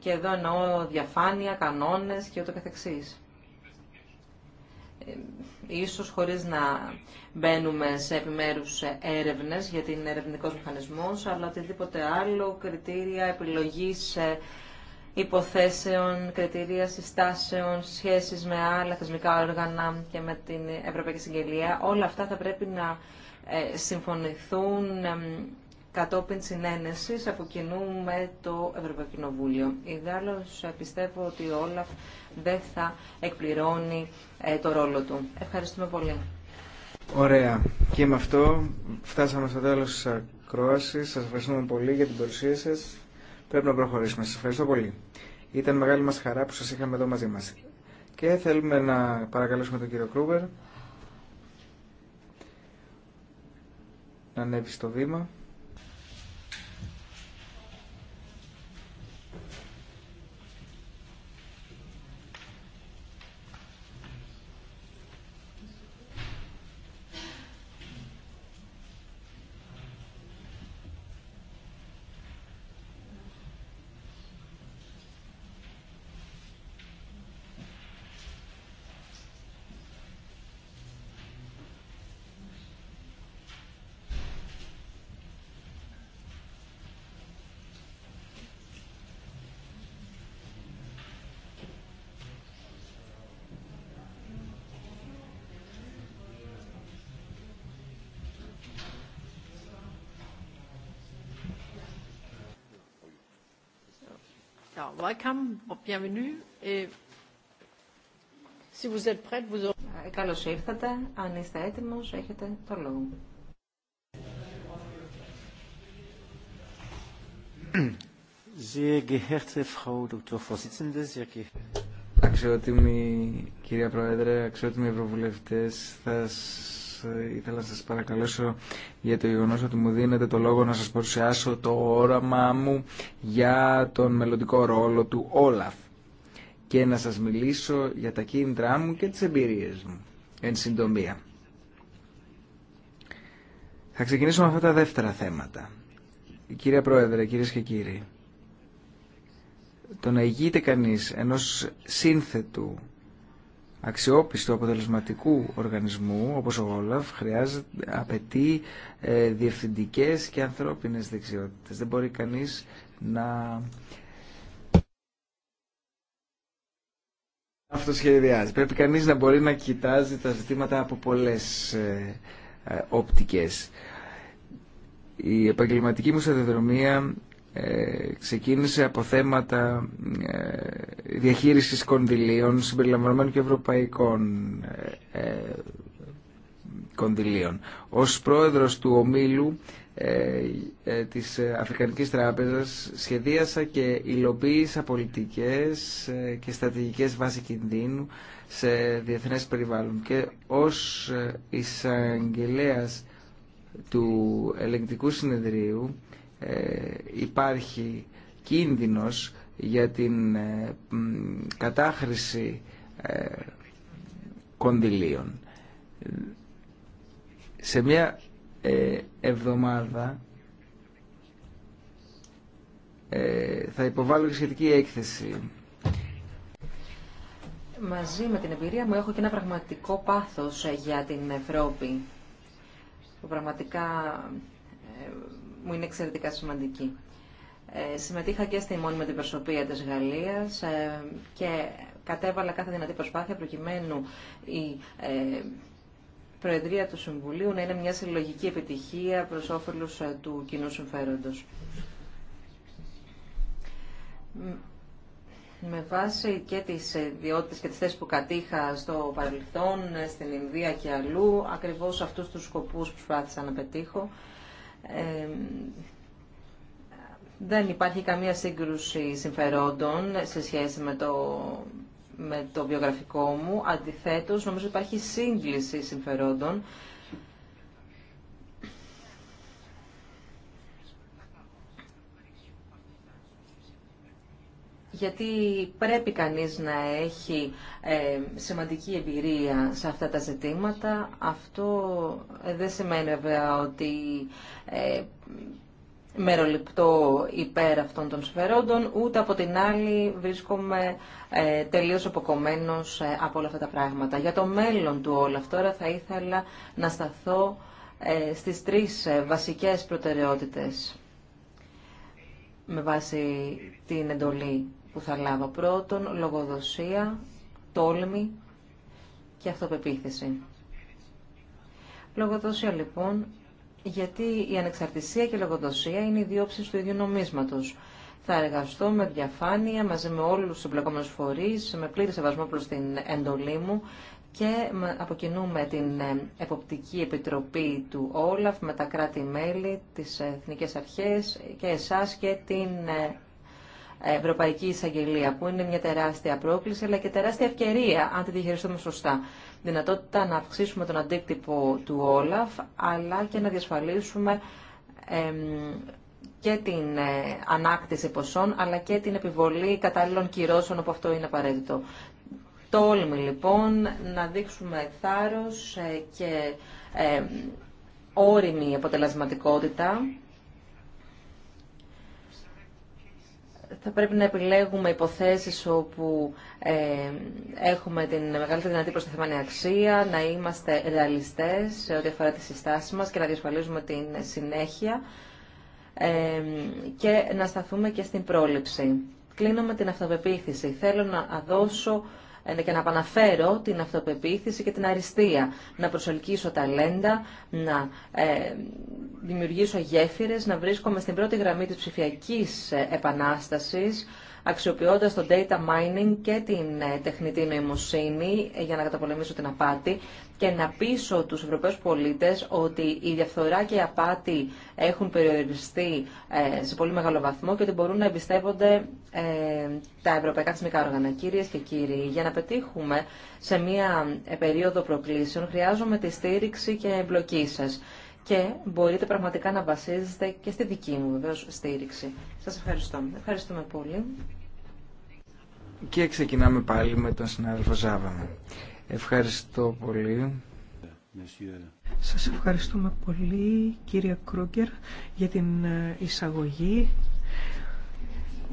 και εδώ εννοώ διαφάνεια, κανόνε και ούτω καθεξής ίσως χωρίς να μπαίνουμε σε επιμέρους έρευνες για την ερευνητικό μηχανισμό, αλλά οτιδήποτε άλλο, κριτήρια επιλογής ε, υποθέσεων, κριτήρια συστάσεων, σχέσεις με άλλα θεσμικά όργανα και με την Ευρωπαϊκή Συγγελία, όλα αυτά θα πρέπει να ε, συμφωνηθούν κατόπιν συνένεσης από κοινού με το Ευρωπαϊκό Κοινοβούλιο. Ιδάλλως πιστεύω ότι ο Όλαφ δεν θα εκπληρώνει ε, το ρόλο του. Ευχαριστούμε πολύ. Ωραία. Και με αυτό φτάσαμε στο τέλος της ακρόασης. Σας ευχαριστούμε πολύ για την παρουσία σας. Πρέπει να προχωρήσουμε. Σας ευχαριστώ πολύ. Ήταν μεγάλη μας χαρά που σας είχαμε εδώ μαζί μας. Και θέλουμε να παρακαλέσουμε τον κύριο Κρούβερ να ανέβει στο βήμα. Ε, Καλώ ήρθατε. Αν είστε έτοιμο, έχετε το λόγο. Αξιότιμη κυρία Πρόεδρε, αξιότιμοι ευρωβουλευτέ, θα ήθελα να σας παρακαλέσω για το γεγονό ότι μου δίνετε το λόγο να σας παρουσιάσω το όραμά μου για τον μελλοντικό ρόλο του Όλαφ και να σας μιλήσω για τα κίνητρά μου και τις εμπειρίες μου, εν συντομία. Θα ξεκινήσω με αυτά τα δεύτερα θέματα. Κύριε Πρόεδρε, κυρίες και κύριοι, το να ηγείται κανείς ενός σύνθετου αξιόπιστου αποτελεσματικού οργανισμού όπως ο Όλαφ χρειάζεται, απαιτεί ε, διευθυντικές και ανθρώπινες δεξιότητες. Δεν μπορεί κανείς να αυτοσχεδιάζει. Πρέπει κανείς να μπορεί να κοιτάζει τα ζητήματα από πολλές ε, ε, οπτικές. Η επαγγελματική μου σταδιοδρομία ε, ξεκίνησε από θέματα ε, διαχείρισης κονδυλίων συμπεριλαμβανομένων και ευρωπαϊκών ε, κονδυλίων. Ως πρόεδρος του ομίλου της Αφρικανικής Τράπεζας σχεδίασα και υλοποίησα πολιτικές και στρατηγικές βάση κινδύνου σε διεθνές περιβάλλον και ως εισαγγελέας του ελεγκτικού συνεδρίου ε, υπάρχει κίνδυνος για την ε, κατάχρηση ε, κονδυλίων. Σε μια εβδομάδα θα υποβάλω σχετική έκθεση. Μαζί με την εμπειρία μου έχω και ένα πραγματικό πάθος για την Ευρώπη πραγματικά μου είναι εξαιρετικά σημαντική. Ε, συμμετείχα και στη μόνιμη αντιπροσωπεία της Γαλλίας ε, και κατέβαλα κάθε δυνατή προσπάθεια προκειμένου η ε, Προεδρία του Συμβουλίου να είναι μια συλλογική επιτυχία προς όφελος ε, του κοινού συμφέροντος. Με βάση και τις ιδιότητες και τις θέσεις που κατήχα στο παρελθόν, ε, στην Ινδία και αλλού, ακριβώς αυτούς τους σκοπούς προσπάθησα να πετύχω δεν υπάρχει καμία σύγκρουση συμφερόντων σε σχέση με το, με το βιογραφικό μου. Αντιθέτως, νομίζω υπάρχει σύγκληση συμφερόντων γιατί πρέπει κανείς να έχει ε, σημαντική εμπειρία σε αυτά τα ζητήματα. Αυτό ε, δεν σημαίνει βέβαια ότι ε, μεροληπτώ υπέρ αυτών των σφαιρόντων. ούτε από την άλλη βρίσκομαι ε, τελείως αποκομμένος από όλα αυτά τα πράγματα. Για το μέλλον του όλα αυτά θα ήθελα να σταθώ ε, στις τρεις βασικές προτεραιότητες με βάση την εντολή που θα λάβω. Πρώτον, λογοδοσία, τόλμη και αυτοπεποίθηση. Λογοδοσία λοιπόν, γιατί η ανεξαρτησία και η λογοδοσία είναι οι διόψεις του ίδιου νομίσματος. Θα εργαστώ με διαφάνεια, μαζί με όλους τους εμπλεκόμενους φορείς, με πλήρη σεβασμό προς την εντολή μου και από την ε, Εποπτική Επιτροπή του Όλαφ, με τα κράτη-μέλη, τις Εθνικές Αρχές και εσάς και την ε, Ευρωπαϊκή Εισαγγελία, που είναι μια τεράστια πρόκληση, αλλά και τεράστια ευκαιρία, αν τη διαχειριστούμε σωστά. Δυνατότητα να αυξήσουμε τον αντίκτυπο του Όλαφ, αλλά και να διασφαλίσουμε και την ε, ανάκτηση ποσών, αλλά και την επιβολή κατάλληλων κυρώσεων, όπου αυτό είναι απαραίτητο. Τόλμη, λοιπόν, να δείξουμε θάρρος ε, και όριμη αποτελεσματικότητα θα πρέπει να επιλέγουμε υποθέσεις όπου ε, έχουμε την μεγαλύτερη δυνατή προσταθεμένη αξία, να είμαστε ρεαλιστές σε ό,τι αφορά τις συστάσεις μας και να διασφαλίζουμε την συνέχεια ε, και να σταθούμε και στην πρόληψη. Κλείνω με την αυτοπεποίθηση. Θέλω να δώσω ε, και να επαναφέρω την αυτοπεποίθηση και την αριστεία, να προσελκύσω ταλέντα, να ε, δημιουργήσω γέφυρες, να βρίσκομαι στην πρώτη γραμμή της ψηφιακής ε, επανάστασης, αξιοποιώντας το data mining και την ε, τεχνητή νοημοσύνη για να καταπολεμήσω την απάτη και να πείσω τους Ευρωπαίους πολίτες ότι η διαφθορά και η απάτη έχουν περιοριστεί ε, σε πολύ μεγάλο βαθμό και ότι μπορούν να εμπιστεύονται ε, τα ευρωπαϊκά θεσμικά όργανα. Κυρίες και κύριοι, για να πετύχουμε σε μία περίοδο προκλήσεων χρειάζομαι τη στήριξη και εμπλοκή σας και μπορείτε πραγματικά να βασίζεστε και στη δική μου βεβαίως στήριξη. Σας ευχαριστώ. Ευχαριστούμε πολύ. Και ξεκινάμε πάλι με τον συνάδελφο Ζάβαμα. Ευχαριστώ πολύ. Σας ευχαριστούμε πολύ κύριε Κρούγκερ για την ε, εισαγωγή.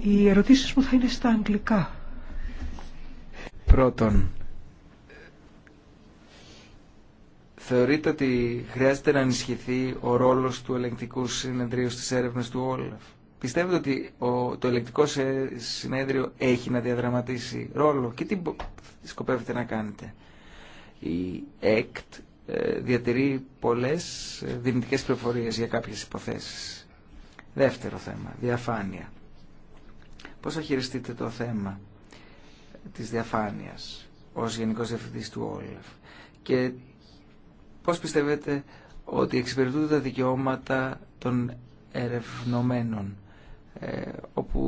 Οι ερωτήσεις μου θα είναι στα αγγλικά. Πρώτον, Θεωρείτε ότι χρειάζεται να ενισχυθεί ο ρόλος του ελεγκτικού συνεδρίου στις έρευνες του Όλαφ. Πιστεύετε ότι το ελεγκτικό συνέδριο έχει να διαδραματίσει ρόλο και τι σκοπεύετε να κάνετε. Η ΕΚΤ ε, διατηρεί πολλές ε, δυνητικές πληροφορίες για κάποιες υποθέσεις. Δεύτερο θέμα, διαφάνεια. Πώς θα χειριστείτε το θέμα της διαφάνειας ως Γενικός Διευθυντής του Όλεφ. και πώς πιστεύετε ότι εξυπηρετούνται τα δικαιώματα των ερευνομένων ε, όπου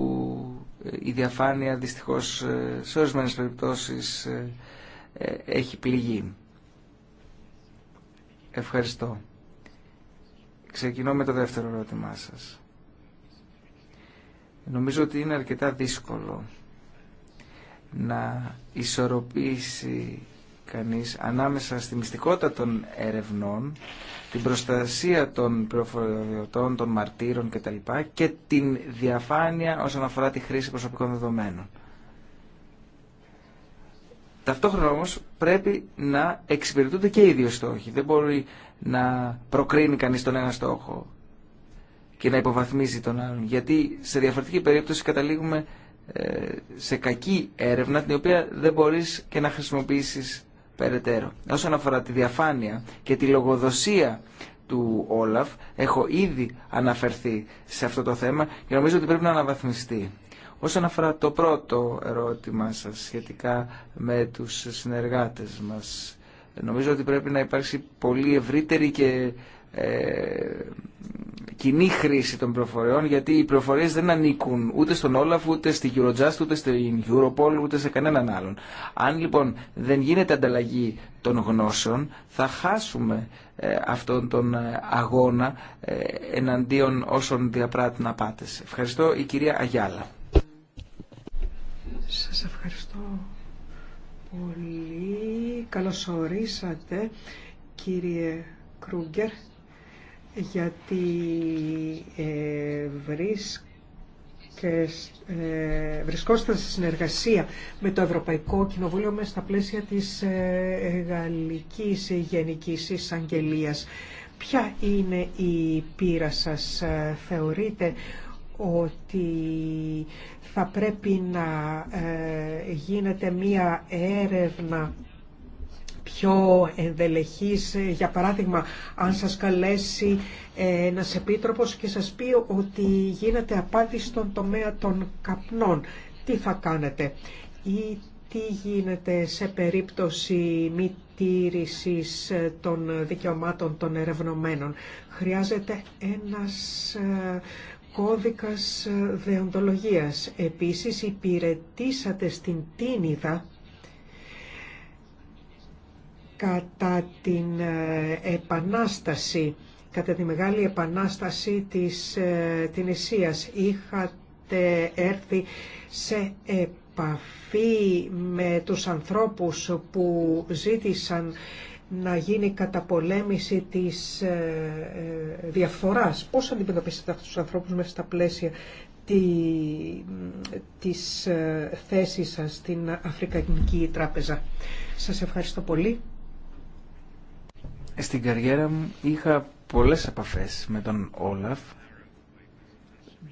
ε, η διαφάνεια δυστυχώς ε, σε ορισμένες περιπτώσεις έχει πληγεί. Ευχαριστώ. Ξεκινώ με το δεύτερο ερώτημά σας. Νομίζω ότι είναι αρκετά δύσκολο να ισορροπήσει κανείς ανάμεσα στη μυστικότητα των ερευνών, την προστασία των πληροφοριοδιωτών, των μαρτύρων κτλ. και την διαφάνεια όσον αφορά τη χρήση προσωπικών δεδομένων. Ταυτόχρονα όμω, πρέπει να εξυπηρετούνται και οι δύο στόχοι. Δεν μπορεί να προκρίνει κανείς τον ένα στόχο και να υποβαθμίζει τον άλλον. Γιατί σε διαφορετική περίπτωση καταλήγουμε ε, σε κακή έρευνα την οποία δεν μπορεί και να χρησιμοποιήσει περαιτέρω. Όσον αφορά τη διαφάνεια και τη λογοδοσία του Όλαφ, έχω ήδη αναφερθεί σε αυτό το θέμα και νομίζω ότι πρέπει να αναβαθμιστεί. Όσον αφορά το πρώτο ερώτημά σας σχετικά με τους συνεργάτες μας, νομίζω ότι πρέπει να υπάρξει πολύ ευρύτερη και ε, κοινή χρήση των προφοριών γιατί οι πληροφορίε δεν ανήκουν ούτε στον Όλαφ, ούτε στη Eurojust, ούτε στην Europol, ούτε σε κανέναν άλλον. Αν λοιπόν δεν γίνεται ανταλλαγή των γνώσεων θα χάσουμε ε, αυτόν τον ε, αγώνα εναντίον όσων διαπράττουν απάτες. Ευχαριστώ η κυρία Αγιάλα. Σας ευχαριστώ πολύ. Καλωσορίσατε κύριε Κρούγκερ γιατί ε, βρίσκες, ε, σε συνεργασία με το Ευρωπαϊκό Κοινοβούλιο μέσα στα πλαίσια της ε, Γαλλικής Γενικής Εισαγγελίας. Ποια είναι η πείρα σας, ε, θεωρείτε ότι θα πρέπει να ε, γίνεται μία έρευνα πιο ενδελεχής. Για παράδειγμα, αν σας καλέσει ε, ένας επίτροπος και σας πει ότι γίνεται απάτη στον τομέα των καπνών, τι θα κάνετε ή τι γίνεται σε περίπτωση μη τήρησης ε, των δικαιωμάτων των ερευνομένων. Χρειάζεται ένας ε, κώδικας δεοντολογίας. Επίσης υπηρετήσατε στην Τίνιδα κατά την ε, επανάσταση, κατά τη μεγάλη επανάσταση της ε, την Ισίας. Είχατε έρθει σε επαφή με τους ανθρώπους που ζήτησαν να γίνει καταπολέμηση της ε, διαφθοράς. Πώς αντιμετωπίσατε αυτούς τους ανθρώπους μέσα στα πλαίσια τη, της θέσης σας στην Αφρικανική Τράπεζα. Σας ευχαριστώ πολύ. Στην καριέρα μου είχα πολλές επαφές με τον Όλαφ.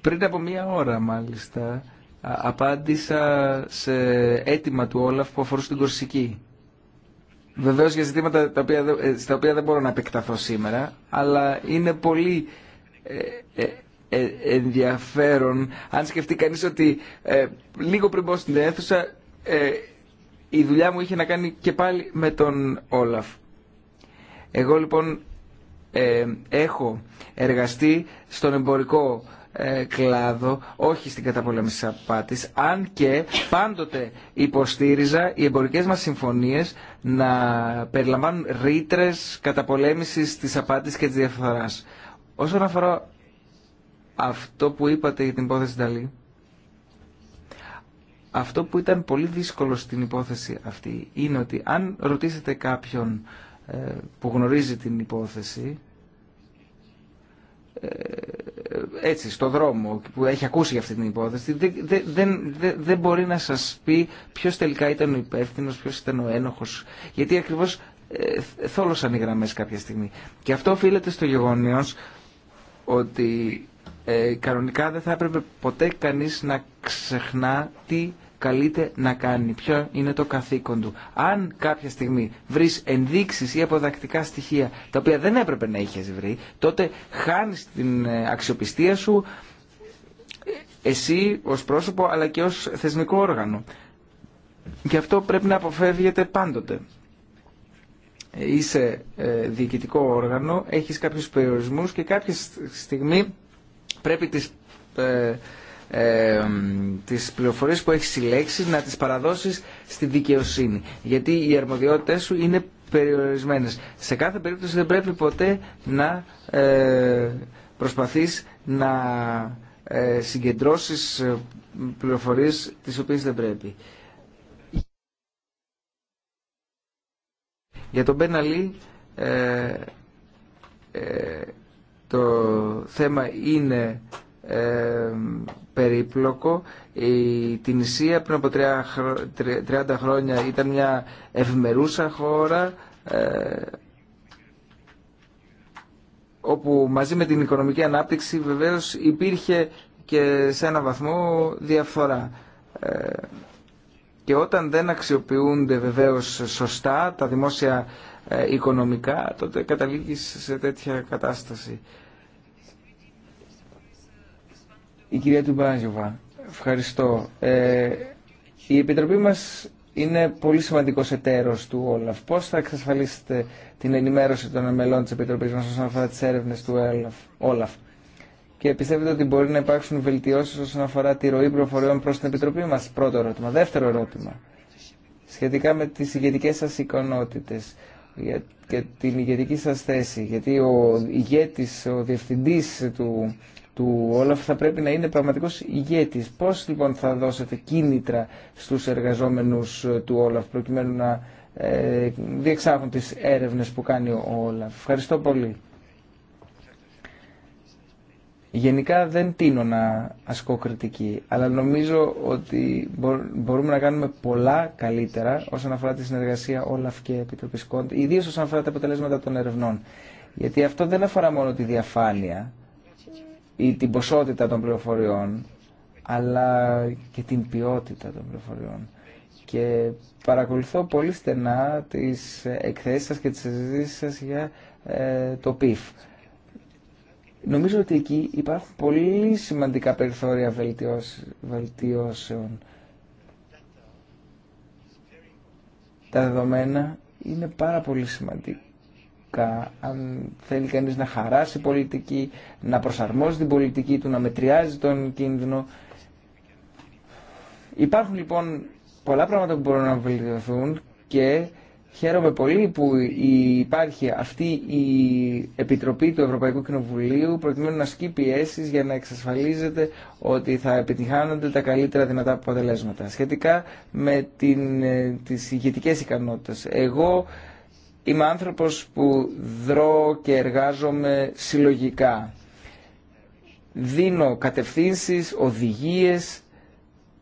Πριν από μία ώρα μάλιστα απάντησα σε αίτημα του Όλαφ που αφορούσε την Κορσική. Βεβαίως για ζητήματα τα οποία, ε, στα οποία δεν μπορώ να επεκταθώ σήμερα, αλλά είναι πολύ ε, ε, ενδιαφέρον αν σκεφτεί κανείς ότι λίγο πριν πω στην αίθουσα η δουλειά μου είχε να κάνει και πάλι με τον Όλαφ. Εγώ λοιπόν ε, έχω εργαστεί στον εμπορικό ε, κλάδο, όχι στην καταπολέμηση της απάτης, αν και πάντοτε υποστήριζα οι εμπορικές μας συμφωνίες να περιλαμβάνουν ρήτρε καταπολέμησης της απάτης και της διαφθοράς. Όσον αφορά αυτό που είπατε για την υπόθεση Νταλή, αυτό που ήταν πολύ δύσκολο στην υπόθεση αυτή είναι ότι αν ρωτήσετε κάποιον που γνωρίζει την υπόθεση ε, έτσι στο δρόμο που έχει ακούσει για αυτή την υπόθεση δεν, δεν, δεν μπορεί να σας πει ποιος τελικά ήταν ο υπεύθυνος ποιος ήταν ο ένοχος γιατί ακριβώς ε, θόλωσαν οι γραμμές κάποια στιγμή και αυτό οφείλεται στο γεγονός ότι ε, κανονικά δεν θα έπρεπε ποτέ κανείς να ξεχνά τι καλείται να κάνει, ποιο είναι το καθήκον του. Αν κάποια στιγμή βρεις ενδείξεις ή αποδακτικά στοιχεία τα οποία δεν έπρεπε να είχες βρει, τότε χάνεις την ε, αξιοπιστία σου εσύ ως πρόσωπο αλλά και ως θεσμικό όργανο. Γι' αυτό πρέπει να αποφεύγεται πάντοτε. Είσαι ε, διοικητικό όργανο, έχεις κάποιους περιορισμούς και κάποια στιγμή πρέπει τις ε, ε, τις πληροφορίες που έχεις συλλέξει να τις παραδώσεις στη δικαιοσύνη. Γιατί οι αρμοδιότητες σου είναι περιορισμένες. Σε κάθε περίπτωση δεν πρέπει ποτέ να ε, προσπαθείς να ε, συγκεντρώσεις ε, πληροφορίες τις οποίες δεν πρέπει. Για τον Μπέναλή ε, ε, το θέμα είναι περίπλοκο. Η Ισία πριν από 30 χρόνια ήταν μια ευμερούσα χώρα ε, όπου μαζί με την οικονομική ανάπτυξη βεβαίως υπήρχε και σε ένα βαθμό διαφορά. Ε, και όταν δεν αξιοποιούνται βεβαίως σωστά τα δημόσια ε, οικονομικά, τότε καταλήγεις σε τέτοια κατάσταση. Η κυρία Τουμπάζοβα, ευχαριστώ. Ε, η Επιτροπή μας είναι πολύ σημαντικός εταίρος του Όλαφ. Πώς θα εξασφαλίσετε την ενημέρωση των μελών της Επιτροπής μας όσον αφορά τις έρευνες του Όλαφ. Και πιστεύετε ότι μπορεί να υπάρξουν βελτιώσεις όσον αφορά τη ροή προφοριών προς την Επιτροπή μας. Πρώτο ερώτημα. Δεύτερο ερώτημα. Σχετικά με τις ηγετικές σας εικονότητες και την ηγετική σας θέση. Γιατί ο ηγέτης, ο διευθυντή του του Όλαφ θα πρέπει να είναι πραγματικός ηγέτης. Πώς λοιπόν θα δώσετε κίνητρα στους εργαζόμενους ε, του Όλαφ προκειμένου να ε, διεξάγουν τις έρευνες που κάνει ο Όλαφ. Ευχαριστώ πολύ. Γενικά δεν τίνω να ασκώ κριτική, αλλά νομίζω ότι μπορούμε να κάνουμε πολλά καλύτερα όσον αφορά τη συνεργασία Όλαφ και Επιτροπής Κόντ, ιδίως όσον αφορά τα αποτελέσματα των ερευνών. Γιατί αυτό δεν αφορά μόνο τη διαφάνεια, ή την ποσότητα των πληροφοριών, αλλά και την ποιότητα των πληροφοριών. Και παρακολουθώ πολύ στενά τις εκθέσεις σας και τις συζητήσεις σας για ε, το ΠΙΦ. Νομίζω ότι εκεί υπάρχουν πολύ σημαντικά περιθώρια βελτιώσεων. Τα δεδομένα είναι πάρα πολύ σημαντικά αν θέλει κανείς να χαράσει πολιτική, να προσαρμόζει την πολιτική του, να μετριάζει τον κίνδυνο. Υπάρχουν λοιπόν πολλά πράγματα που μπορούν να βελτιωθούν και χαίρομαι πολύ που υπάρχει αυτή η Επιτροπή του Ευρωπαϊκού Κοινοβουλίου προκειμένου να σκεί πιέσει για να εξασφαλίζεται ότι θα επιτυχάνονται τα καλύτερα δυνατά αποτελέσματα. Σχετικά με την, ε, τις ηγετικές ικανότητες. Εγώ Είμαι άνθρωπος που δρώ και εργάζομαι συλλογικά. Δίνω κατευθύνσεις, οδηγίες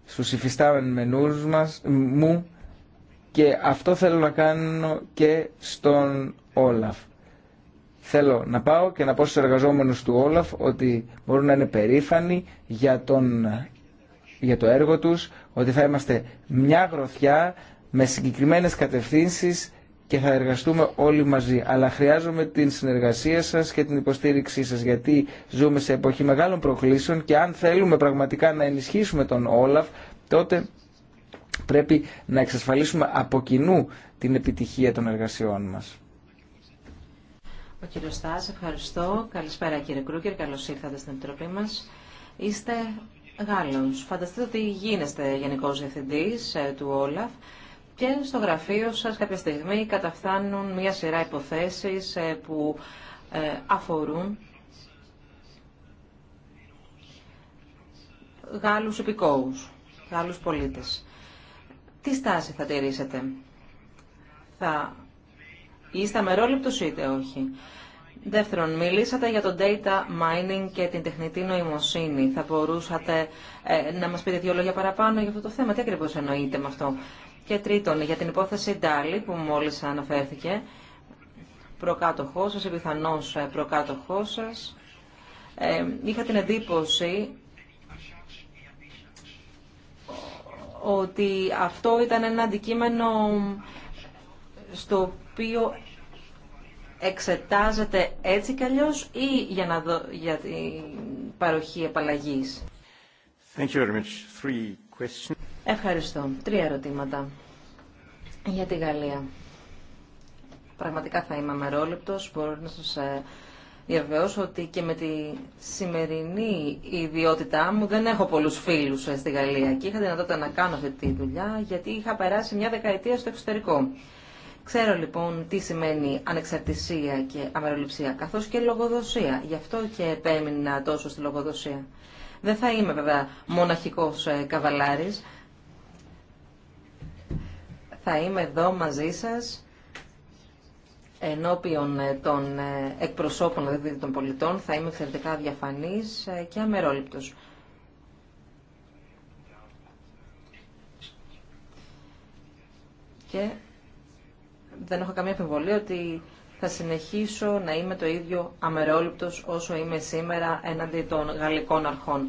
στους υφιστάμενους μας, μου και αυτό θέλω να κάνω και στον Όλαφ. Θέλω να πάω και να πω στους εργαζόμενους του Όλαφ ότι μπορούν να είναι περήφανοι για, τον, για το έργο τους, ότι θα είμαστε μια γροθιά με συγκεκριμένες κατευθύνσεις και θα εργαστούμε όλοι μαζί. Αλλά χρειάζομαι την συνεργασία σας και την υποστήριξή σας γιατί ζούμε σε εποχή μεγάλων προκλήσεων και αν θέλουμε πραγματικά να ενισχύσουμε τον Όλαφ τότε πρέπει να εξασφαλίσουμε από κοινού την επιτυχία των εργασιών μας. Ο κύριο ευχαριστώ. Καλησπέρα κύριε Κρούκερ, καλώ ήρθατε στην Επιτροπή μα, Είστε Γάλλος. Φανταστείτε ότι γίνεστε Γενικός Διευθυντής ε, του Όλαφ και στο γραφείο σας κάποια στιγμή καταφθάνουν μια σειρά υποθέσεις ε, που ε, αφορούν Γάλλους υπηκόους, Γάλλους πολίτες. Τι στάση θα τηρήσετε. Θα είστε αμερόληπτος είτε όχι. Δεύτερον, μιλήσατε για το data mining και την τεχνητή νοημοσύνη. Θα μπορούσατε ε, να μας πείτε δύο λόγια παραπάνω για αυτό το θέμα. Τι ακριβώς εννοείτε με αυτό. Και τρίτον, για την υπόθεση Ντάλι που μόλις αναφέρθηκε, προκάτοχό σας, επιθανώς ε, προκάτοχό σας, ε, είχα την εντύπωση ότι αυτό ήταν ένα αντικείμενο στο οποίο εξετάζεται έτσι κι ή για, να για την παροχή επαλλαγή. Ευχαριστώ. Τρία ερωτήματα για τη Γαλλία. Πραγματικά θα είμαι αμερόληπτος. Μπορώ να σας ε, διαβεβαιώσω ότι και με τη σημερινή ιδιότητά μου δεν έχω πολλούς φίλους ε, στη Γαλλία και είχα δυνατότητα να κάνω αυτή τη δουλειά γιατί είχα περάσει μια δεκαετία στο εξωτερικό. Ξέρω λοιπόν τι σημαίνει ανεξαρτησία και αμεροληψία, καθώς και λογοδοσία. Γι' αυτό και επέμεινα τόσο στη λογοδοσία. Δεν θα είμαι βέβαια μοναχικός ε, καβαλάρης, θα είμαι εδώ μαζί σας ενώπιον ε, των ε, εκπροσώπων δηλαδή, δηλαδή των πολιτών θα είμαι εξαιρετικά διαφανής ε, και αμερόληπτος. Και δεν έχω καμία αφιβολία ότι θα συνεχίσω να είμαι το ίδιο αμερόληπτος όσο είμαι σήμερα έναντι των γαλλικών αρχών.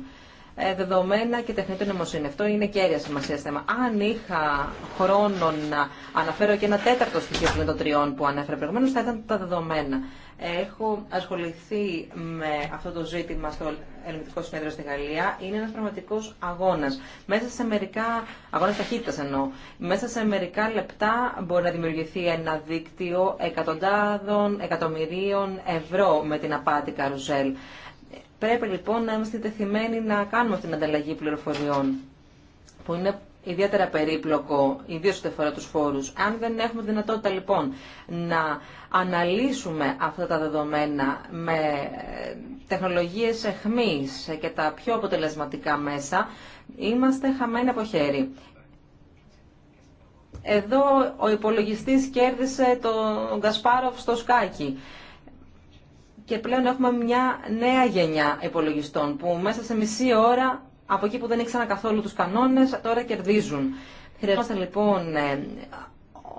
Ε, δεδομένα και τεχνητή νοημοσύνη. Αυτό είναι κέρια σημασία θέμα. Αν είχα χρόνο να αναφέρω και ένα τέταρτο στοιχείο των τριών που ανέφερε προηγουμένω, θα ήταν τα δεδομένα. Έχω ασχοληθεί με αυτό το ζήτημα στο Ελληνικό Συνέδριο στη Γαλλία. Είναι ένα πραγματικό αγώνα. Μέσα σε μερικά. αγώνα ταχύτητα εννοώ. Μέσα σε μερικά λεπτά μπορεί να δημιουργηθεί ένα δίκτυο εκατοντάδων εκατομμυρίων ευρώ με την απάτη καρουζέλ. Πρέπει λοιπόν να είμαστε τεθειμένοι να κάνουμε αυτήν την ανταλλαγή πληροφοριών, που είναι ιδιαίτερα περίπλοκο, ιδίω ό,τι αφορά του φόρου. Αν δεν έχουμε δυνατότητα λοιπόν να αναλύσουμε αυτά τα δεδομένα με τεχνολογίε εχμή και τα πιο αποτελεσματικά μέσα, είμαστε χαμένοι από χέρι. Εδώ ο υπολογιστής κέρδισε τον Γκασπάροφ στο σκάκι και πλέον έχουμε μια νέα γενιά υπολογιστών που μέσα σε μισή ώρα από εκεί που δεν ήξεραν καθόλου τους κανόνες τώρα κερδίζουν. Χρειαζόμαστε λοιπόν ε,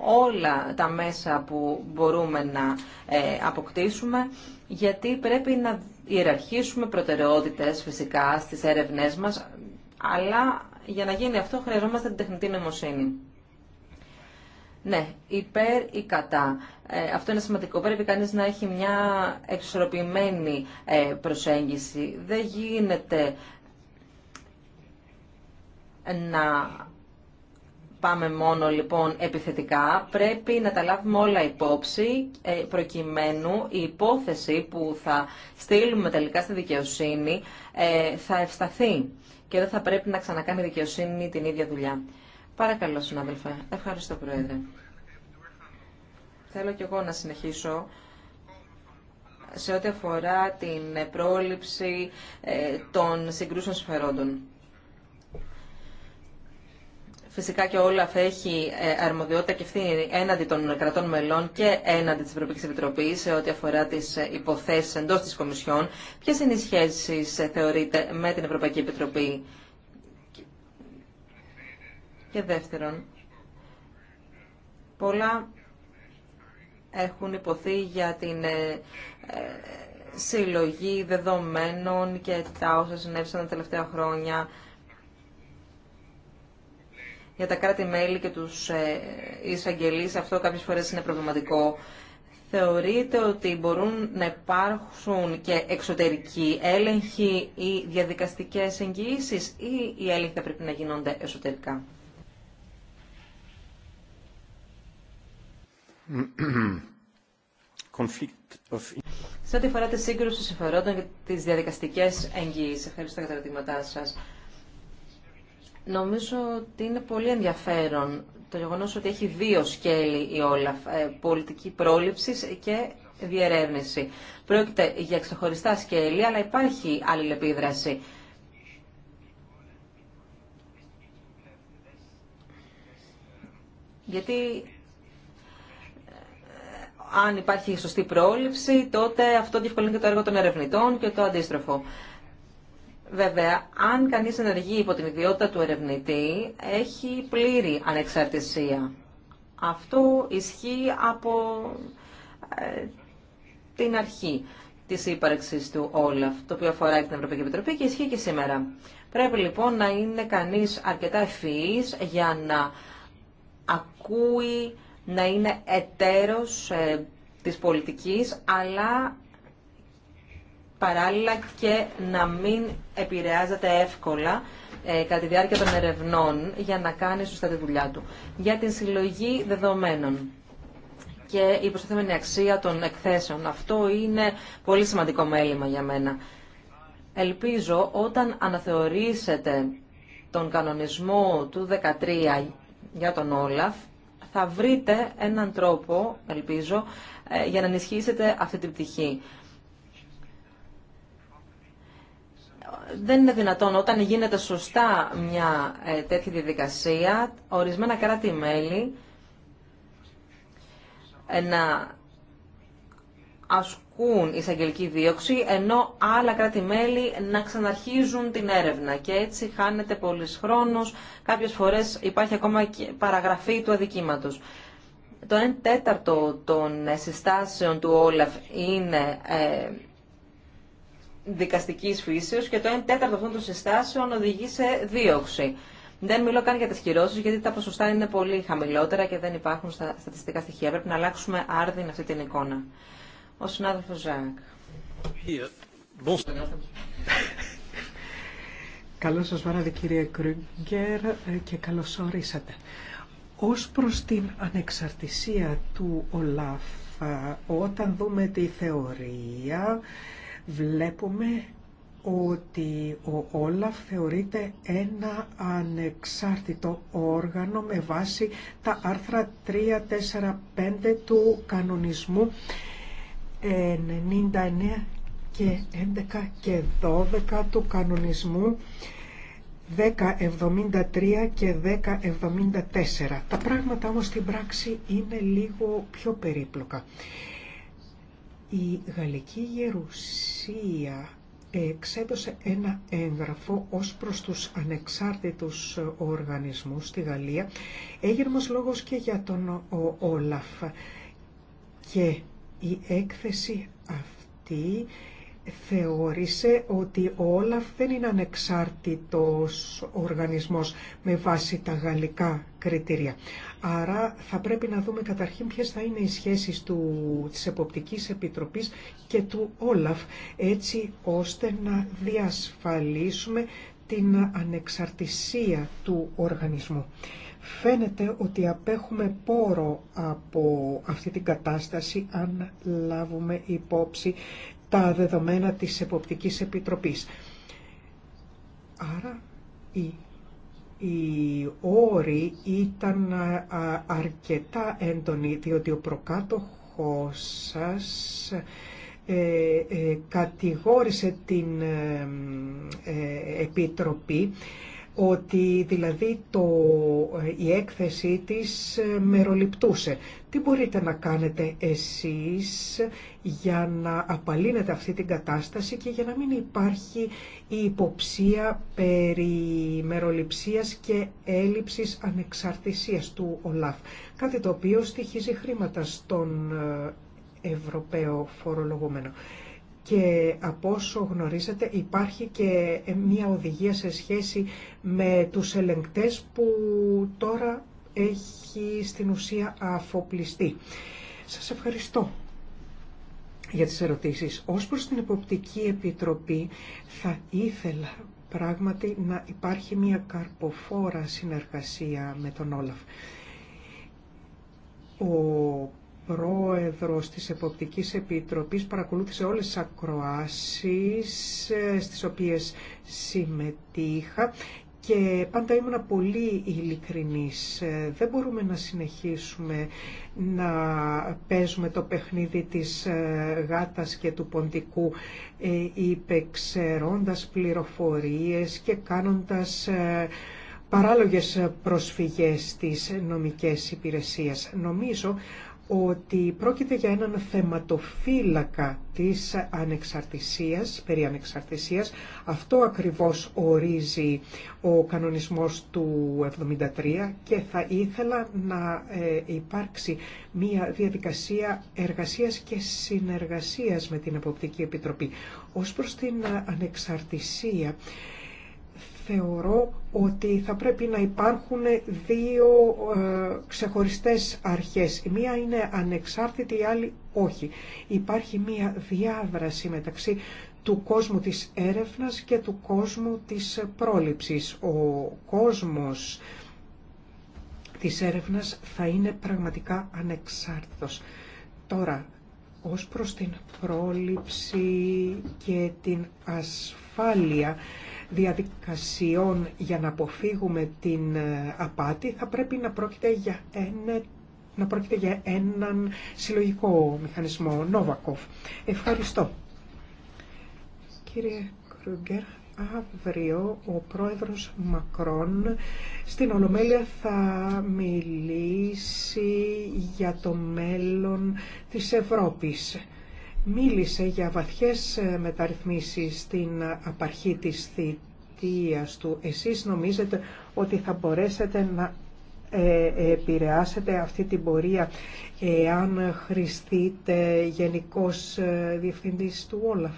όλα τα μέσα που μπορούμε να ε, αποκτήσουμε γιατί πρέπει να ιεραρχήσουμε προτεραιότητες φυσικά στις έρευνές μας αλλά για να γίνει αυτό χρειαζόμαστε την τεχνητή νοημοσύνη. Ναι, υπέρ ή κατά. Ε, αυτό είναι σημαντικό. Πρέπει κανεί να έχει μια εξορροπημένη ε, προσέγγιση. Δεν γίνεται να πάμε μόνο λοιπόν επιθετικά. Πρέπει να τα λάβουμε όλα υπόψη ε, προκειμένου η υπόθεση που θα στείλουμε τελικά στη δικαιοσύνη θα ευσταθεί και δεν θα πρέπει να ξανακάνει η δικαιοσύνη την ίδια δουλειά. Παρακαλώ, συνάδελφε. Ευχαριστώ, Πρόεδρε. Θέλω κι εγώ να συνεχίσω σε ό,τι αφορά την πρόληψη ε, των συγκρούσεων συμφερόντων. Φυσικά και όλα θα έχει ε, αρμοδιότητα και ευθύνη έναντι των κρατών μελών και έναντι της Ευρωπαϊκής Επιτροπής σε ό,τι αφορά τις ε, υποθέσεις εντός της Κομισιόν. Ποιες είναι οι σχέσεις, θεωρείτε, με την Ευρωπαϊκή Επιτροπή. Και δεύτερον, πολλά έχουν υποθεί για την ε, ε, συλλογή δεδομένων και τα όσα συνέβησαν τα τελευταία χρόνια για τα κράτη-μέλη και τους ε, εισαγγελείς. Αυτό κάποιες φορές είναι προβληματικό. Θεωρείτε ότι μπορούν να υπάρχουν και εξωτερικοί έλεγχοι ή διαδικαστικές εγγυήσεις ή οι έλεγχοι θα πρέπει να γίνονται εσωτερικά. Σε ό,τι αφορά τη σύγκρουση συμφερόντων και τι διαδικαστικέ εγγύησει, ευχαριστώ για τα ερωτήματά σα. Νομίζω ότι είναι πολύ ενδιαφέρον το γεγονό ότι έχει δύο σκέλη η Όλαφ, ε, πολιτική πρόληψη και διερεύνηση. Πρόκειται για ξεχωριστά σκέλη, αλλά υπάρχει άλλη αλληλεπίδραση. Γιατί αν υπάρχει σωστή πρόληψη, τότε αυτό διευκολύνει και το έργο των ερευνητών και το αντίστροφο. Βέβαια, αν κανείς ενεργεί υπό την ιδιότητα του ερευνητή, έχει πλήρη ανεξαρτησία. Αυτό ισχύει από ε, την αρχή της ύπαρξης του Όλαφ, το οποίο αφορά την Ευρωπαϊκή Επιτροπή και ισχύει και σήμερα. Πρέπει λοιπόν να είναι κανείς αρκετά ευφυής για να ακούει να είναι εταίρος ε, της πολιτικής, αλλά παράλληλα και να μην επηρεάζεται εύκολα ε, κατά τη διάρκεια των ερευνών για να κάνει σωστά τη δουλειά του. Για την συλλογή δεδομένων και η προσθέμενη αξία των εκθέσεων. Αυτό είναι πολύ σημαντικό μέλημα για μένα. Ελπίζω όταν αναθεωρήσετε τον κανονισμό του 13 για τον Όλαφ, θα βρείτε έναν τρόπο, ελπίζω, ε, για να ενισχύσετε αυτή την πτυχή. δεν είναι δυνατόν όταν γίνεται σωστά μια ε, τέτοια διαδικασία, ορισμένα κράτη-μέλη ε, να ασκούν η εισαγγελικη εισαγγελική δίωξη, ενώ άλλα κράτη-μέλη να ξαναρχίζουν την έρευνα. Και έτσι χάνεται πολλή χρόνο. Κάποιε φορέ υπάρχει ακόμα και παραγραφή του αδικήματο. Το 1 τέταρτο των ε, συστάσεων του Όλαφ είναι ε, δικαστικής και το 1 τέταρτο αυτών των συστάσεων οδηγεί σε δίωξη. Δεν μιλώ καν για τι κυρώσει, γιατί τα ποσοστά είναι πολύ χαμηλότερα και δεν υπάρχουν στα στατιστικά στοιχεία. Πρέπει να αλλάξουμε άρδιν αυτή την εικόνα. Ο συνάδελφος Ζάκ. Καλώς σας βράδυ κύριε Κρούγκερ ε, και καλώς ορίσατε. Ως προς την ανεξαρτησία του ΟΛΑΦ, ε, όταν δούμε τη θεωρία, βλέπουμε ότι ο Όλαφ θεωρείται ένα ανεξάρτητο όργανο με βάση τα άρθρα 3, 4, 5 του κανονισμού 99 και 11 και 12 του κανονισμού 1073 και 1074. Τα πράγματα όμως στην πράξη είναι λίγο πιο περίπλοκα. Η Γαλλική Γερουσία εξέδωσε ένα έγγραφο ως προς τους ανεξάρτητους οργανισμούς στη Γαλλία. Έγινε όμως λόγος και για τον Όλαφ και η έκθεση αυτή θεώρησε ότι ο Όλαφ δεν είναι ανεξάρτητος οργανισμός με βάση τα γαλλικά κριτήρια. Άρα θα πρέπει να δούμε καταρχήν ποιες θα είναι οι σχέσεις του, της Εποπτικής Επιτροπής και του Όλαφ, έτσι ώστε να διασφαλίσουμε την ανεξαρτησία του οργανισμού. Φαίνεται ότι απέχουμε πόρο από αυτή την κατάσταση αν λάβουμε υπόψη τα δεδομένα της Εποπτικής Επιτροπής. Άρα η οι όροι ήταν αρκετά έντονοι, διότι ο προκάτοχός σας ε, ε, κατηγόρησε την ε, Επιτροπή ότι δηλαδή το, η έκθεσή της ε, μεροληπτούσε. Τι μπορείτε να κάνετε εσείς για να απαλύνετε αυτή την κατάσταση και για να μην υπάρχει η υποψία περί μεροληψίας και έλλειψης ανεξαρτησίας του ΟΛΑΦ. Κάτι το οποίο στοιχίζει χρήματα στον ε, Ευρωπαίο φορολογούμενο και από όσο γνωρίζετε υπάρχει και μια οδηγία σε σχέση με τους ελεγκτές που τώρα έχει στην ουσία αφοπλιστεί. Σας ευχαριστώ για τις ερωτήσεις. Ως προς την Εποπτική Επιτροπή θα ήθελα πράγματι να υπάρχει μια καρποφόρα συνεργασία με τον Όλαφ. Ο πρόεδρος της Εποπτικής Επιτροπής παρακολούθησε όλες τις ακροάσεις ε, στις οποίες συμμετείχα και πάντα ήμουνα πολύ ειλικρινής. Ε, δεν μπορούμε να συνεχίσουμε να παίζουμε το παιχνίδι της ε, γάτας και του ποντικού υπεξερώντας πληροφορίες και κάνοντας παράλογες προσφυγές της νομικές υπηρεσίας. Νομίζω ότι πρόκειται για έναν θεματοφύλακα της ανεξαρτησίας, περί ανεξαρτησίας. Αυτό ακριβώς ορίζει ο κανονισμός του 73 και θα ήθελα να ε, υπάρξει μια διαδικασία εργασίας και συνεργασίας με την Εποπτική Επιτροπή. Ως προς την ανεξαρτησία, θεωρώ ότι θα πρέπει να υπάρχουν δύο ε, ξεχωριστές αρχές. Η μία είναι ανεξάρτητη, η άλλη όχι. Υπάρχει μία διάδραση μεταξύ του κόσμου της έρευνας και του κόσμου της πρόληψης. Ο κόσμος της έρευνας θα είναι πραγματικά ανεξάρτητος. Τώρα, ως προς την πρόληψη και την ασφάλεια διαδικασιών για να αποφύγουμε την ε, απάτη θα πρέπει να πρόκειται για, ένα, να πρόκειται για έναν συλλογικό μηχανισμό, Νόβακοφ. Ευχαριστώ. Κύριε Κρουγκέρ, αύριο ο πρόεδρος Μακρόν στην Ολομέλεια θα μιλήσει για το μέλλον της Ευρώπης μίλησε για βαθιές ε, μεταρρυθμίσεις στην ε, απαρχή της θητείας του. Εσείς νομίζετε ότι θα μπορέσετε να ε, επηρεάσετε αυτή την πορεία εάν χρηστείτε γενικός διευθυντής του Όλαφ.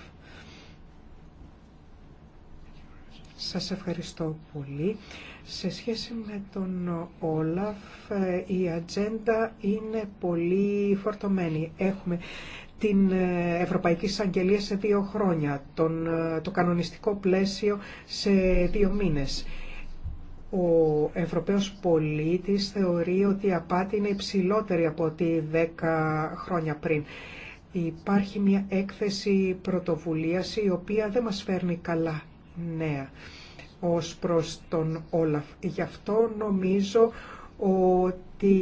Σας ευχαριστώ πολύ. Σε σχέση με τον Όλαφ, η ατζέντα είναι πολύ φορτωμένη. Έχουμε την ε, Ευρωπαϊκή Εισαγγελία σε δύο χρόνια, τον, ε, το κανονιστικό πλαίσιο σε δύο μήνες. Ο Ευρωπαίος πολίτης θεωρεί ότι η απάτη είναι υψηλότερη από ότι δέκα χρόνια πριν. Υπάρχει μια έκθεση πρωτοβουλίας η οποία δεν μας φέρνει καλά νέα ως προς τον Όλαφ. Γι' αυτό νομίζω ότι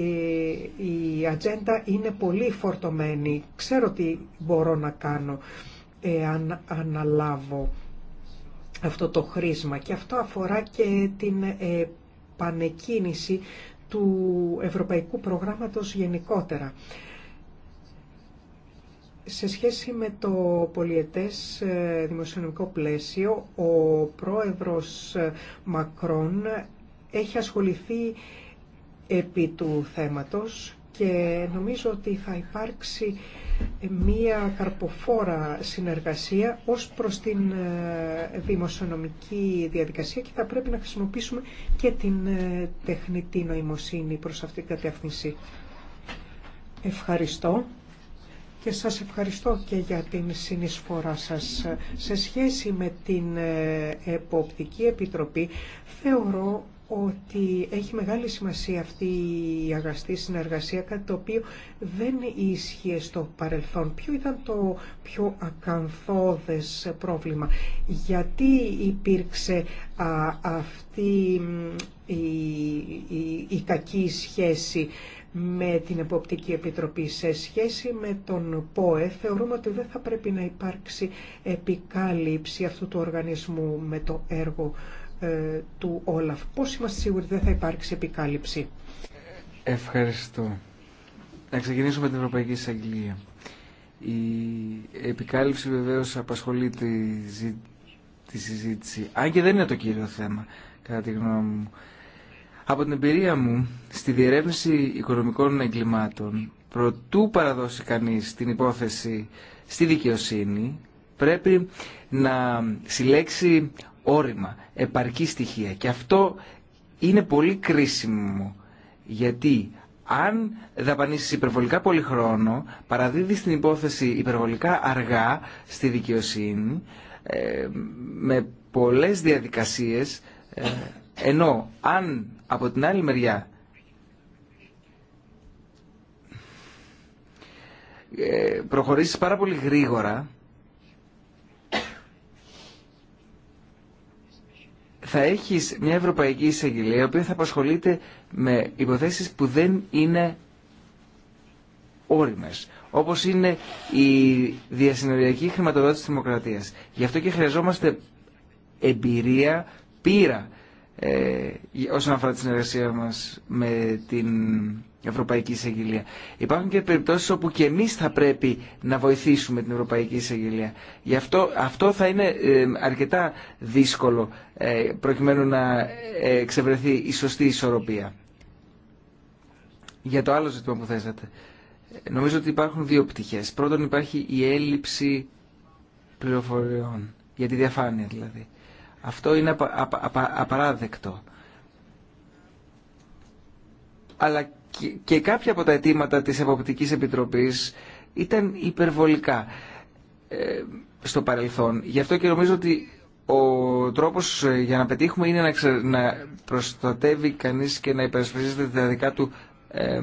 ε, η ατζέντα είναι πολύ φορτωμένη. Ξέρω τι μπορώ να κάνω εάν αναλάβω αυτό το χρήσμα και αυτό αφορά και την πανεκκίνηση του Ευρωπαϊκού Προγράμματος γενικότερα. Σε σχέση με το πολιετές ε, δημοσιονομικό πλαίσιο, ο πρόεδρος ε, Μακρόν έχει ασχοληθεί επί του θέματος και νομίζω ότι θα υπάρξει μία καρποφόρα συνεργασία ως προς την ε, δημοσιονομική διαδικασία και θα πρέπει να χρησιμοποιήσουμε και την ε, τεχνητή νοημοσύνη προς αυτήν την κατεύθυνση. Ευχαριστώ και σας ευχαριστώ και για την συνεισφορά σας. Σε σχέση με την ε, Εποπτική Επιτροπή θεωρώ ότι έχει μεγάλη σημασία αυτή η αγαστή συνεργασία, κάτι το οποίο δεν ίσχυε στο παρελθόν. Ποιο ήταν το πιο ακαθόδες πρόβλημα. Γιατί υπήρξε αυτή η, η, η κακή σχέση με την Εποπτική Επιτροπή σε σχέση με τον ΠΟΕ θεωρούμε ότι δεν θα πρέπει να υπάρξει επικάλυψη αυτού του οργανισμού με το έργο ε, του Όλαφ. Πώς είμαστε σίγουροι ότι δεν θα υπάρξει επικάλυψη. Ευχαριστώ. Να ξεκινήσουμε με την Ευρωπαϊκή Εισαγγελία. Η επικάλυψη βεβαίως απασχολεί τη, τη συζήτηση. Αν και δεν είναι το κύριο θέμα, κατά τη γνώμη μου. Από την εμπειρία μου, στη διερεύνηση οικονομικών εγκλημάτων, προτού παραδώσει κανείς την υπόθεση στη δικαιοσύνη, πρέπει να συλλέξει όρημα, επαρκή στοιχεία. Και αυτό είναι πολύ κρίσιμο, γιατί αν δαπανίσεις υπερβολικά πολύ χρόνο, παραδίδεις την υπόθεση υπερβολικά αργά στη δικαιοσύνη, ε, με πολλές διαδικασίες, ε, ενώ αν από την άλλη μεριά ε, προχωρήσεις πάρα πολύ γρήγορα, θα έχεις μια Ευρωπαϊκή Εισαγγελία η οποία θα απασχολείται με υποθέσεις που δεν είναι όριμες όπως είναι η διασυνοριακή χρηματοδότηση της δημοκρατίας. Γι' αυτό και χρειαζόμαστε εμπειρία, πείρα ε, όσον αφορά τη συνεργασία μας με την Ευρωπαϊκή Εισαγγελία. Υπάρχουν και περιπτώσει όπου και εμείς θα πρέπει να βοηθήσουμε την Ευρωπαϊκή Εισαγγελία. Γι' αυτό, αυτό θα είναι ε, αρκετά δύσκολο ε, προκειμένου να ε, εξευρεθεί η σωστή ισορροπία. Για το άλλο ζήτημα που θέσατε. Νομίζω ότι υπάρχουν δύο πτυχέ. Πρώτον υπάρχει η έλλειψη πληροφοριών, για τη διαφάνεια δηλαδή. Αυτό είναι απαράδεκτο. Αλλά και κάποια από τα αιτήματα της Εποπτικής Επιτροπής ήταν υπερβολικά ε, στο παρελθόν. Γι' αυτό και νομίζω ότι ο τρόπος ε, για να πετύχουμε είναι να προστατεύει κανείς και να υπερασπίζεται τα δικά του ε,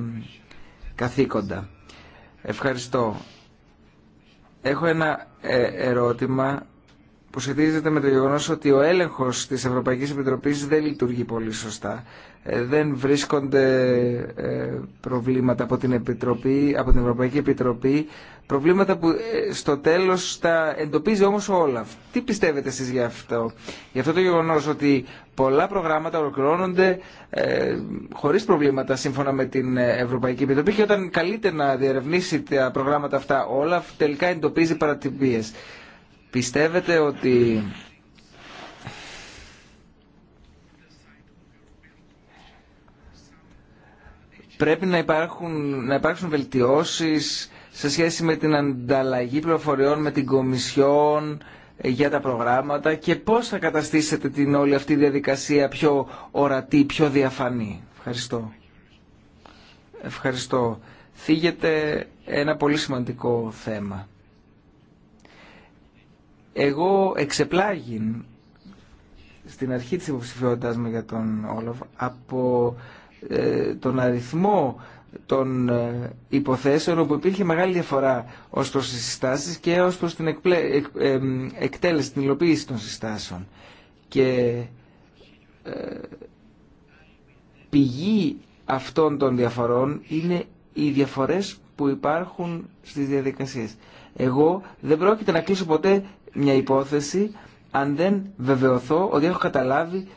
καθήκοντα. Ευχαριστώ. Έχω ένα ερώτημα που σχετίζεται με το γεγονός ότι ο έλεγχος της Ευρωπαϊκής Επιτροπής δεν λειτουργεί πολύ σωστά δεν βρίσκονται ε, προβλήματα από την, Επιτροπή, από την Ευρωπαϊκή Επιτροπή, προβλήματα που ε, στο τέλος τα εντοπίζει όμως όλα. Τι πιστεύετε εσείς γι' αυτό, γι' αυτό το γεγονός ότι πολλά προγράμματα ολοκληρώνονται ε, χωρίς προβλήματα σύμφωνα με την Ευρωπαϊκή Επιτροπή και όταν καλείται να διερευνήσει τα προγράμματα αυτά Όλαφ τελικά εντοπίζει παρατυπίες. Πιστεύετε ότι Πρέπει να, υπάρχουν, να υπάρξουν βελτιώσεις σε σχέση με την ανταλλαγή πληροφοριών με την Κομισιόν ε, για τα προγράμματα και πώς θα καταστήσετε την όλη αυτή διαδικασία πιο ορατή, πιο διαφανή. Ευχαριστώ. Ευχαριστώ. Θίγεται ένα πολύ σημαντικό θέμα. Εγώ εξεπλάγην στην αρχή της υποψηφιότητάς μου για τον Όλοφ από ε, τον αριθμό των ε, υποθέσεων όπου υπήρχε μεγάλη διαφορά ως προς τις συστάσεις και ως προς την εκπλε... Ε, εκτέλεση, την υλοποίηση των συστάσεων. Και πηγή αυτών των διαφορών είναι οι διαφορές που υπάρχουν στις διαδικασίες. Εγώ δεν πρόκειται να κλείσω ποτέ μια υπόθεση αν δεν βεβαιωθώ ότι έχω καταλάβει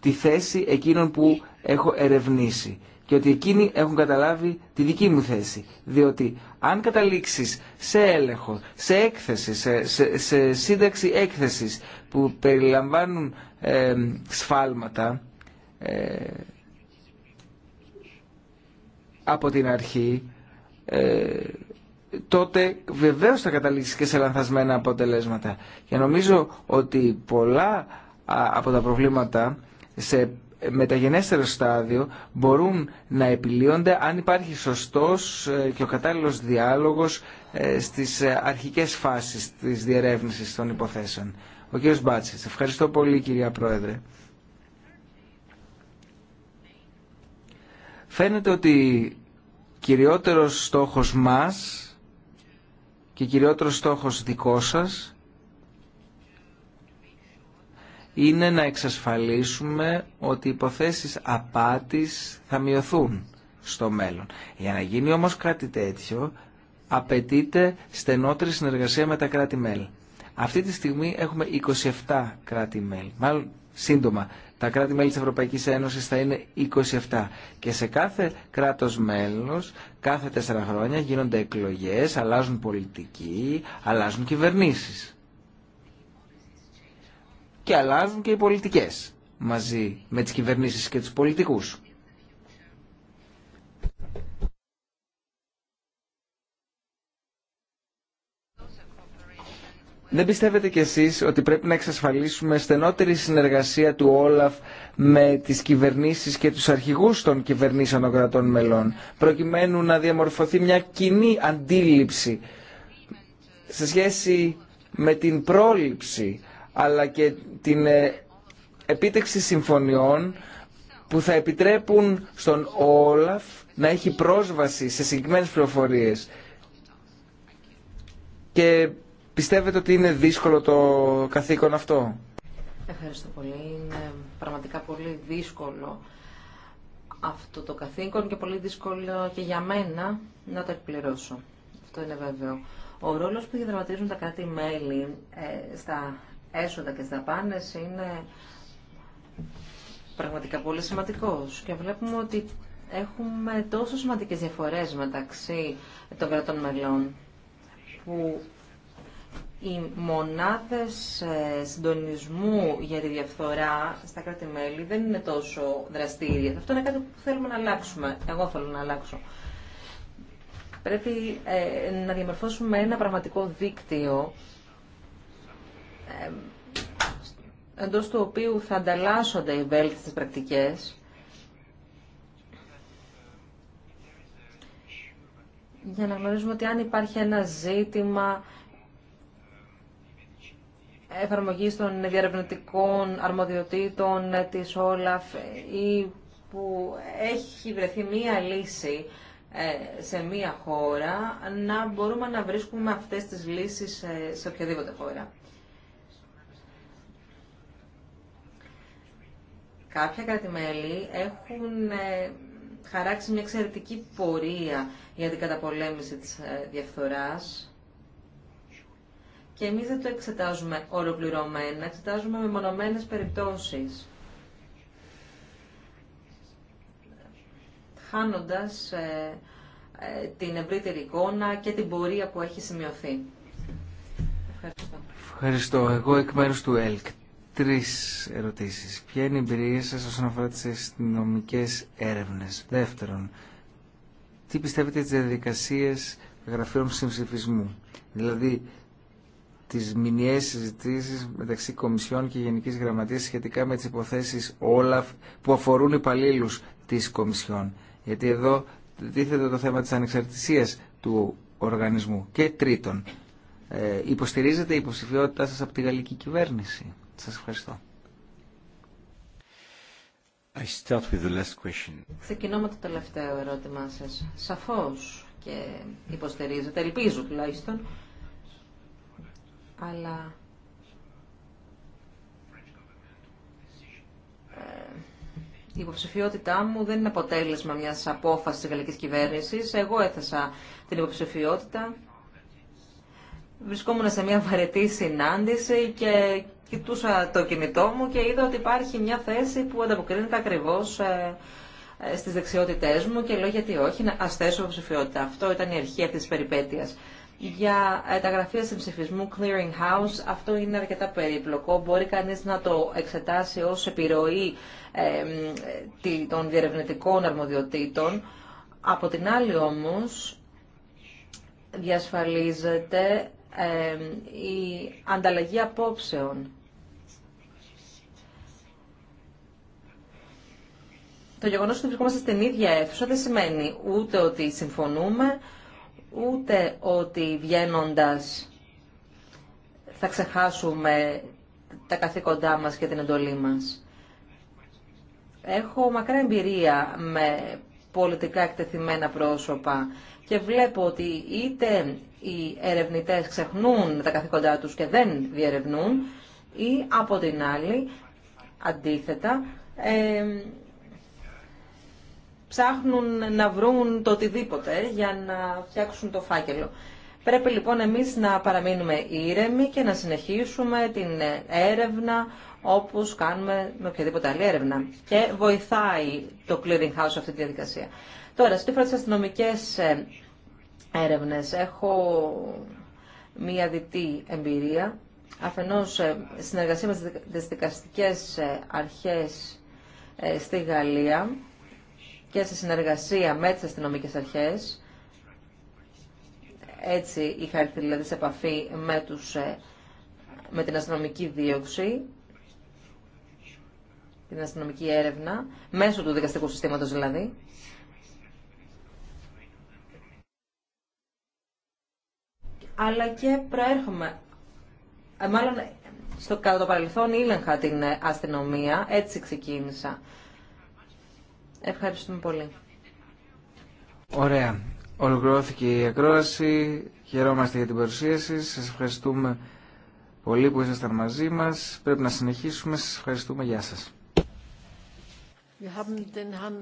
τη θέση εκείνων που έχω ερευνήσει και ότι εκείνοι έχουν καταλάβει τη δική μου θέση. Διότι αν καταλήξεις σε έλεγχο, σε έκθεση, σε, σε, σύνταξη έκθεσης που περιλαμβάνουν ε, σφάλματα ε, από την αρχή, ε, τότε βεβαίως θα καταλήξεις και σε λανθασμένα αποτελέσματα. Και νομίζω ότι πολλά από τα προβλήματα σε μεταγενέστερο στάδιο μπορούν να επιλύονται αν υπάρχει σωστός ε, και ο κατάλληλος διάλογος ε, στις ε, αρχικές φάσεις της διερεύνησης των υποθέσεων. Ο κύριος Μπάτσης. Ευχαριστώ πολύ κυρία Πρόεδρε. Φαίνεται ότι κυριότερος στόχος μας και κυριότερος στόχος δικό σας είναι να εξασφαλίσουμε ότι οι υποθέσεις απάτης θα μειωθούν στο μέλλον. Για να γίνει όμως κάτι τέτοιο απαιτείται στενότερη συνεργασία με τα κράτη-μέλη. Αυτή τη στιγμή έχουμε 27 κράτη-μέλη. Μάλλον σύντομα τα κράτη-μέλη της Ευρωπαϊκής Ένωσης θα είναι 27. Και σε κάθε κράτος μέλος, κάθε τέσσερα χρόνια γίνονται εκλογές, αλλάζουν πολιτικοί, αλλάζουν κυβερνήσεις και αλλάζουν και οι πολιτικές μαζί με τις κυβερνήσεις και τους πολιτικούς. Δεν πιστεύετε κι εσείς ότι πρέπει να εξασφαλίσουμε στενότερη συνεργασία του Όλαφ με τις κυβερνήσεις και τους αρχηγούς των κυβερνήσεων των κρατών μελών, προκειμένου να διαμορφωθεί μια κοινή αντίληψη σε σχέση με την πρόληψη αλλά και την ε, επίτευξη συμφωνιών που θα επιτρέπουν στον Όλαφ να έχει πρόσβαση σε συγκεκριμένες πληροφορίες. Και πιστεύετε ότι είναι δύσκολο το καθήκον αυτό. Ευχαριστώ πολύ. Είναι πραγματικά πολύ δύσκολο αυτό το καθήκον και πολύ δύσκολο και για μένα να το εκπληρώσω. Αυτό είναι βέβαιο. Ο ρόλος που διαδραματίζουν τα κράτη-μέλη ε, στα έσοδα και τις δαπάνες είναι πραγματικά πολύ σημαντικός και βλέπουμε ότι έχουμε τόσο σημαντικές διαφορές μεταξύ των κρατών μελών που οι μονάδες ε, συντονισμού για τη διαφθορά στα κράτη-μέλη δεν είναι τόσο δραστήρια. Αυτό είναι κάτι που θέλουμε να αλλάξουμε. Εγώ θέλω να αλλάξω. Πρέπει ε, να διαμορφώσουμε ένα πραγματικό δίκτυο ε, εντός του οποίου θα ανταλλάσσονται οι βέλτιστες πρακτικές για να γνωρίζουμε ότι αν υπάρχει ένα ζήτημα εφαρμογής των διαρευνητικών αρμοδιοτήτων της Όλαφ ή που έχει βρεθεί μία λύση ε, σε μία χώρα, να μπορούμε να βρίσκουμε αυτές τις λύσεις σε οποιαδήποτε χώρα. Κάποια κρατημέλη έχουν ε, χαράξει μια εξαιρετική πορεία για την καταπολέμηση της ε, διαφθοράς και εμείς δεν το εξετάζουμε ολοκληρωμένα, εξετάζουμε με μονομένες περιπτώσεις. χάνοντας ε, την ευρύτερη εικόνα και την πορεία που έχει σημειωθεί. Ευχαριστώ. Ευχαριστώ. Εγώ εκ μέρους του ΕΛΚ τρεις ερωτήσεις. Ποια είναι η εμπειρία σας όσον αφορά τις αστυνομικές έρευνες. Δεύτερον, τι πιστεύετε τις διαδικασίες γραφείων συμψηφισμού. Δηλαδή, τις μηνιαίες συζητήσεις μεταξύ Κομισιών και Γενικής Γραμματείας σχετικά με τις υποθέσεις όλα που αφορούν υπαλλήλου της Κομισιόν. Γιατί εδώ τίθεται το θέμα της ανεξαρτησίας του οργανισμού. Και τρίτον, ε, υποστηρίζετε η υποψηφιότητά σας από τη γαλλική κυβέρνηση. Σας ευχαριστώ. I start with the last question. Ξεκινώ με το τελευταίο ερώτημά σας. Σαφώς και υποστηρίζετε, ελπίζω τουλάχιστον, αλλά ε, η υποψηφιότητά μου δεν είναι αποτέλεσμα μιας απόφασης της γαλλικής κυβέρνησης. Εγώ έθεσα την υποψηφιότητα. Βρισκόμουν σε μια βαρετή συνάντηση και κοιτούσα το κινητό μου και είδα ότι υπάρχει μια θέση που ανταποκρίνεται ακριβώς ε, ε, στι δεξιότητέ μου και λέω γιατί όχι, να θέσω ψηφιότητα. Αυτό ήταν η αρχή αυτή τη περιπέτειας. Για ε, τα γραφεία συμψηφισμού Clearing House αυτό είναι αρκετά περίπλοκο. Μπορεί κανείς να το εξετάσει ως επιρροή των διερευνητικών αρμοδιοτήτων. Από την άλλη όμως διασφαλίζεται η ανταλλαγή απόψεων το γεγονό ότι βρισκόμαστε στην ίδια αίθουσα δεν σημαίνει ούτε ότι συμφωνούμε, ούτε ότι βγαίνοντα θα ξεχάσουμε τα καθήκοντά μας και την εντολή μας. Έχω μακρά εμπειρία με πολιτικά εκτεθειμένα πρόσωπα και βλέπω ότι είτε οι ερευνητές ξεχνούν τα καθήκοντά τους και δεν διερευνούν ή από την άλλη, αντίθετα, ψάχνουν να βρουν το οτιδήποτε για να φτιάξουν το φάκελο. Πρέπει λοιπόν εμείς να παραμείνουμε ήρεμοι και να συνεχίσουμε την έρευνα όπως κάνουμε με οποιαδήποτε άλλη έρευνα. Και βοηθάει το clearing house αυτή τη διαδικασία. Τώρα, στις αστυνομικές ε, έρευνες έχω μία διτή εμπειρία. Αφενός, ε, συνεργασία με τις δικαστικές ε, αρχές στη Γαλλία, και σε συνεργασία με τις αστυνομικές αρχές. Έτσι είχα έρθει δηλαδή σε επαφή με, τους, ε, με την αστυνομική δίωξη, την αστυνομική έρευνα, μέσω του δικαστικού συστήματος δηλαδή. Αλλά και προέρχομαι, ε, μάλλον στο κατά το παρελθόν ήλεγχα την ε, αστυνομία, έτσι ξεκίνησα. Ευχαριστούμε πολύ. Ωραία. Ολοκληρώθηκε η ακρόαση. Χαιρόμαστε για την παρουσίαση. σας. ευχαριστούμε πολύ που ήσασταν μαζί μας. Πρέπει να συνεχίσουμε. Σας ευχαριστούμε. Γεια σας. Wir haben den Herrn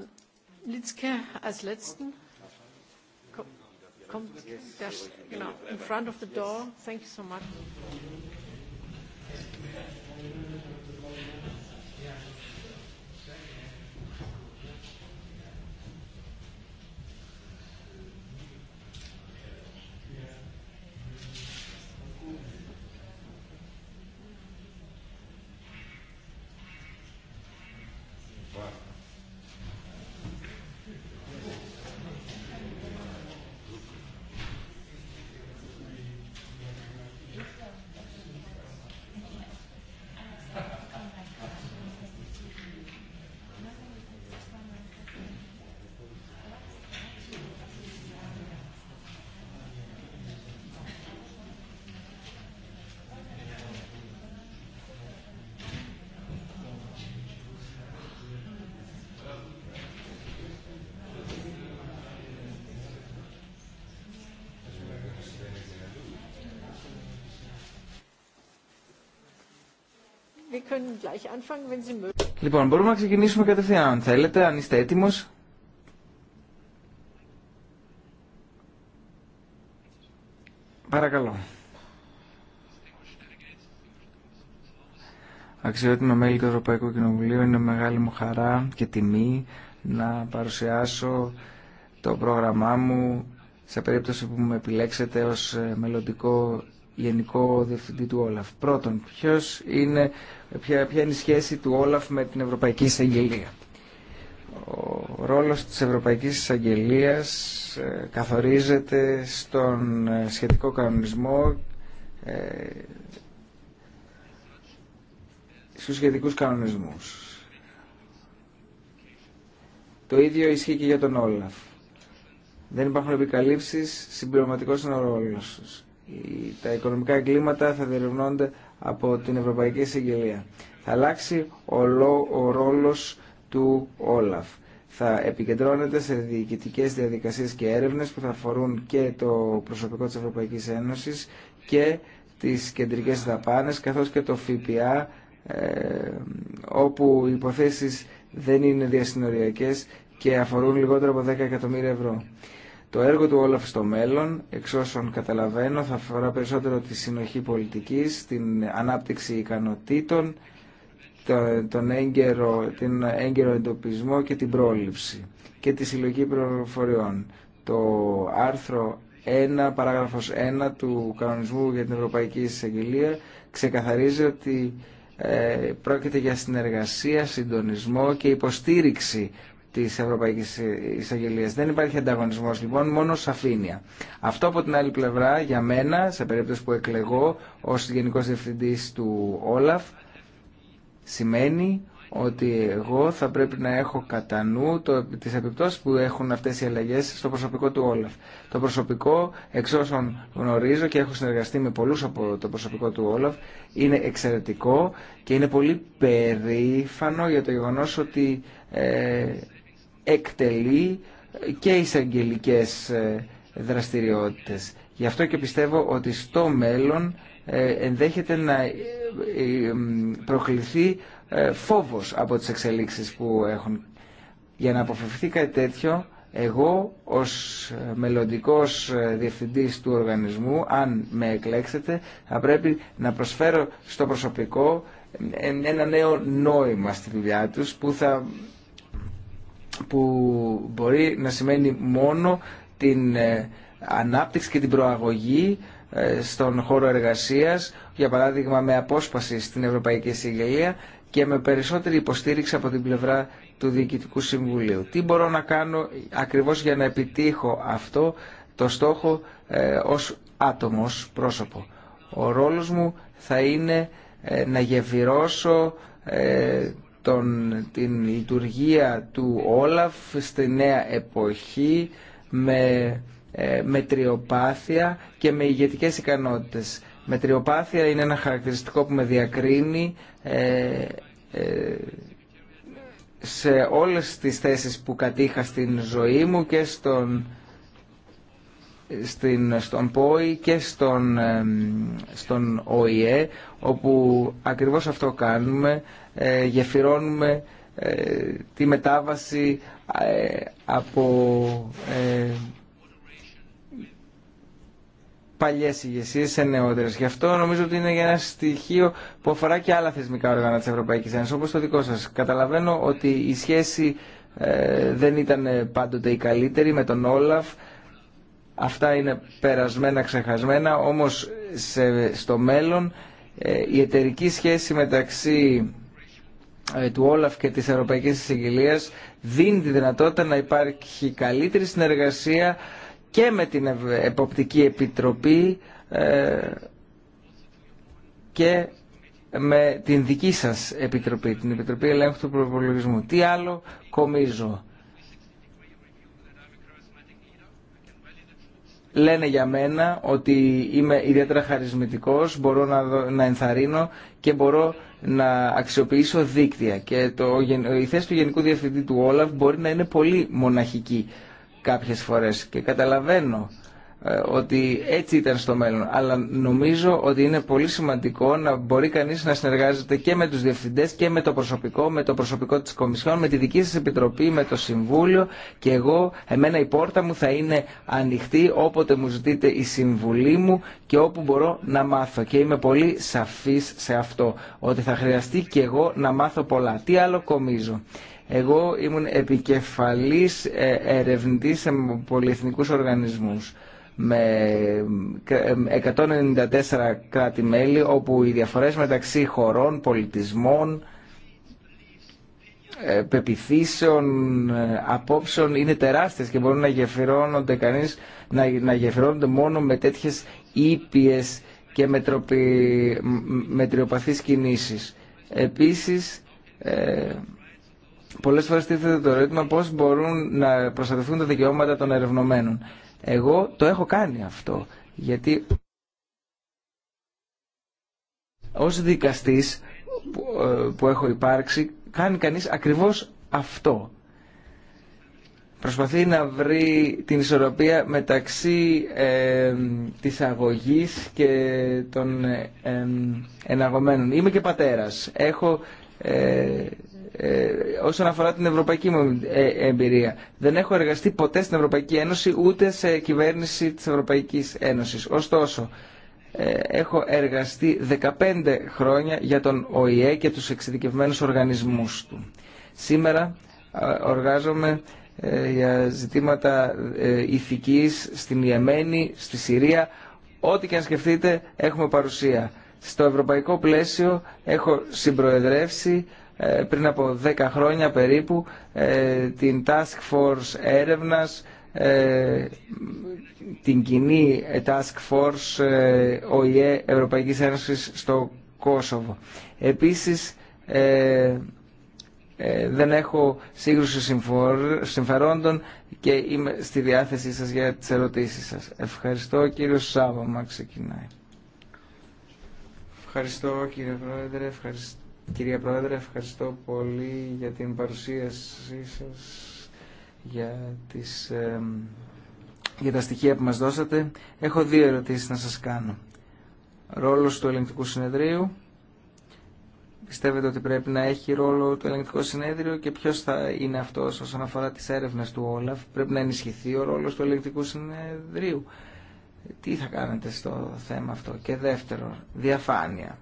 Litzke als letzten. Kommt genau, in front of the door. Thank you so much. Λοιπόν, μπορούμε να ξεκινήσουμε κατευθείαν, αν θέλετε, αν είστε έτοιμος. Παρακαλώ. Αξιότιμα μέλη του Ευρωπαϊκού Κοινοβουλίου, είναι μεγάλη μου χαρά και τιμή να παρουσιάσω το πρόγραμμά μου σε περίπτωση που με επιλέξετε ως μελλοντικό Γενικό Διευθυντή του Όλαφ. Πρώτον, ποιος είναι, ποια, είναι η σχέση του Όλαφ με την Ευρωπαϊκή Εισαγγελία. Ο ρόλος της Ευρωπαϊκής Εισαγγελίας ε, καθορίζεται στον ε, σχετικό κανονισμό ε, στους σχετικούς κανονισμούς. Το ίδιο ισχύει και για τον Όλαφ. Δεν υπάρχουν επικαλύψεις, συμπληρωματικός είναι ο ρόλος τα οικονομικά εγκλήματα θα διερευνώνται από την Ευρωπαϊκή Συγγελία. Θα αλλάξει ο, ο ρόλος του Όλαφ. Θα επικεντρώνεται σε διοικητικές διαδικασίες και έρευνες που θα αφορούν και το προσωπικό της Ευρωπαϊκής Ένωσης και τις κεντρικές δαπάνες καθώς και το ΦΠΑ ε, όπου οι υποθέσεις δεν είναι διασυνοριακές και αφορούν λιγότερο από 10 εκατομμύρια ευρώ. Το έργο του Όλαφ στο μέλλον, εξ όσων καταλαβαίνω, θα αφορά περισσότερο τη συνοχή πολιτικής, την ανάπτυξη ικανοτήτων, τον έγκαιρο, την έγκαιρο εντοπισμό και την πρόληψη και τη συλλογή πληροφοριών. Το άρθρο 1, παράγραφος 1 του κανονισμού για την Ευρωπαϊκή Εισαγγελία ξεκαθαρίζει ότι ε, πρόκειται για συνεργασία, συντονισμό και υποστήριξη Τη Ευρωπαϊκή Εισαγγελία. Δεν υπάρχει ανταγωνισμό λοιπόν, μόνο σαφήνεια. Αυτό από την άλλη πλευρά για μένα, σε περίπτωση που εκλεγώ ω Γενικό Διευθυντή του Όλαφ, σημαίνει ότι εγώ θα πρέπει να έχω κατά νου το, τις επιπτώσεις που έχουν αυτές οι αλλαγές στο προσωπικό του Όλαφ. Το προσωπικό, εξ όσων γνωρίζω και έχω συνεργαστεί με πολλούς από το προσωπικό του Όλαφ, είναι εξαιρετικό και είναι πολύ περήφανο για το γεγονό ότι ε, εκτελεί και εισαγγελικές ε, δραστηριότητες. Γι' αυτό και πιστεύω ότι στο μέλλον ε, ενδέχεται να ε, προκληθεί φόβος από τις εξελίξεις που έχουν. Για να αποφευθεί κάτι τέτοιο, εγώ ως μελλοντικός διευθυντής του οργανισμού, αν με εκλέξετε, θα πρέπει να προσφέρω στο προσωπικό ένα νέο νόημα στη δουλειά τους που θα που μπορεί να σημαίνει μόνο την ε, ανάπτυξη και την προαγωγή ε, στον χώρο εργασίας, για παράδειγμα με απόσπαση στην Ευρωπαϊκή Συγγελία και με περισσότερη υποστήριξη από την πλευρά του Διοικητικού Συμβουλίου. Τι μπορώ να κάνω ακριβώς για να επιτύχω αυτό το στόχο ε, ως άτομο, ως πρόσωπο. Ο ρόλος μου θα είναι να γεφυρώσω την λειτουργία του Όλαφ στη νέα εποχή με ε, μετριοπάθεια και με ηγετικές ικανότητες. Μετριοπάθεια είναι ένα χαρακτηριστικό που με διακρίνει ε, ε, σε όλες τις θέσεις που κατήχα στην ζωή μου και στον, στην, στον ΠΟΗ και στον, στον ΟΗΕ όπου ακριβώς αυτό κάνουμε ε, γεφυρώνουμε ε, τη μετάβαση ε, από παλιές ηγεσίες σε νεότερες. Γι' αυτό νομίζω ότι είναι ένα στοιχείο που αφορά και άλλα θεσμικά όργανα της Ευρωπαϊκής Ένωσης, όπως το δικό σας. Καταλαβαίνω ότι η σχέση δεν ήταν πάντοτε η καλύτερη με τον Όλαφ, Αυτά είναι περασμένα, ξεχασμένα, όμως σε, στο μέλλον η εταιρική σχέση μεταξύ ε, του Όλαφ και της Ευρωπαϊκής Εισαγγελίας δίνει τη δυνατότητα να υπάρχει καλύτερη συνεργασία και με την Εποπτική Επιτροπή ε, και με την δική σας Επιτροπή, την Επιτροπή Ελέγχου του Προπολογισμού. Τι άλλο κομίζω. λένε για μένα ότι είμαι ιδιαίτερα χαρισμητικός, μπορώ να, να ενθαρρύνω και μπορώ να αξιοποιήσω δίκτυα και το, η θέση του Γενικού Διευθυντή του Όλαφ μπορεί να είναι πολύ μοναχική κάποιες φορές και καταλαβαίνω ε, ότι έτσι ήταν στο μέλλον. Αλλά νομίζω ότι είναι πολύ σημαντικό να μπορεί κανείς να συνεργάζεται και με τους διευθυντές και με το προσωπικό, με το προσωπικό της Κομισιόν, με τη δική σας Επιτροπή, με το Συμβούλιο και εγώ, εμένα η πόρτα μου θα είναι ανοιχτή όποτε μου ζητείτε η συμβουλή μου και όπου μπορώ να μάθω. Και είμαι πολύ σαφής σε αυτό, ότι θα χρειαστεί και εγώ να μάθω πολλά. Τι άλλο κομίζω. Εγώ ήμουν επικεφαλής ε, ερευνητής σε πολυεθνικούς οργανισμούς με 194 κράτη-μέλη όπου οι διαφορές μεταξύ χωρών, πολιτισμών, ε, πεπιθήσεων, ε, απόψεων είναι τεράστιες και μπορούν να γεφυρώνονται κανείς, να, να γεφυρώνονται μόνο με τέτοιες ήπιες και μετροπι, μετριοπαθείς κινήσεις. Επίσης, ε, πολλές φορές τίθεται το ερώτημα πώς μπορούν να προστατευτούν τα δικαιώματα των ερευνομένων. Εγώ το έχω κάνει αυτό, γιατί ως δικαστής ε, που έχω υπάρξει κάνει κανείς ακριβώς αυτό. Προσπαθεί να βρει την ισορροπία μεταξύ ε, της αγωγής και των ε, εναγωμένων. Είμαι και πατέρας. Έχω ε, ε, όσον αφορά την ευρωπαϊκή μου ε, εμπειρία. Δεν έχω εργαστεί ποτέ στην Ευρωπαϊκή Ένωση ούτε σε κυβέρνηση της Ευρωπαϊκής Ένωσης. Ωστόσο, ε, έχω εργαστεί 15 χρόνια για τον ΟΗΕ και τους εξειδικευμένους οργανισμούς του. Σήμερα οργάζομαι για ζητήματα ηθικής στην Ιεμένη, στη Συρία. Ό,τι και αν σκεφτείτε έχουμε παρουσία. Στο ευρωπαϊκό πλαίσιο έχω συμπροεδρεύσει ε, πριν από 10 χρόνια περίπου ε, την Task Force έρευνας ε, την κοινή Task Force ΟΗΕ Ευρωπαϊκής Ένωσης στο Κόσοβο. Επίσης δεν έχω σύγκρουση συμφερόντων και είμαι στη διάθεσή σας για τις ερωτήσεις σας. Ευχαριστώ κύριο Σάββαμα. ξεκινάει. Ευχαριστώ κύριε Πρόεδρε, ευχαριστώ Κυρία Πρόεδρε, ευχαριστώ πολύ για την παρουσίασή σας, για, τις, για τα στοιχεία που μας δώσατε. Έχω δύο ερωτήσεις να σας κάνω. Ρόλος του ελεγκτικού συνεδρίου. Πιστεύετε ότι πρέπει να έχει ρόλο το ελεγκτικό συνέδριο και ποιος θα είναι αυτό όσον αφορά τις έρευνες του Όλαφ. Πρέπει να ενισχυθεί ο ρόλος του ελεγκτικού συνεδρίου. Τι θα κάνετε στο θέμα αυτό. Και δεύτερο, διαφάνεια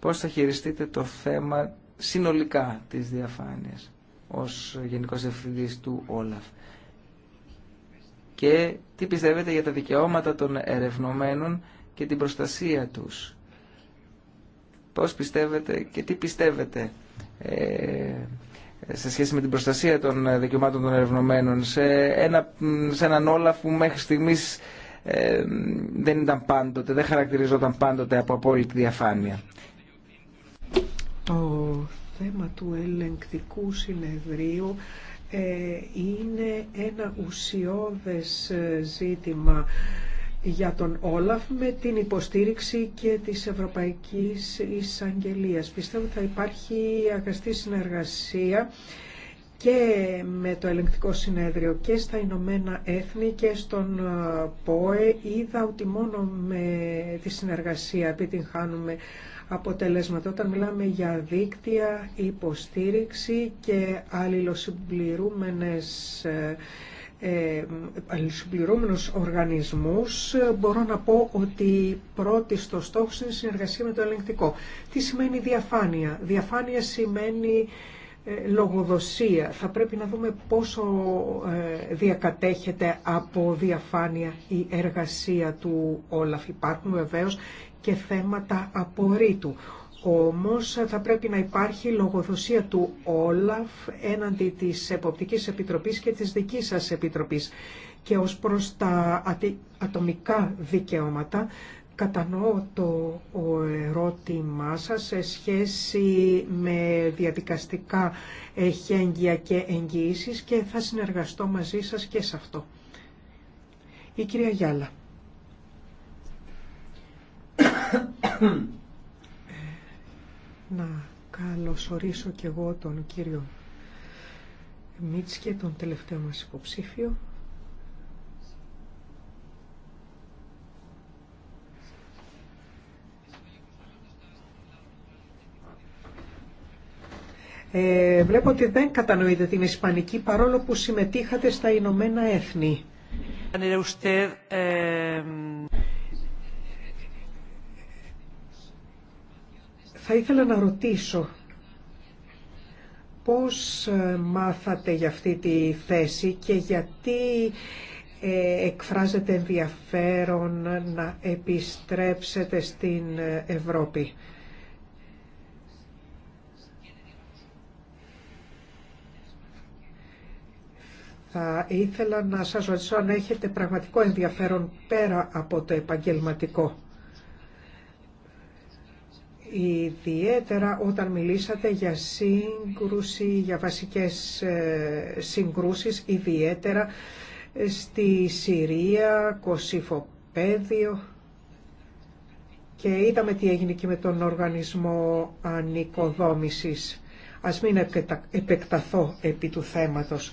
πώς θα χειριστείτε το θέμα συνολικά της διαφάνειας ως Γενικός Διευθυντής του Όλαφ και τι πιστεύετε για τα δικαιώματα των ερευνομένων και την προστασία τους. Πώς πιστεύετε και τι πιστεύετε ε, σε σχέση με την προστασία των δικαιωμάτων των ερευνομένων σε, ένα, σε έναν Όλαφ που μέχρι στιγμής ε, δεν ήταν πάντοτε, δεν χαρακτηριζόταν πάντοτε από απόλυτη διαφάνεια. Το θέμα του ελεγκτικού συνεδρίου ε, είναι ένα ουσιώδες ε, ζήτημα για τον Όλαφ με την υποστήριξη και της Ευρωπαϊκής εισαγγελία. Πιστεύω ότι θα υπάρχει αγαστή συνεργασία και με το ελεγκτικό συνέδριο και στα Ηνωμένα Έθνη και στον ε, ΠΟΕ είδα ότι μόνο με τη συνεργασία επιτυγχάνουμε αποτελέσματα. Όταν μιλάμε για δίκτυα, υποστήριξη και αλληλοσυμπληρούμενες ε, ε αλληλοσυμπληρούμενους οργανισμούς μπορώ να πω ότι πρώτη στο στόχο είναι η συνεργασία με το ελεγκτικό. Τι σημαίνει διαφάνεια. Διαφάνεια σημαίνει ε, λογοδοσία. Θα πρέπει να δούμε πόσο ε, διακατέχεται από διαφάνεια η εργασία του Όλαφ. Υπάρχουν βεβαίως και θέματα απορρίτου. Όμως θα πρέπει να υπάρχει λογοδοσία του Όλαφ έναντι της Εποπτικής Επιτροπής και της δικής σας Επιτροπής. Και ως προς τα ατομικά δικαιώματα κατανοώ το ερώτημά σας σε σχέση με διαδικαστικά εχέγγυα και εγγυήσεις και θα συνεργαστώ μαζί σας και σε αυτό. Η κυρία Γιάλα. Να καλωσορίσω και εγώ τον κύριο Μίτσκε, τον τελευταίο μας υποψήφιο. Ε, βλέπω ότι δεν κατανοείτε την Ισπανική παρόλο που συμμετείχατε στα Ηνωμένα Έθνη. Θα ήθελα να ρωτήσω πώς ε, μάθατε για αυτή τη θέση και γιατί ε, εκφράζεται ενδιαφέρον να επιστρέψετε στην Ευρώπη. Θα ήθελα να σας ρωτήσω αν έχετε πραγματικό ενδιαφέρον πέρα από το επαγγελματικό ιδιαίτερα όταν μιλήσατε για σύγκρουση, για βασικές ε, συγκρούσεις, ιδιαίτερα στη Συρία, Πέδιο και είδαμε τι έγινε και με τον οργανισμό ανοικοδόμησης. Ας μην επεκταθώ επί του θέματος.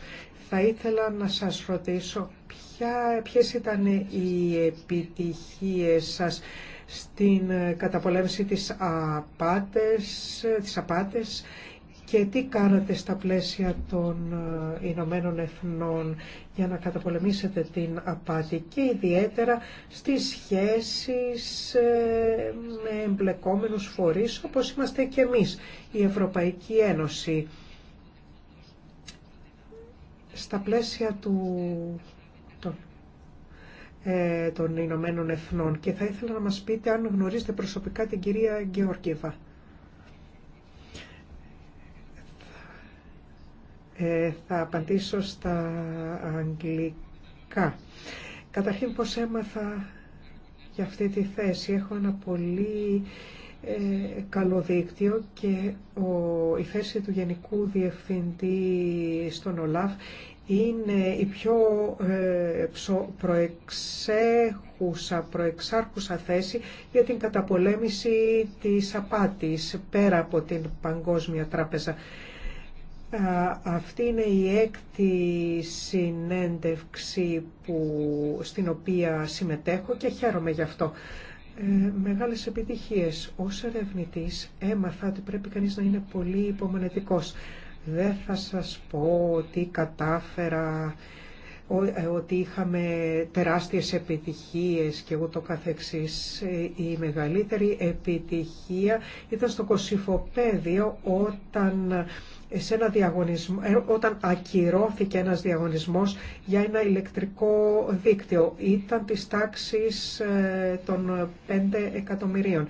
Θα ήθελα να σας ρωτήσω ποια, ποιες ήταν οι επιτυχίες σας στην ε, καταπολέμηση της απάτες, της απάτες και τι κάνατε στα πλαίσια των ε, Ηνωμένων Εθνών για να καταπολεμήσετε την απάτη και ιδιαίτερα στις σχέσεις ε, με εμπλεκόμενους φορείς όπως είμαστε και εμείς, η Ευρωπαϊκή Ένωση. Στα πλαίσια του ε, των Ηνωμένων Εθνών και θα ήθελα να μας πείτε αν γνωρίζετε προσωπικά την κυρία Γεωργίβα. Ε, θα απαντήσω στα αγγλικά. Καταρχήν πώς έμαθα για αυτή τη θέση. Έχω ένα πολύ ε, καλό δίκτυο και ο, η θέση του Γενικού Διευθυντή στον ΟΛΑΦ είναι η πιο ε, προεξέχουσα, προεξάρχουσα θέση για την καταπολέμηση της απάτης πέρα από την Παγκόσμια Τράπεζα. Αυτή είναι η έκτη συνέντευξη που, στην οποία συμμετέχω και χαίρομαι γι' αυτό. Ε, μεγάλες επιτυχίες. Ως ερευνητής έμαθα ότι πρέπει κανείς να είναι πολύ υπομονετικός. Δεν θα σας πω ότι κατάφερα, ε, ότι είχαμε τεράστιες επιτυχίες και ούτω καθεξής. Ε, η μεγαλύτερη επιτυχία ήταν στο Κωσυφοπέδιο όταν ε, σε ένα διαγωνισμό, όταν ακυρώθηκε ένας διαγωνισμός για ένα ηλεκτρικό δίκτυο. Ήταν της τάξης των 5 εκατομμυρίων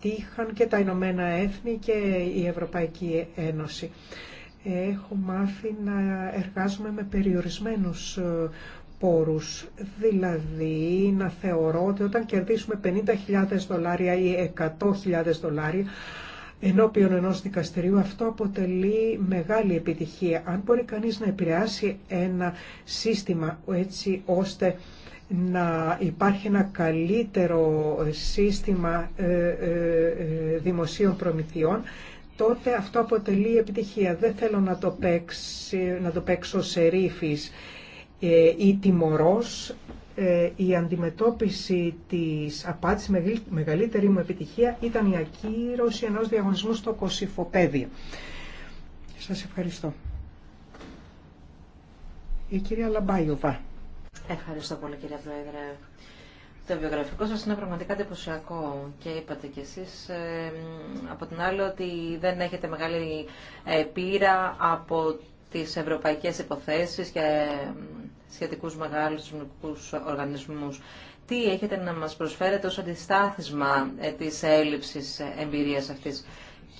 συμμετείχαν και τα Ηνωμένα Έθνη και η Ευρωπαϊκή Ένωση. Έχω μάθει να εργάζομαι με περιορισμένους ε, πόρους, δηλαδή να θεωρώ ότι όταν κερδίσουμε 50.000 δολάρια ή 100.000 δολάρια, ενώπιον ενός δικαστηρίου αυτό αποτελεί μεγάλη επιτυχία. Αν μπορεί κανείς να επηρεάσει ένα σύστημα έτσι ώστε να υπάρχει ένα καλύτερο σύστημα ε, ε, ε, δημοσίων προμηθειών, τότε αυτό αποτελεί επιτυχία. Δεν θέλω να το, να το παίξω σε ρήφης ή τιμωρός. Η αντιμετώπιση της απάτης, η μεγαλύτερη μου επιτυχία, ήταν η ακύρωση ενός διαγωνισμού στο Κωσυφοπέδιο. Σας ευχαριστώ. Η κυρία Λαμπάιωβα. Ευχαριστώ πολύ κύριε Πρόεδρε. Το βιογραφικό σας είναι πραγματικά εντυπωσιακό και είπατε κι εσείς ε, από την άλλη ότι δεν έχετε μεγάλη ε, πείρα από τις ευρωπαϊκές υποθέσεις και ε, σχετικούς μεγάλους οργανισμούς. Τι έχετε να μας προσφέρετε ως αντιστάθισμα της έλλειψης εμπειρίας αυτής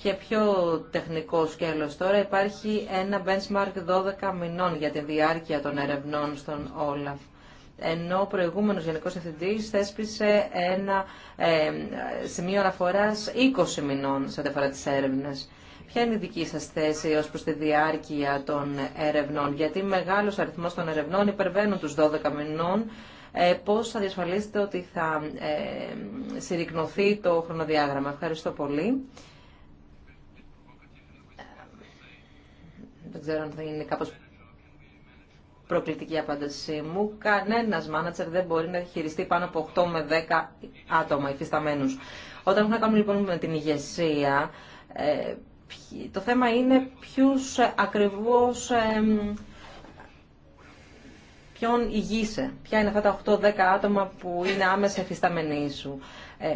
και πιο τεχνικό σκέλος τώρα υπάρχει ένα benchmark 12 μηνών για τη διάρκεια των ερευνών στον Όλαφ ενώ ο προηγούμενος Γενικός Ευθυντής θέσπισε ένα ε, σημείο αναφοράς 20 μηνών σε ό,τι τις έρευνες. Ποια είναι η δική σας θέση ως προς τη διάρκεια των ερευνών, γιατί μεγάλος αριθμός των ερευνών υπερβαίνουν τους 12 μηνών, ε, πώς θα διασφαλίσετε ότι θα ε, συρρυκνωθεί το χρονοδιάγραμμα. Ευχαριστώ πολύ. Δεν ξέρω αν θα είναι κάπως προκλητική απάντησή μου. κανένα μάνατσερ δεν μπορεί να χειριστεί πάνω από 8 με 10 άτομα υφισταμένους. Όταν έχουμε να κάνουμε λοιπόν με την ηγεσία, ε, το θέμα είναι ποιους ε, ακριβώς... Ποιον υγείσαι, ποια είναι αυτά τα 8-10 άτομα που είναι άμεσα εφισταμενοί σου. Ε,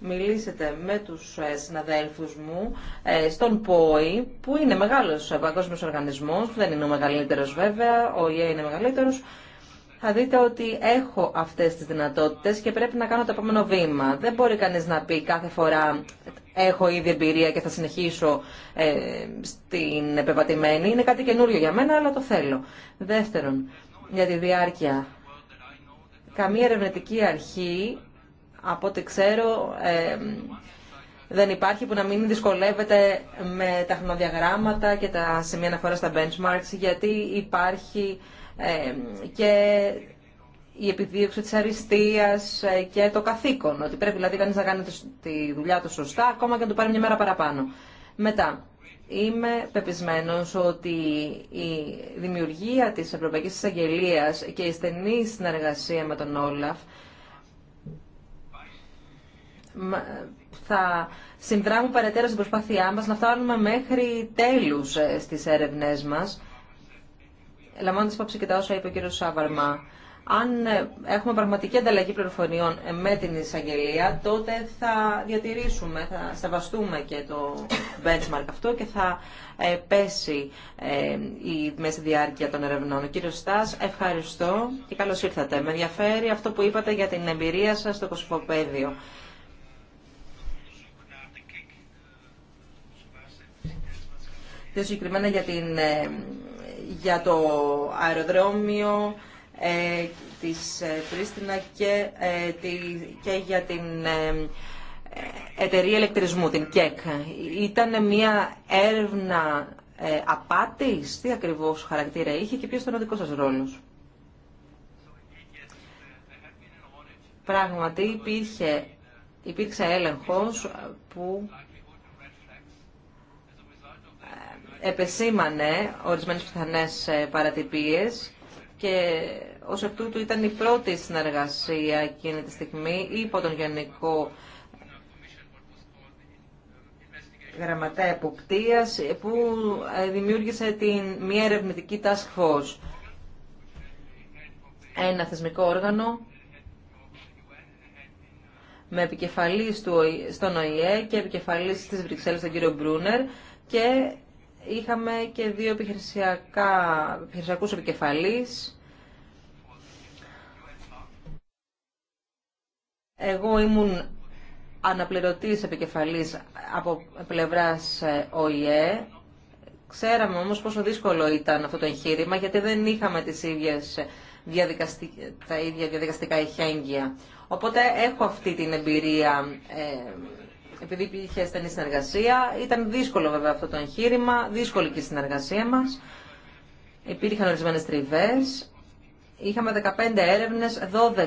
μιλήσετε με τους ε, συναδέλφους μου ε, στον ΠΟΗ, που είναι μεγάλος ε, Παγκόσμιο οργανισμός, δεν είναι ο μεγαλύτερος βέβαια, ο ΙΕ είναι μεγαλύτερος, θα δείτε ότι έχω αυτές τις δυνατότητες και πρέπει να κάνω το επόμενο βήμα. Δεν μπορεί κανείς να πει κάθε φορά έχω ήδη εμπειρία και θα συνεχίσω στην επεβατημένη. Είναι κάτι καινούριο για μένα, αλλά το θέλω. Δεύτερον, για τη διάρκεια. Καμία ερευνητική αρχή από ό,τι ξέρω δεν υπάρχει που να μην δυσκολεύεται με τα χρονοδιαγράμματα και τα σημεία αναφορά στα benchmarks γιατί υπάρχει και η επιδίωξη της αριστείας ε, και το καθήκον, ότι πρέπει δηλαδή κανείς να κάνει τη δουλειά του σωστά, ακόμα και να του πάρει μια μέρα παραπάνω. Μετά, είμαι πεπισμένος ότι η δημιουργία της Ευρωπαϊκής Εισαγγελίας και η στενή συνεργασία με τον Όλαφ θα συνδράμουν περαιτέρω στην προσπάθειά μας να φτάνουμε μέχρι τέλους ε, στις έρευνές μας. Λαμβάνοντας υπόψη και τα όσα είπε ο κύριος Σάβαρμα, αν ε, έχουμε πραγματική ανταλλαγή πληροφοριών ε, με την εισαγγελία, τότε θα διατηρήσουμε, θα σεβαστούμε και το benchmark αυτό και θα πέσει η μέση διάρκεια των ερευνών. Ο κύριος Στάς, ευχαριστώ και καλώς ήρθατε. Με ενδιαφέρει αυτό που είπατε για την εμπειρία σας στο κοσμοπαίδιο. πιο συγκεκριμένα για, ε, για το αεροδρόμιο ε, της ε, Πρίστινα ε, και, για την εταιρεία ηλεκτρισμού, την ΚΕΚ. Ήταν μια έρευνα απάτη, απάτης, τι ακριβώς χαρακτήρα είχε και ποιος ήταν ο δικός σας ρόλος. Πράγματι υπήρχε, υπήρξε έλεγχος που επεσήμανε ορισμένες πιθανές ε, παρατυπίες και ως εκ τούτου ήταν η πρώτη συνεργασία εκείνη τη στιγμή υπό τον Γενικό Γραμματέα Εποπτείας που ε, δημιούργησε την μια ερευνητική task force. Ένα θεσμικό όργανο με επικεφαλής του, στον ΟΗΕ και επικεφαλής της Βρυξέλλες τον κύριο Μπρούνερ και Είχαμε και δύο επιχειρησιακούς επικεφαλείς. Εγώ ήμουν αναπληρωτής επικεφαλής από πλευράς ε, ΟΗΕ. Ξέραμε όμως πόσο δύσκολο ήταν αυτό το εγχείρημα, γιατί δεν είχαμε τις ίδιες διαδικαστι... τα ίδια διαδικαστικά ειχέγγυα. Οπότε έχω αυτή την εμπειρία ε, επειδή υπήρχε στενή συνεργασία. Ήταν δύσκολο βέβαια αυτό το εγχείρημα, δύσκολη και η συνεργασία μας. Υπήρχαν ορισμένες τριβές. Είχαμε 15 έρευνε, 12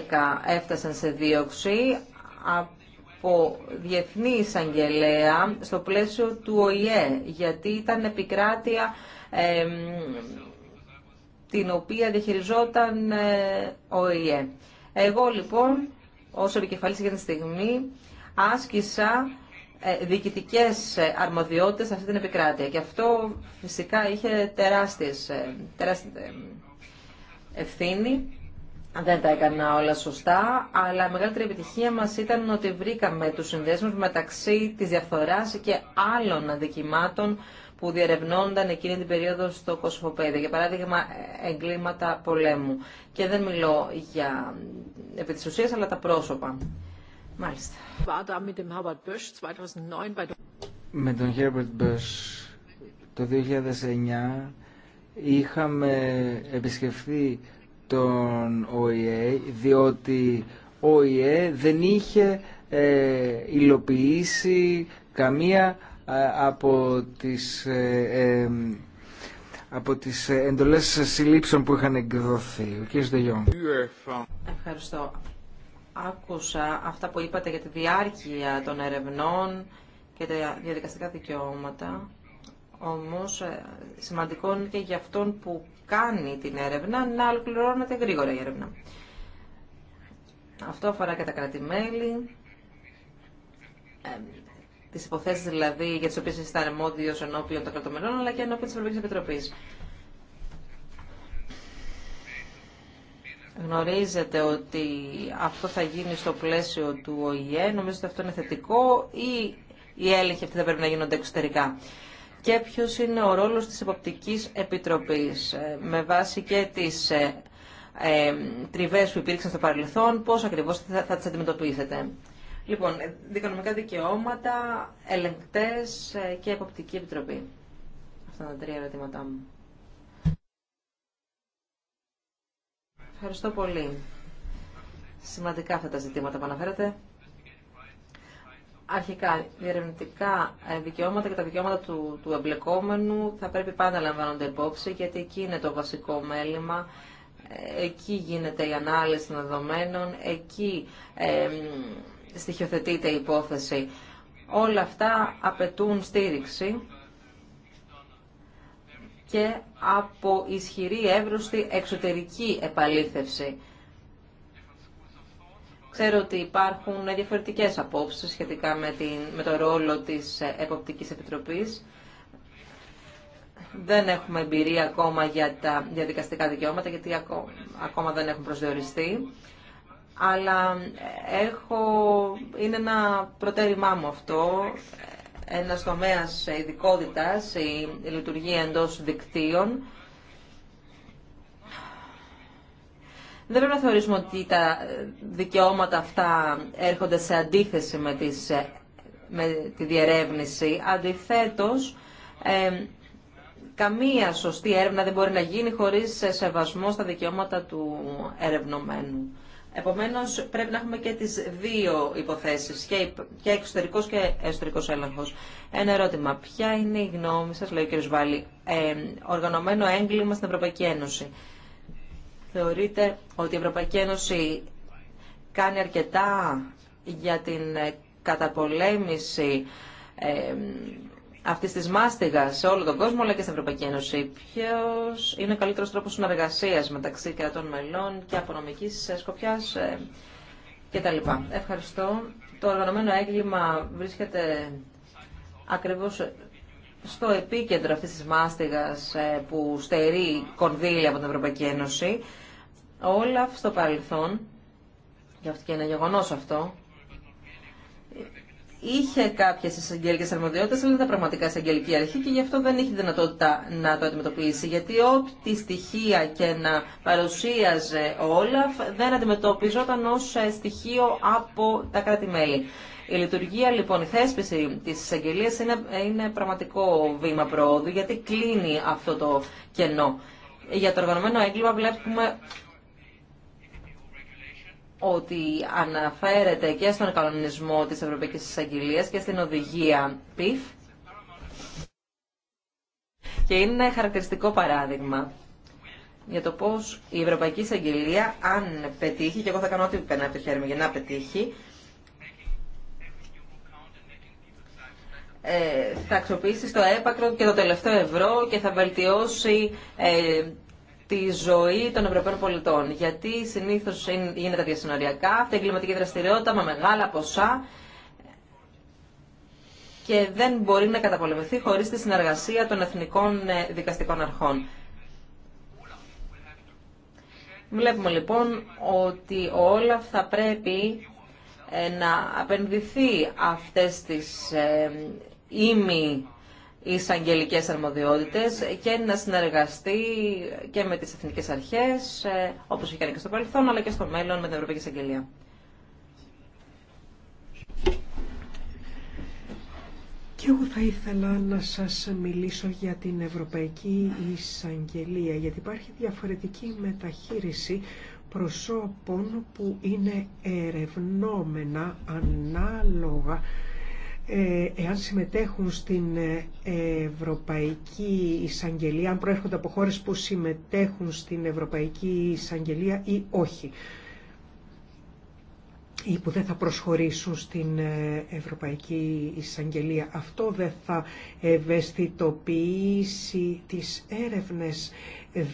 έφτασαν σε δίωξη από διεθνή εισαγγελέα στο πλαίσιο του ΟΗΕ, γιατί ήταν επικράτεια την οποία διαχειριζόταν ε, ο ΟΗΕ. Εγώ λοιπόν, ως επικεφαλής για τη στιγμή, άσκησα ε, διοικητικές ε, αρμοδιότητες σε αυτή την επικράτεια. Και αυτό φυσικά είχε τεράστιες, ε, τεράστια ευθύνη. Δεν τα έκανα όλα σωστά, αλλά η μεγαλύτερη επιτυχία μας ήταν ότι βρήκαμε τους συνδέσμους μεταξύ της διαφθοράς και άλλων αντικειμάτων που διερευνώνταν εκείνη την περίοδο στο Κωσοφοπέδιο. Για παράδειγμα, εγκλήματα πολέμου. Και δεν μιλώ για επί αλλά τα πρόσωπα. Με τον Herbert Bush το 2009 είχαμε επισκεφθεί τον ΟΗΕ διότι ο ΟΗΕ δεν είχε ε, υλοποιήσει καμία ε, από τις, ε, ε, από τις εντολές συλλήψεων που είχαν εκδοθεί. Ο κ. Ευχαριστώ. Άκουσα αυτά που είπατε για τη διάρκεια των ερευνών και τα διαδικαστικά δικαιώματα. Όμως ε, σημαντικό είναι και για αυτόν που κάνει την έρευνα να ολοκληρώνεται γρήγορα η έρευνα. Αυτό αφορά και τα κρατημέλη, τι ε, τις υποθέσεις δηλαδή για τις οποίες ήταν αρμόδιος ενώπιον των κρατομελών, αλλά και ενώπιον της Ευρωπαϊκής Επιτροπής. Γνωρίζετε ότι αυτό θα γίνει στο πλαίσιο του ΟΗΕ. Νομίζω ότι αυτό είναι θετικό ή η έλεγχοι αυτοί θα πρέπει να γίνονται εξωτερικά. Και ποιο είναι ο ρόλος τη εποπτική επιτροπή ε, με βάση και τις ε, ε, τριβές που υπήρξαν στο παρελθόν, πώ ακριβώς θα, θα τις αντιμετωπίσετε. Λοιπόν, δικονομικά δικαιώματα, ελεγκτές ε, και Εποπτική Επιτροπή. Αυτά τα τρία ερωτήματά μου. Ευχαριστώ πολύ. Σημαντικά αυτά τα ζητήματα που αναφέρατε. Αρχικά, διερευνητικά ε, δικαιώματα και τα δικαιώματα του, του εμπλεκόμενου θα πρέπει πάντα να λαμβάνονται υπόψη, γιατί εκεί είναι το βασικό μέλημα. Ε, εκεί γίνεται η ανάλυση των δεδομένων, εκεί ε, στοιχειοθετείται η υπόθεση. Όλα αυτά απαιτούν στήριξη και από ισχυρή εύρωστη εξωτερική επαλήθευση. Ξέρω ότι υπάρχουν διαφορετικές απόψεις σχετικά με, την, με το ρόλο της Εποπτικής Επιτροπής. Δεν έχουμε εμπειρία ακόμα για τα διαδικαστικά δικαιώματα, γιατί ακόμα, δεν έχουν προσδιοριστεί. Αλλά έχω, είναι ένα προτέρημά μου αυτό ένας τομέας ειδικότητας, η λειτουργία εντός δικτύων. Δεν πρέπει να θεωρήσουμε ότι τα δικαιώματα αυτά έρχονται σε αντίθεση με, τη διερεύνηση. Αντιθέτως, καμία σωστή έρευνα δεν μπορεί να γίνει χωρίς σεβασμό στα δικαιώματα του ερευνομένου. Επομένως πρέπει να έχουμε και τις δύο υποθέσεις, και εξωτερικό και εσωτερικός έλεγχο. Ένα ερώτημα, ποια είναι η γνώμη σας, λέει ο κ. Βάλλη, ε, οργανωμένο έγκλημα στην Ευρωπαϊκή Ένωση. Θεωρείτε ότι η Ευρωπαϊκή Ένωση κάνει αρκετά για την καταπολέμηση ε, αυτή τη μάστιγα σε όλο τον κόσμο αλλά και στην Ευρωπαϊκή Ένωση. Ποιο είναι ο καλύτερο τρόπο συνεργασία μεταξύ κρατών μελών και απονομική ε, σκοπιά ε, κτλ. Ευχαριστώ. Το οργανωμένο έγκλημα βρίσκεται ακριβώ στο επίκεντρο αυτή τη μάστιγα ε, που στερεί κονδύλια από την Ευρωπαϊκή Ένωση. Όλα στο παρελθόν, και αυτό και είναι γεγονό αυτό, είχε κάποιε εισαγγελικέ αρμοδιότητε, αλλά δεν ήταν πραγματικά εισαγγελική αρχή και γι' αυτό δεν είχε δυνατότητα να το αντιμετωπίσει. Γιατί ό,τι στοιχεία και να παρουσίαζε ο Όλαφ δεν αντιμετωπιζόταν ω ε, στοιχείο από τα κράτη-μέλη. Η λειτουργία λοιπόν, η θέσπιση τη εισαγγελία είναι, είναι πραγματικό βήμα προόδου, γιατί κλείνει αυτό το κενό. Για το οργανωμένο έγκλημα βλέπουμε ότι αναφέρεται και στον κανονισμό της Ευρωπαϊκής Εισαγγελίας και στην οδηγία PIF και είναι χαρακτηριστικό παράδειγμα για το πώς η Ευρωπαϊκή Εισαγγελία αν πετύχει, και εγώ θα κάνω ό,τι περνάει από το χέρι μου για να πετύχει, ε, θα αξιοποιήσει στο έπακρο και το τελευταίο ευρώ και θα βελτιώσει ε, τη ζωή των Ευρωπαίων πολιτών. Γιατί συνήθω γίνεται διασυνοριακά αυτή η εγκληματική δραστηριότητα με μεγάλα ποσά και δεν μπορεί να καταπολεμηθεί χωρίς τη συνεργασία των εθνικών ε, δικαστικών αρχών. Βλέπουμε λοιπόν ότι όλα θα πρέπει ε, να απενδυθεί αυτές τις ε, ήμοι εισαγγελικέ αρμοδιότητες και να συνεργαστεί και με τις εθνικές αρχές, ε, όπως είχε κάνει και στο παρελθόν, αλλά και στο μέλλον με την Ευρωπαϊκή Εισαγγελία. Και εγώ θα ήθελα να σας μιλήσω για την Ευρωπαϊκή Εισαγγελία, γιατί υπάρχει διαφορετική μεταχείριση προσώπων που είναι ερευνόμενα ανάλογα ε, εάν συμμετέχουν στην ε, Ευρωπαϊκή Εισαγγελία, αν προέρχονται από χώρες που συμμετέχουν στην Ευρωπαϊκή Εισαγγελία ή όχι ή που δεν θα προσχωρήσουν στην ε, Ευρωπαϊκή Εισαγγελία. Αυτό δεν θα ευαισθητοποιήσει τις έρευνες,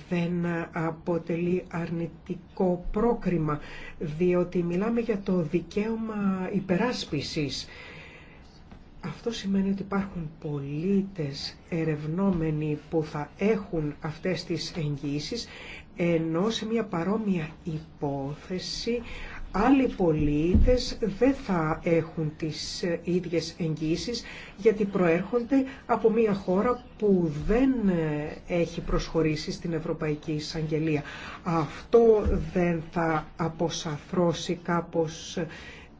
δεν αποτελεί αρνητικό πρόκριμα, διότι μιλάμε για το δικαίωμα υπεράσπισης αυτό σημαίνει ότι υπάρχουν πολίτες ερευνόμενοι που θα έχουν αυτές τις εγγύησεις, ενώ σε μια παρόμοια υπόθεση άλλοι πολίτες δεν θα έχουν τις ε, ίδιες εγγύησεις γιατί προέρχονται από μια χώρα που δεν ε, έχει προσχωρήσει στην Ευρωπαϊκή Εισαγγελία. Αυτό δεν θα αποσαφρώσει κάπως ε,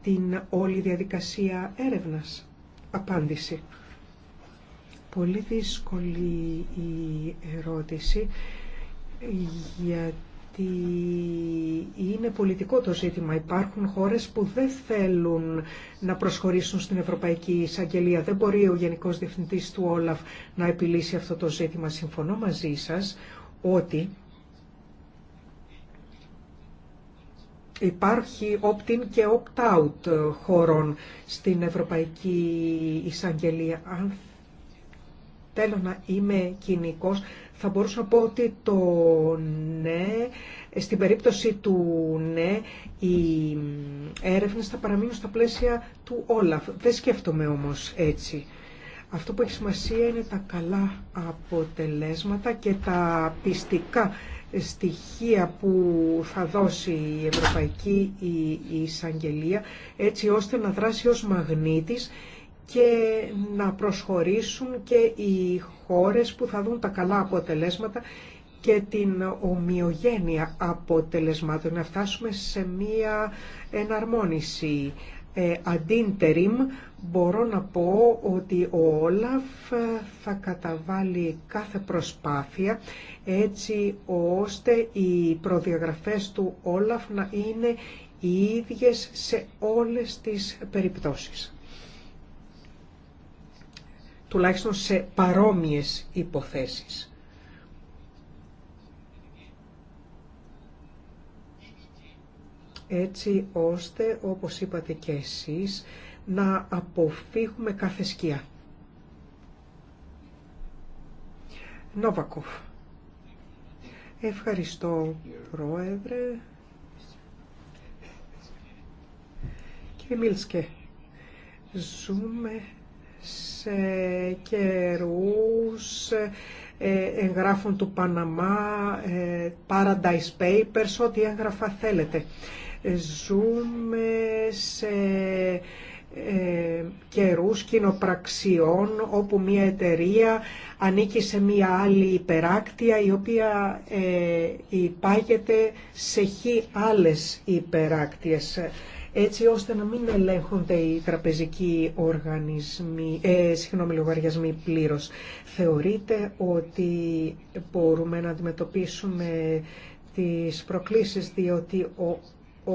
την όλη διαδικασία έρευνας απάντηση. Πολύ δύσκολη η ερώτηση γιατί είναι πολιτικό το ζήτημα. Υπάρχουν χώρες που δεν θέλουν να προσχωρήσουν στην Ευρωπαϊκή Εισαγγελία. Δεν μπορεί ο Γενικός Διευθυντής του Όλαφ να επιλύσει αυτό το ζήτημα. Συμφωνώ μαζί σας ότι Υπάρχει opt-in και opt-out χωρών στην Ευρωπαϊκή Εισαγγελία. Αν θέλω να είμαι κοινικός, θα μπορούσα να πω ότι το ναι, στην περίπτωση του ναι, οι έρευνες θα παραμείνουν στα πλαίσια του Όλαφ. Δεν σκέφτομαι όμως έτσι. Αυτό που έχει σημασία είναι τα καλά αποτελέσματα και τα πιστικά στοιχεία που θα δώσει η Ευρωπαϊκή η Εισαγγελία έτσι ώστε να δράσει ως μαγνήτης και να προσχωρήσουν και οι χώρες που θα δουν τα καλά αποτελέσματα και την ομοιογένεια αποτελεσμάτων, να φτάσουμε σε μία εναρμόνιση ε, αντίντεριμ μπορώ να πω ότι ο Όλαφ ε, θα καταβάλει κάθε προσπάθεια έτσι ώστε οι προδιαγραφές του Όλαφ να είναι οι ίδιες σε όλες τις περιπτώσεις. Τουλάχιστον σε παρόμοιες υποθέσεις. έτσι ώστε, όπως είπατε και εσείς, να αποφύγουμε κάθε σκιά. Νόβακοφ. Ευχαριστώ, Πρόεδρε. Κύριε Μίλσκε, ζούμε σε καιρούς ε, εγγράφων του Παναμά, ε, Paradise Papers, ό,τι έγγραφα θέλετε. Ζούμε σε ε, καιρούς κοινοπραξιών όπου μια εταιρεία ανήκει σε μια άλλη υπεράκτεια η οποία ε, υπάγεται σε χι άλλες υπεράκτειες έτσι ώστε να μην ελέγχονται οι τραπεζικοί οργανισμοί, ε, συγγνώμη, λογαριασμοί πλήρως. Θεωρείτε ότι μπορούμε να αντιμετωπίσουμε τις προκλήσεις διότι ο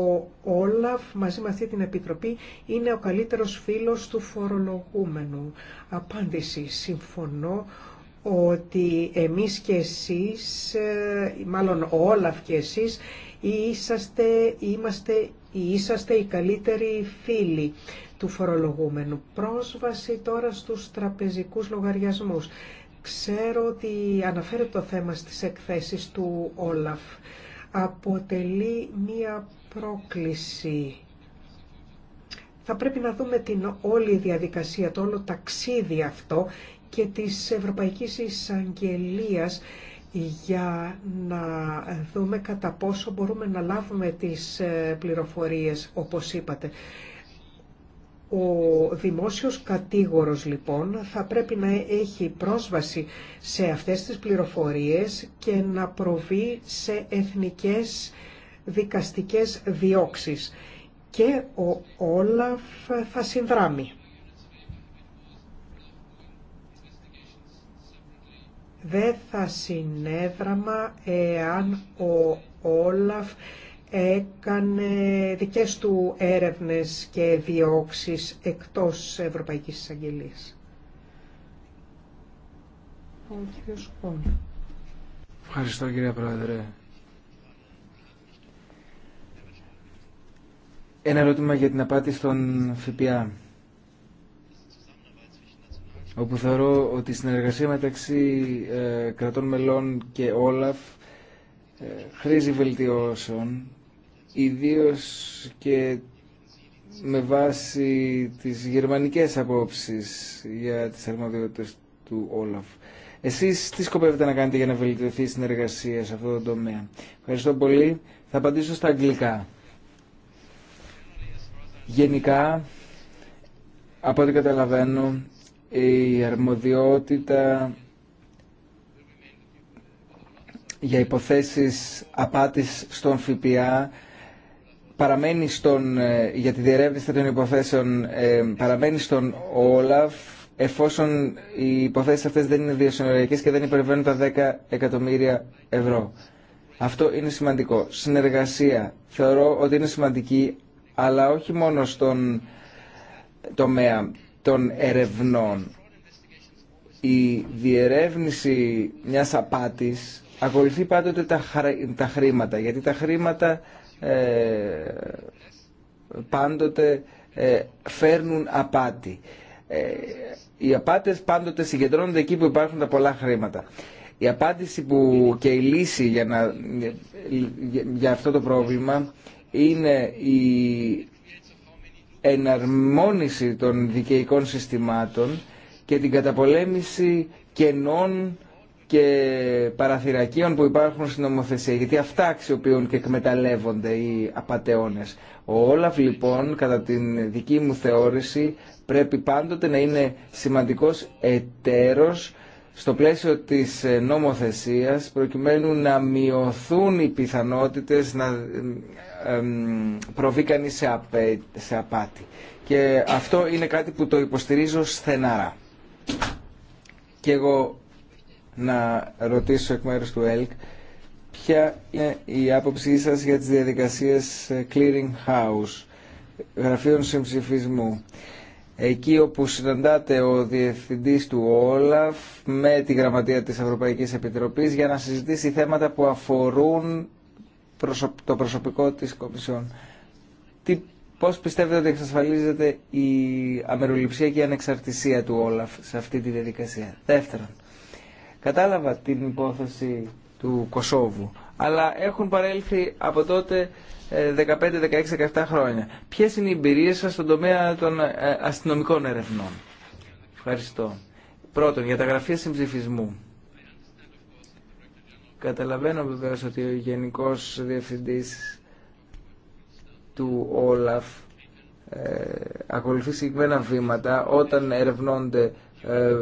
ο Όλαφ μαζί με αυτή την Επιτροπή είναι ο καλύτερος φίλος του φορολογούμενου. Απάντηση. Συμφωνώ ότι εμείς και εσείς, ε, μάλλον ο Όλαφ και εσείς, είσαστε, είμαστε, είσαστε οι καλύτεροι φίλοι του φορολογούμενου. Πρόσβαση τώρα στους τραπεζικούς λογαριασμούς. Ξέρω ότι αναφέρεται το θέμα στις εκθέσεις του Όλαφ. Αποτελεί μία πρόκληση. Θα πρέπει να δούμε την όλη διαδικασία, το όλο ταξίδι αυτό και της Ευρωπαϊκής Εισαγγελίας για να δούμε κατά πόσο μπορούμε να λάβουμε τις ε, πληροφορίες, όπως είπατε. Ο δημόσιος κατήγορος λοιπόν θα πρέπει να έχει πρόσβαση σε αυτές τις πληροφορίες και να προβεί σε εθνικές δικαστικές διώξεις και ο Όλαφ θα συνδράμει. Δεν θα συνέδραμα εάν ο Όλαφ έκανε δικές του έρευνες και διώξεις εκτός Ευρωπαϊκής Εισαγγελίας. Ευχαριστώ κύριε Πρόεδρε. Ένα ερώτημα για την απάτη στον ΦΠΑ όπου θεωρώ ότι η συνεργασία μεταξύ ε, κρατών μελών και Όλαφ ε, χρήζει βελτιώσεων, ιδίως και με βάση τις γερμανικές απόψεις για τις αρμοδιότητες του Όλαφ. Εσείς τι σκοπεύετε να κάνετε για να βελτιωθεί η συνεργασία σε αυτό το τομέα. Ευχαριστώ πολύ. Θα απαντήσω στα αγγλικά. Γενικά, από ό,τι καταλαβαίνω, η αρμοδιότητα για υποθέσεις απάτης στον ΦΠΑ παραμένει στον, ε, για τη διερεύνηση των υποθέσεων ε, παραμένει στον Όλαφ εφόσον οι υποθέσεις αυτές δεν είναι διασυνοριακές και δεν υπερβαίνουν τα 10 εκατομμύρια ευρώ. Αυτό είναι σημαντικό. Συνεργασία. Θεωρώ ότι είναι σημαντική αλλά όχι μόνο στον τομέα των ερευνών. Η διερεύνηση μιας απάτης ακολουθεί πάντοτε τα χρήματα, γιατί τα χρήματα ε, πάντοτε ε, φέρνουν απάτη. Ε, οι απάτες πάντοτε συγκεντρώνονται εκεί που υπάρχουν τα πολλά χρήματα. Η απάντηση που και η λύση για, να, για αυτό το πρόβλημα είναι η εναρμόνιση των δικαιικών συστημάτων και την καταπολέμηση κενών και παραθυρακίων που υπάρχουν στην νομοθεσία, γιατί αυτά αξιοποιούν και εκμεταλλεύονται οι απαταιώνες. Ο Όλαφ λοιπόν, κατά την δική μου θεώρηση, πρέπει πάντοτε να είναι σημαντικός εταίρος στο πλαίσιο της νομοθεσίας προκειμένου να μειωθούν οι πιθανότητες να προβεί σε, σε απάτη. Και αυτό είναι κάτι που το υποστηρίζω στεναρά. Και εγώ να ρωτήσω εκ μέρους του ΕΛΚ ποια είναι η άποψή σας για τις διαδικασίες ε, clearing house, γραφείων συμψηφισμού. Εκεί όπου συναντάται ο διευθυντής του Όλαφ με τη γραμματεία της Ευρωπαϊκής Επιτροπής για να συζητήσει θέματα που αφορούν το προσωπικό της Κομισιόν. Τι, πώς πιστεύετε ότι εξασφαλίζεται η αμεροληψία και η ανεξαρτησία του Όλαφ σε αυτή τη διαδικασία. Δεύτερον, κατάλαβα την υπόθεση του Κωσόβου, αλλά έχουν παρέλθει από τότε 15, 16, 17 χρόνια. Ποιες είναι οι εμπειρίες σας στον τομέα των ε, αστυνομικών ερευνών. Ευχαριστώ. Πρώτον, για τα γραφεία συμψηφισμού. Καταλαβαίνω βεβαίως ότι ο Γενικός Διευθυντής του Όλαφ ε, ακολουθεί συγκεκριμένα βήματα όταν ερευνώνται ε,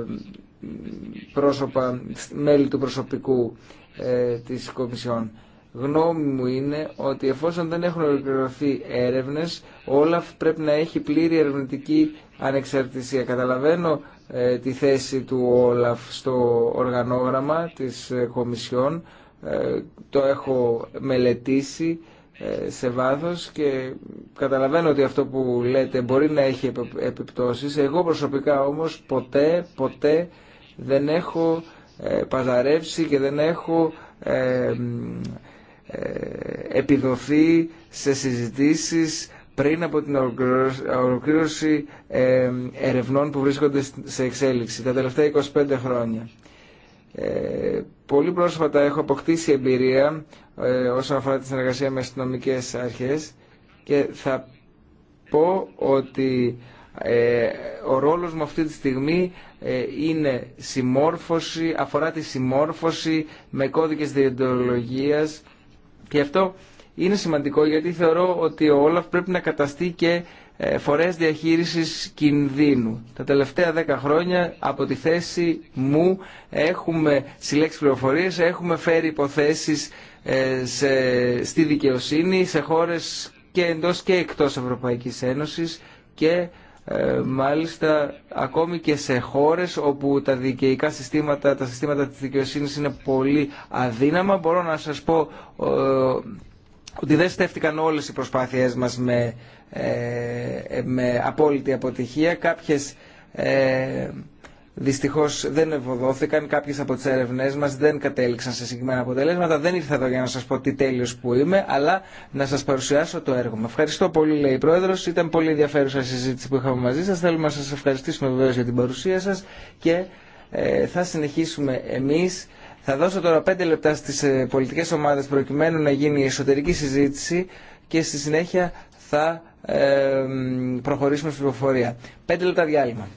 πρόσωπα, μέλη του προσωπικού ε, της Κομισιόν. Γνώμη μου είναι ότι εφόσον δεν έχουν ολοκληρωθεί έρευνες, ΟΛΑΦ πρέπει να έχει πλήρη ερευνητική ανεξαρτησία. Καταλαβαίνω ε, τη θέση του Όλαφ στο οργανόγραμμα της ε, Κομισιόν. Ε, το έχω μελετήσει σε βάθος και καταλαβαίνω ότι αυτό που λέτε μπορεί να έχει επιπτώσεις. Εγώ προσωπικά όμως ποτέ, ποτέ δεν έχω παζαρεύσει και δεν έχω επιδοθεί σε συζητήσεις πριν από την ολοκλήρωση ερευνών που βρίσκονται σε εξέλιξη τα τελευταία 25 χρόνια. Ε, πολύ πρόσφατα έχω αποκτήσει εμπειρία ε, όσον αφορά τη συνεργασία με αστυνομικέ αρχές και θα πω ότι ε, ο ρόλος μου αυτή τη στιγμή ε, είναι συμμόρφωση, αφορά τη συμμόρφωση με κώδικες διεντολογίας και αυτό είναι σημαντικό γιατί θεωρώ ότι ο Όλαφ πρέπει να καταστεί και ε, φορές διαχείρισης κινδύνου. Τα τελευταία δέκα χρόνια από τη θέση μου έχουμε συλλέξει πληροφορίες, έχουμε φέρει υποθέσεις ε, σε, στη δικαιοσύνη σε χώρες και εντός και εκτός Ευρωπαϊκής Ένωσης και ε, μάλιστα ακόμη και σε χώρες όπου τα δικαιικά συστήματα, τα συστήματα της δικαιοσύνης είναι πολύ αδύναμα. Μπορώ να σας πω ότι δεν στέφτηκαν όλες οι προσπάθειές μας με, ε, ε, με απόλυτη αποτυχία. Κάποιες ε, δυστυχώς δεν ευωδόθηκαν, κάποιες από τις έρευνές μας δεν κατέληξαν σε συγκεκριμένα αποτελέσματα. Δεν ήρθα εδώ για να σας πω τι τέλειος που είμαι, αλλά να σας παρουσιάσω το έργο μου. Ευχαριστώ πολύ, λέει η Πρόεδρος. Ήταν πολύ ενδιαφέρουσα η συζήτηση που είχαμε μαζί σας. Θέλουμε να σας ευχαριστήσουμε βεβαίως για την παρουσία σας και ε, θα συνεχίσουμε εμείς θα δώσω τώρα πέντε λεπτά στις ε, πολιτικές ομάδες προκειμένου να γίνει η εσωτερική συζήτηση και στη συνέχεια θα ε, προχωρήσουμε στην υποφορία. Πέντε λεπτά διάλειμμα.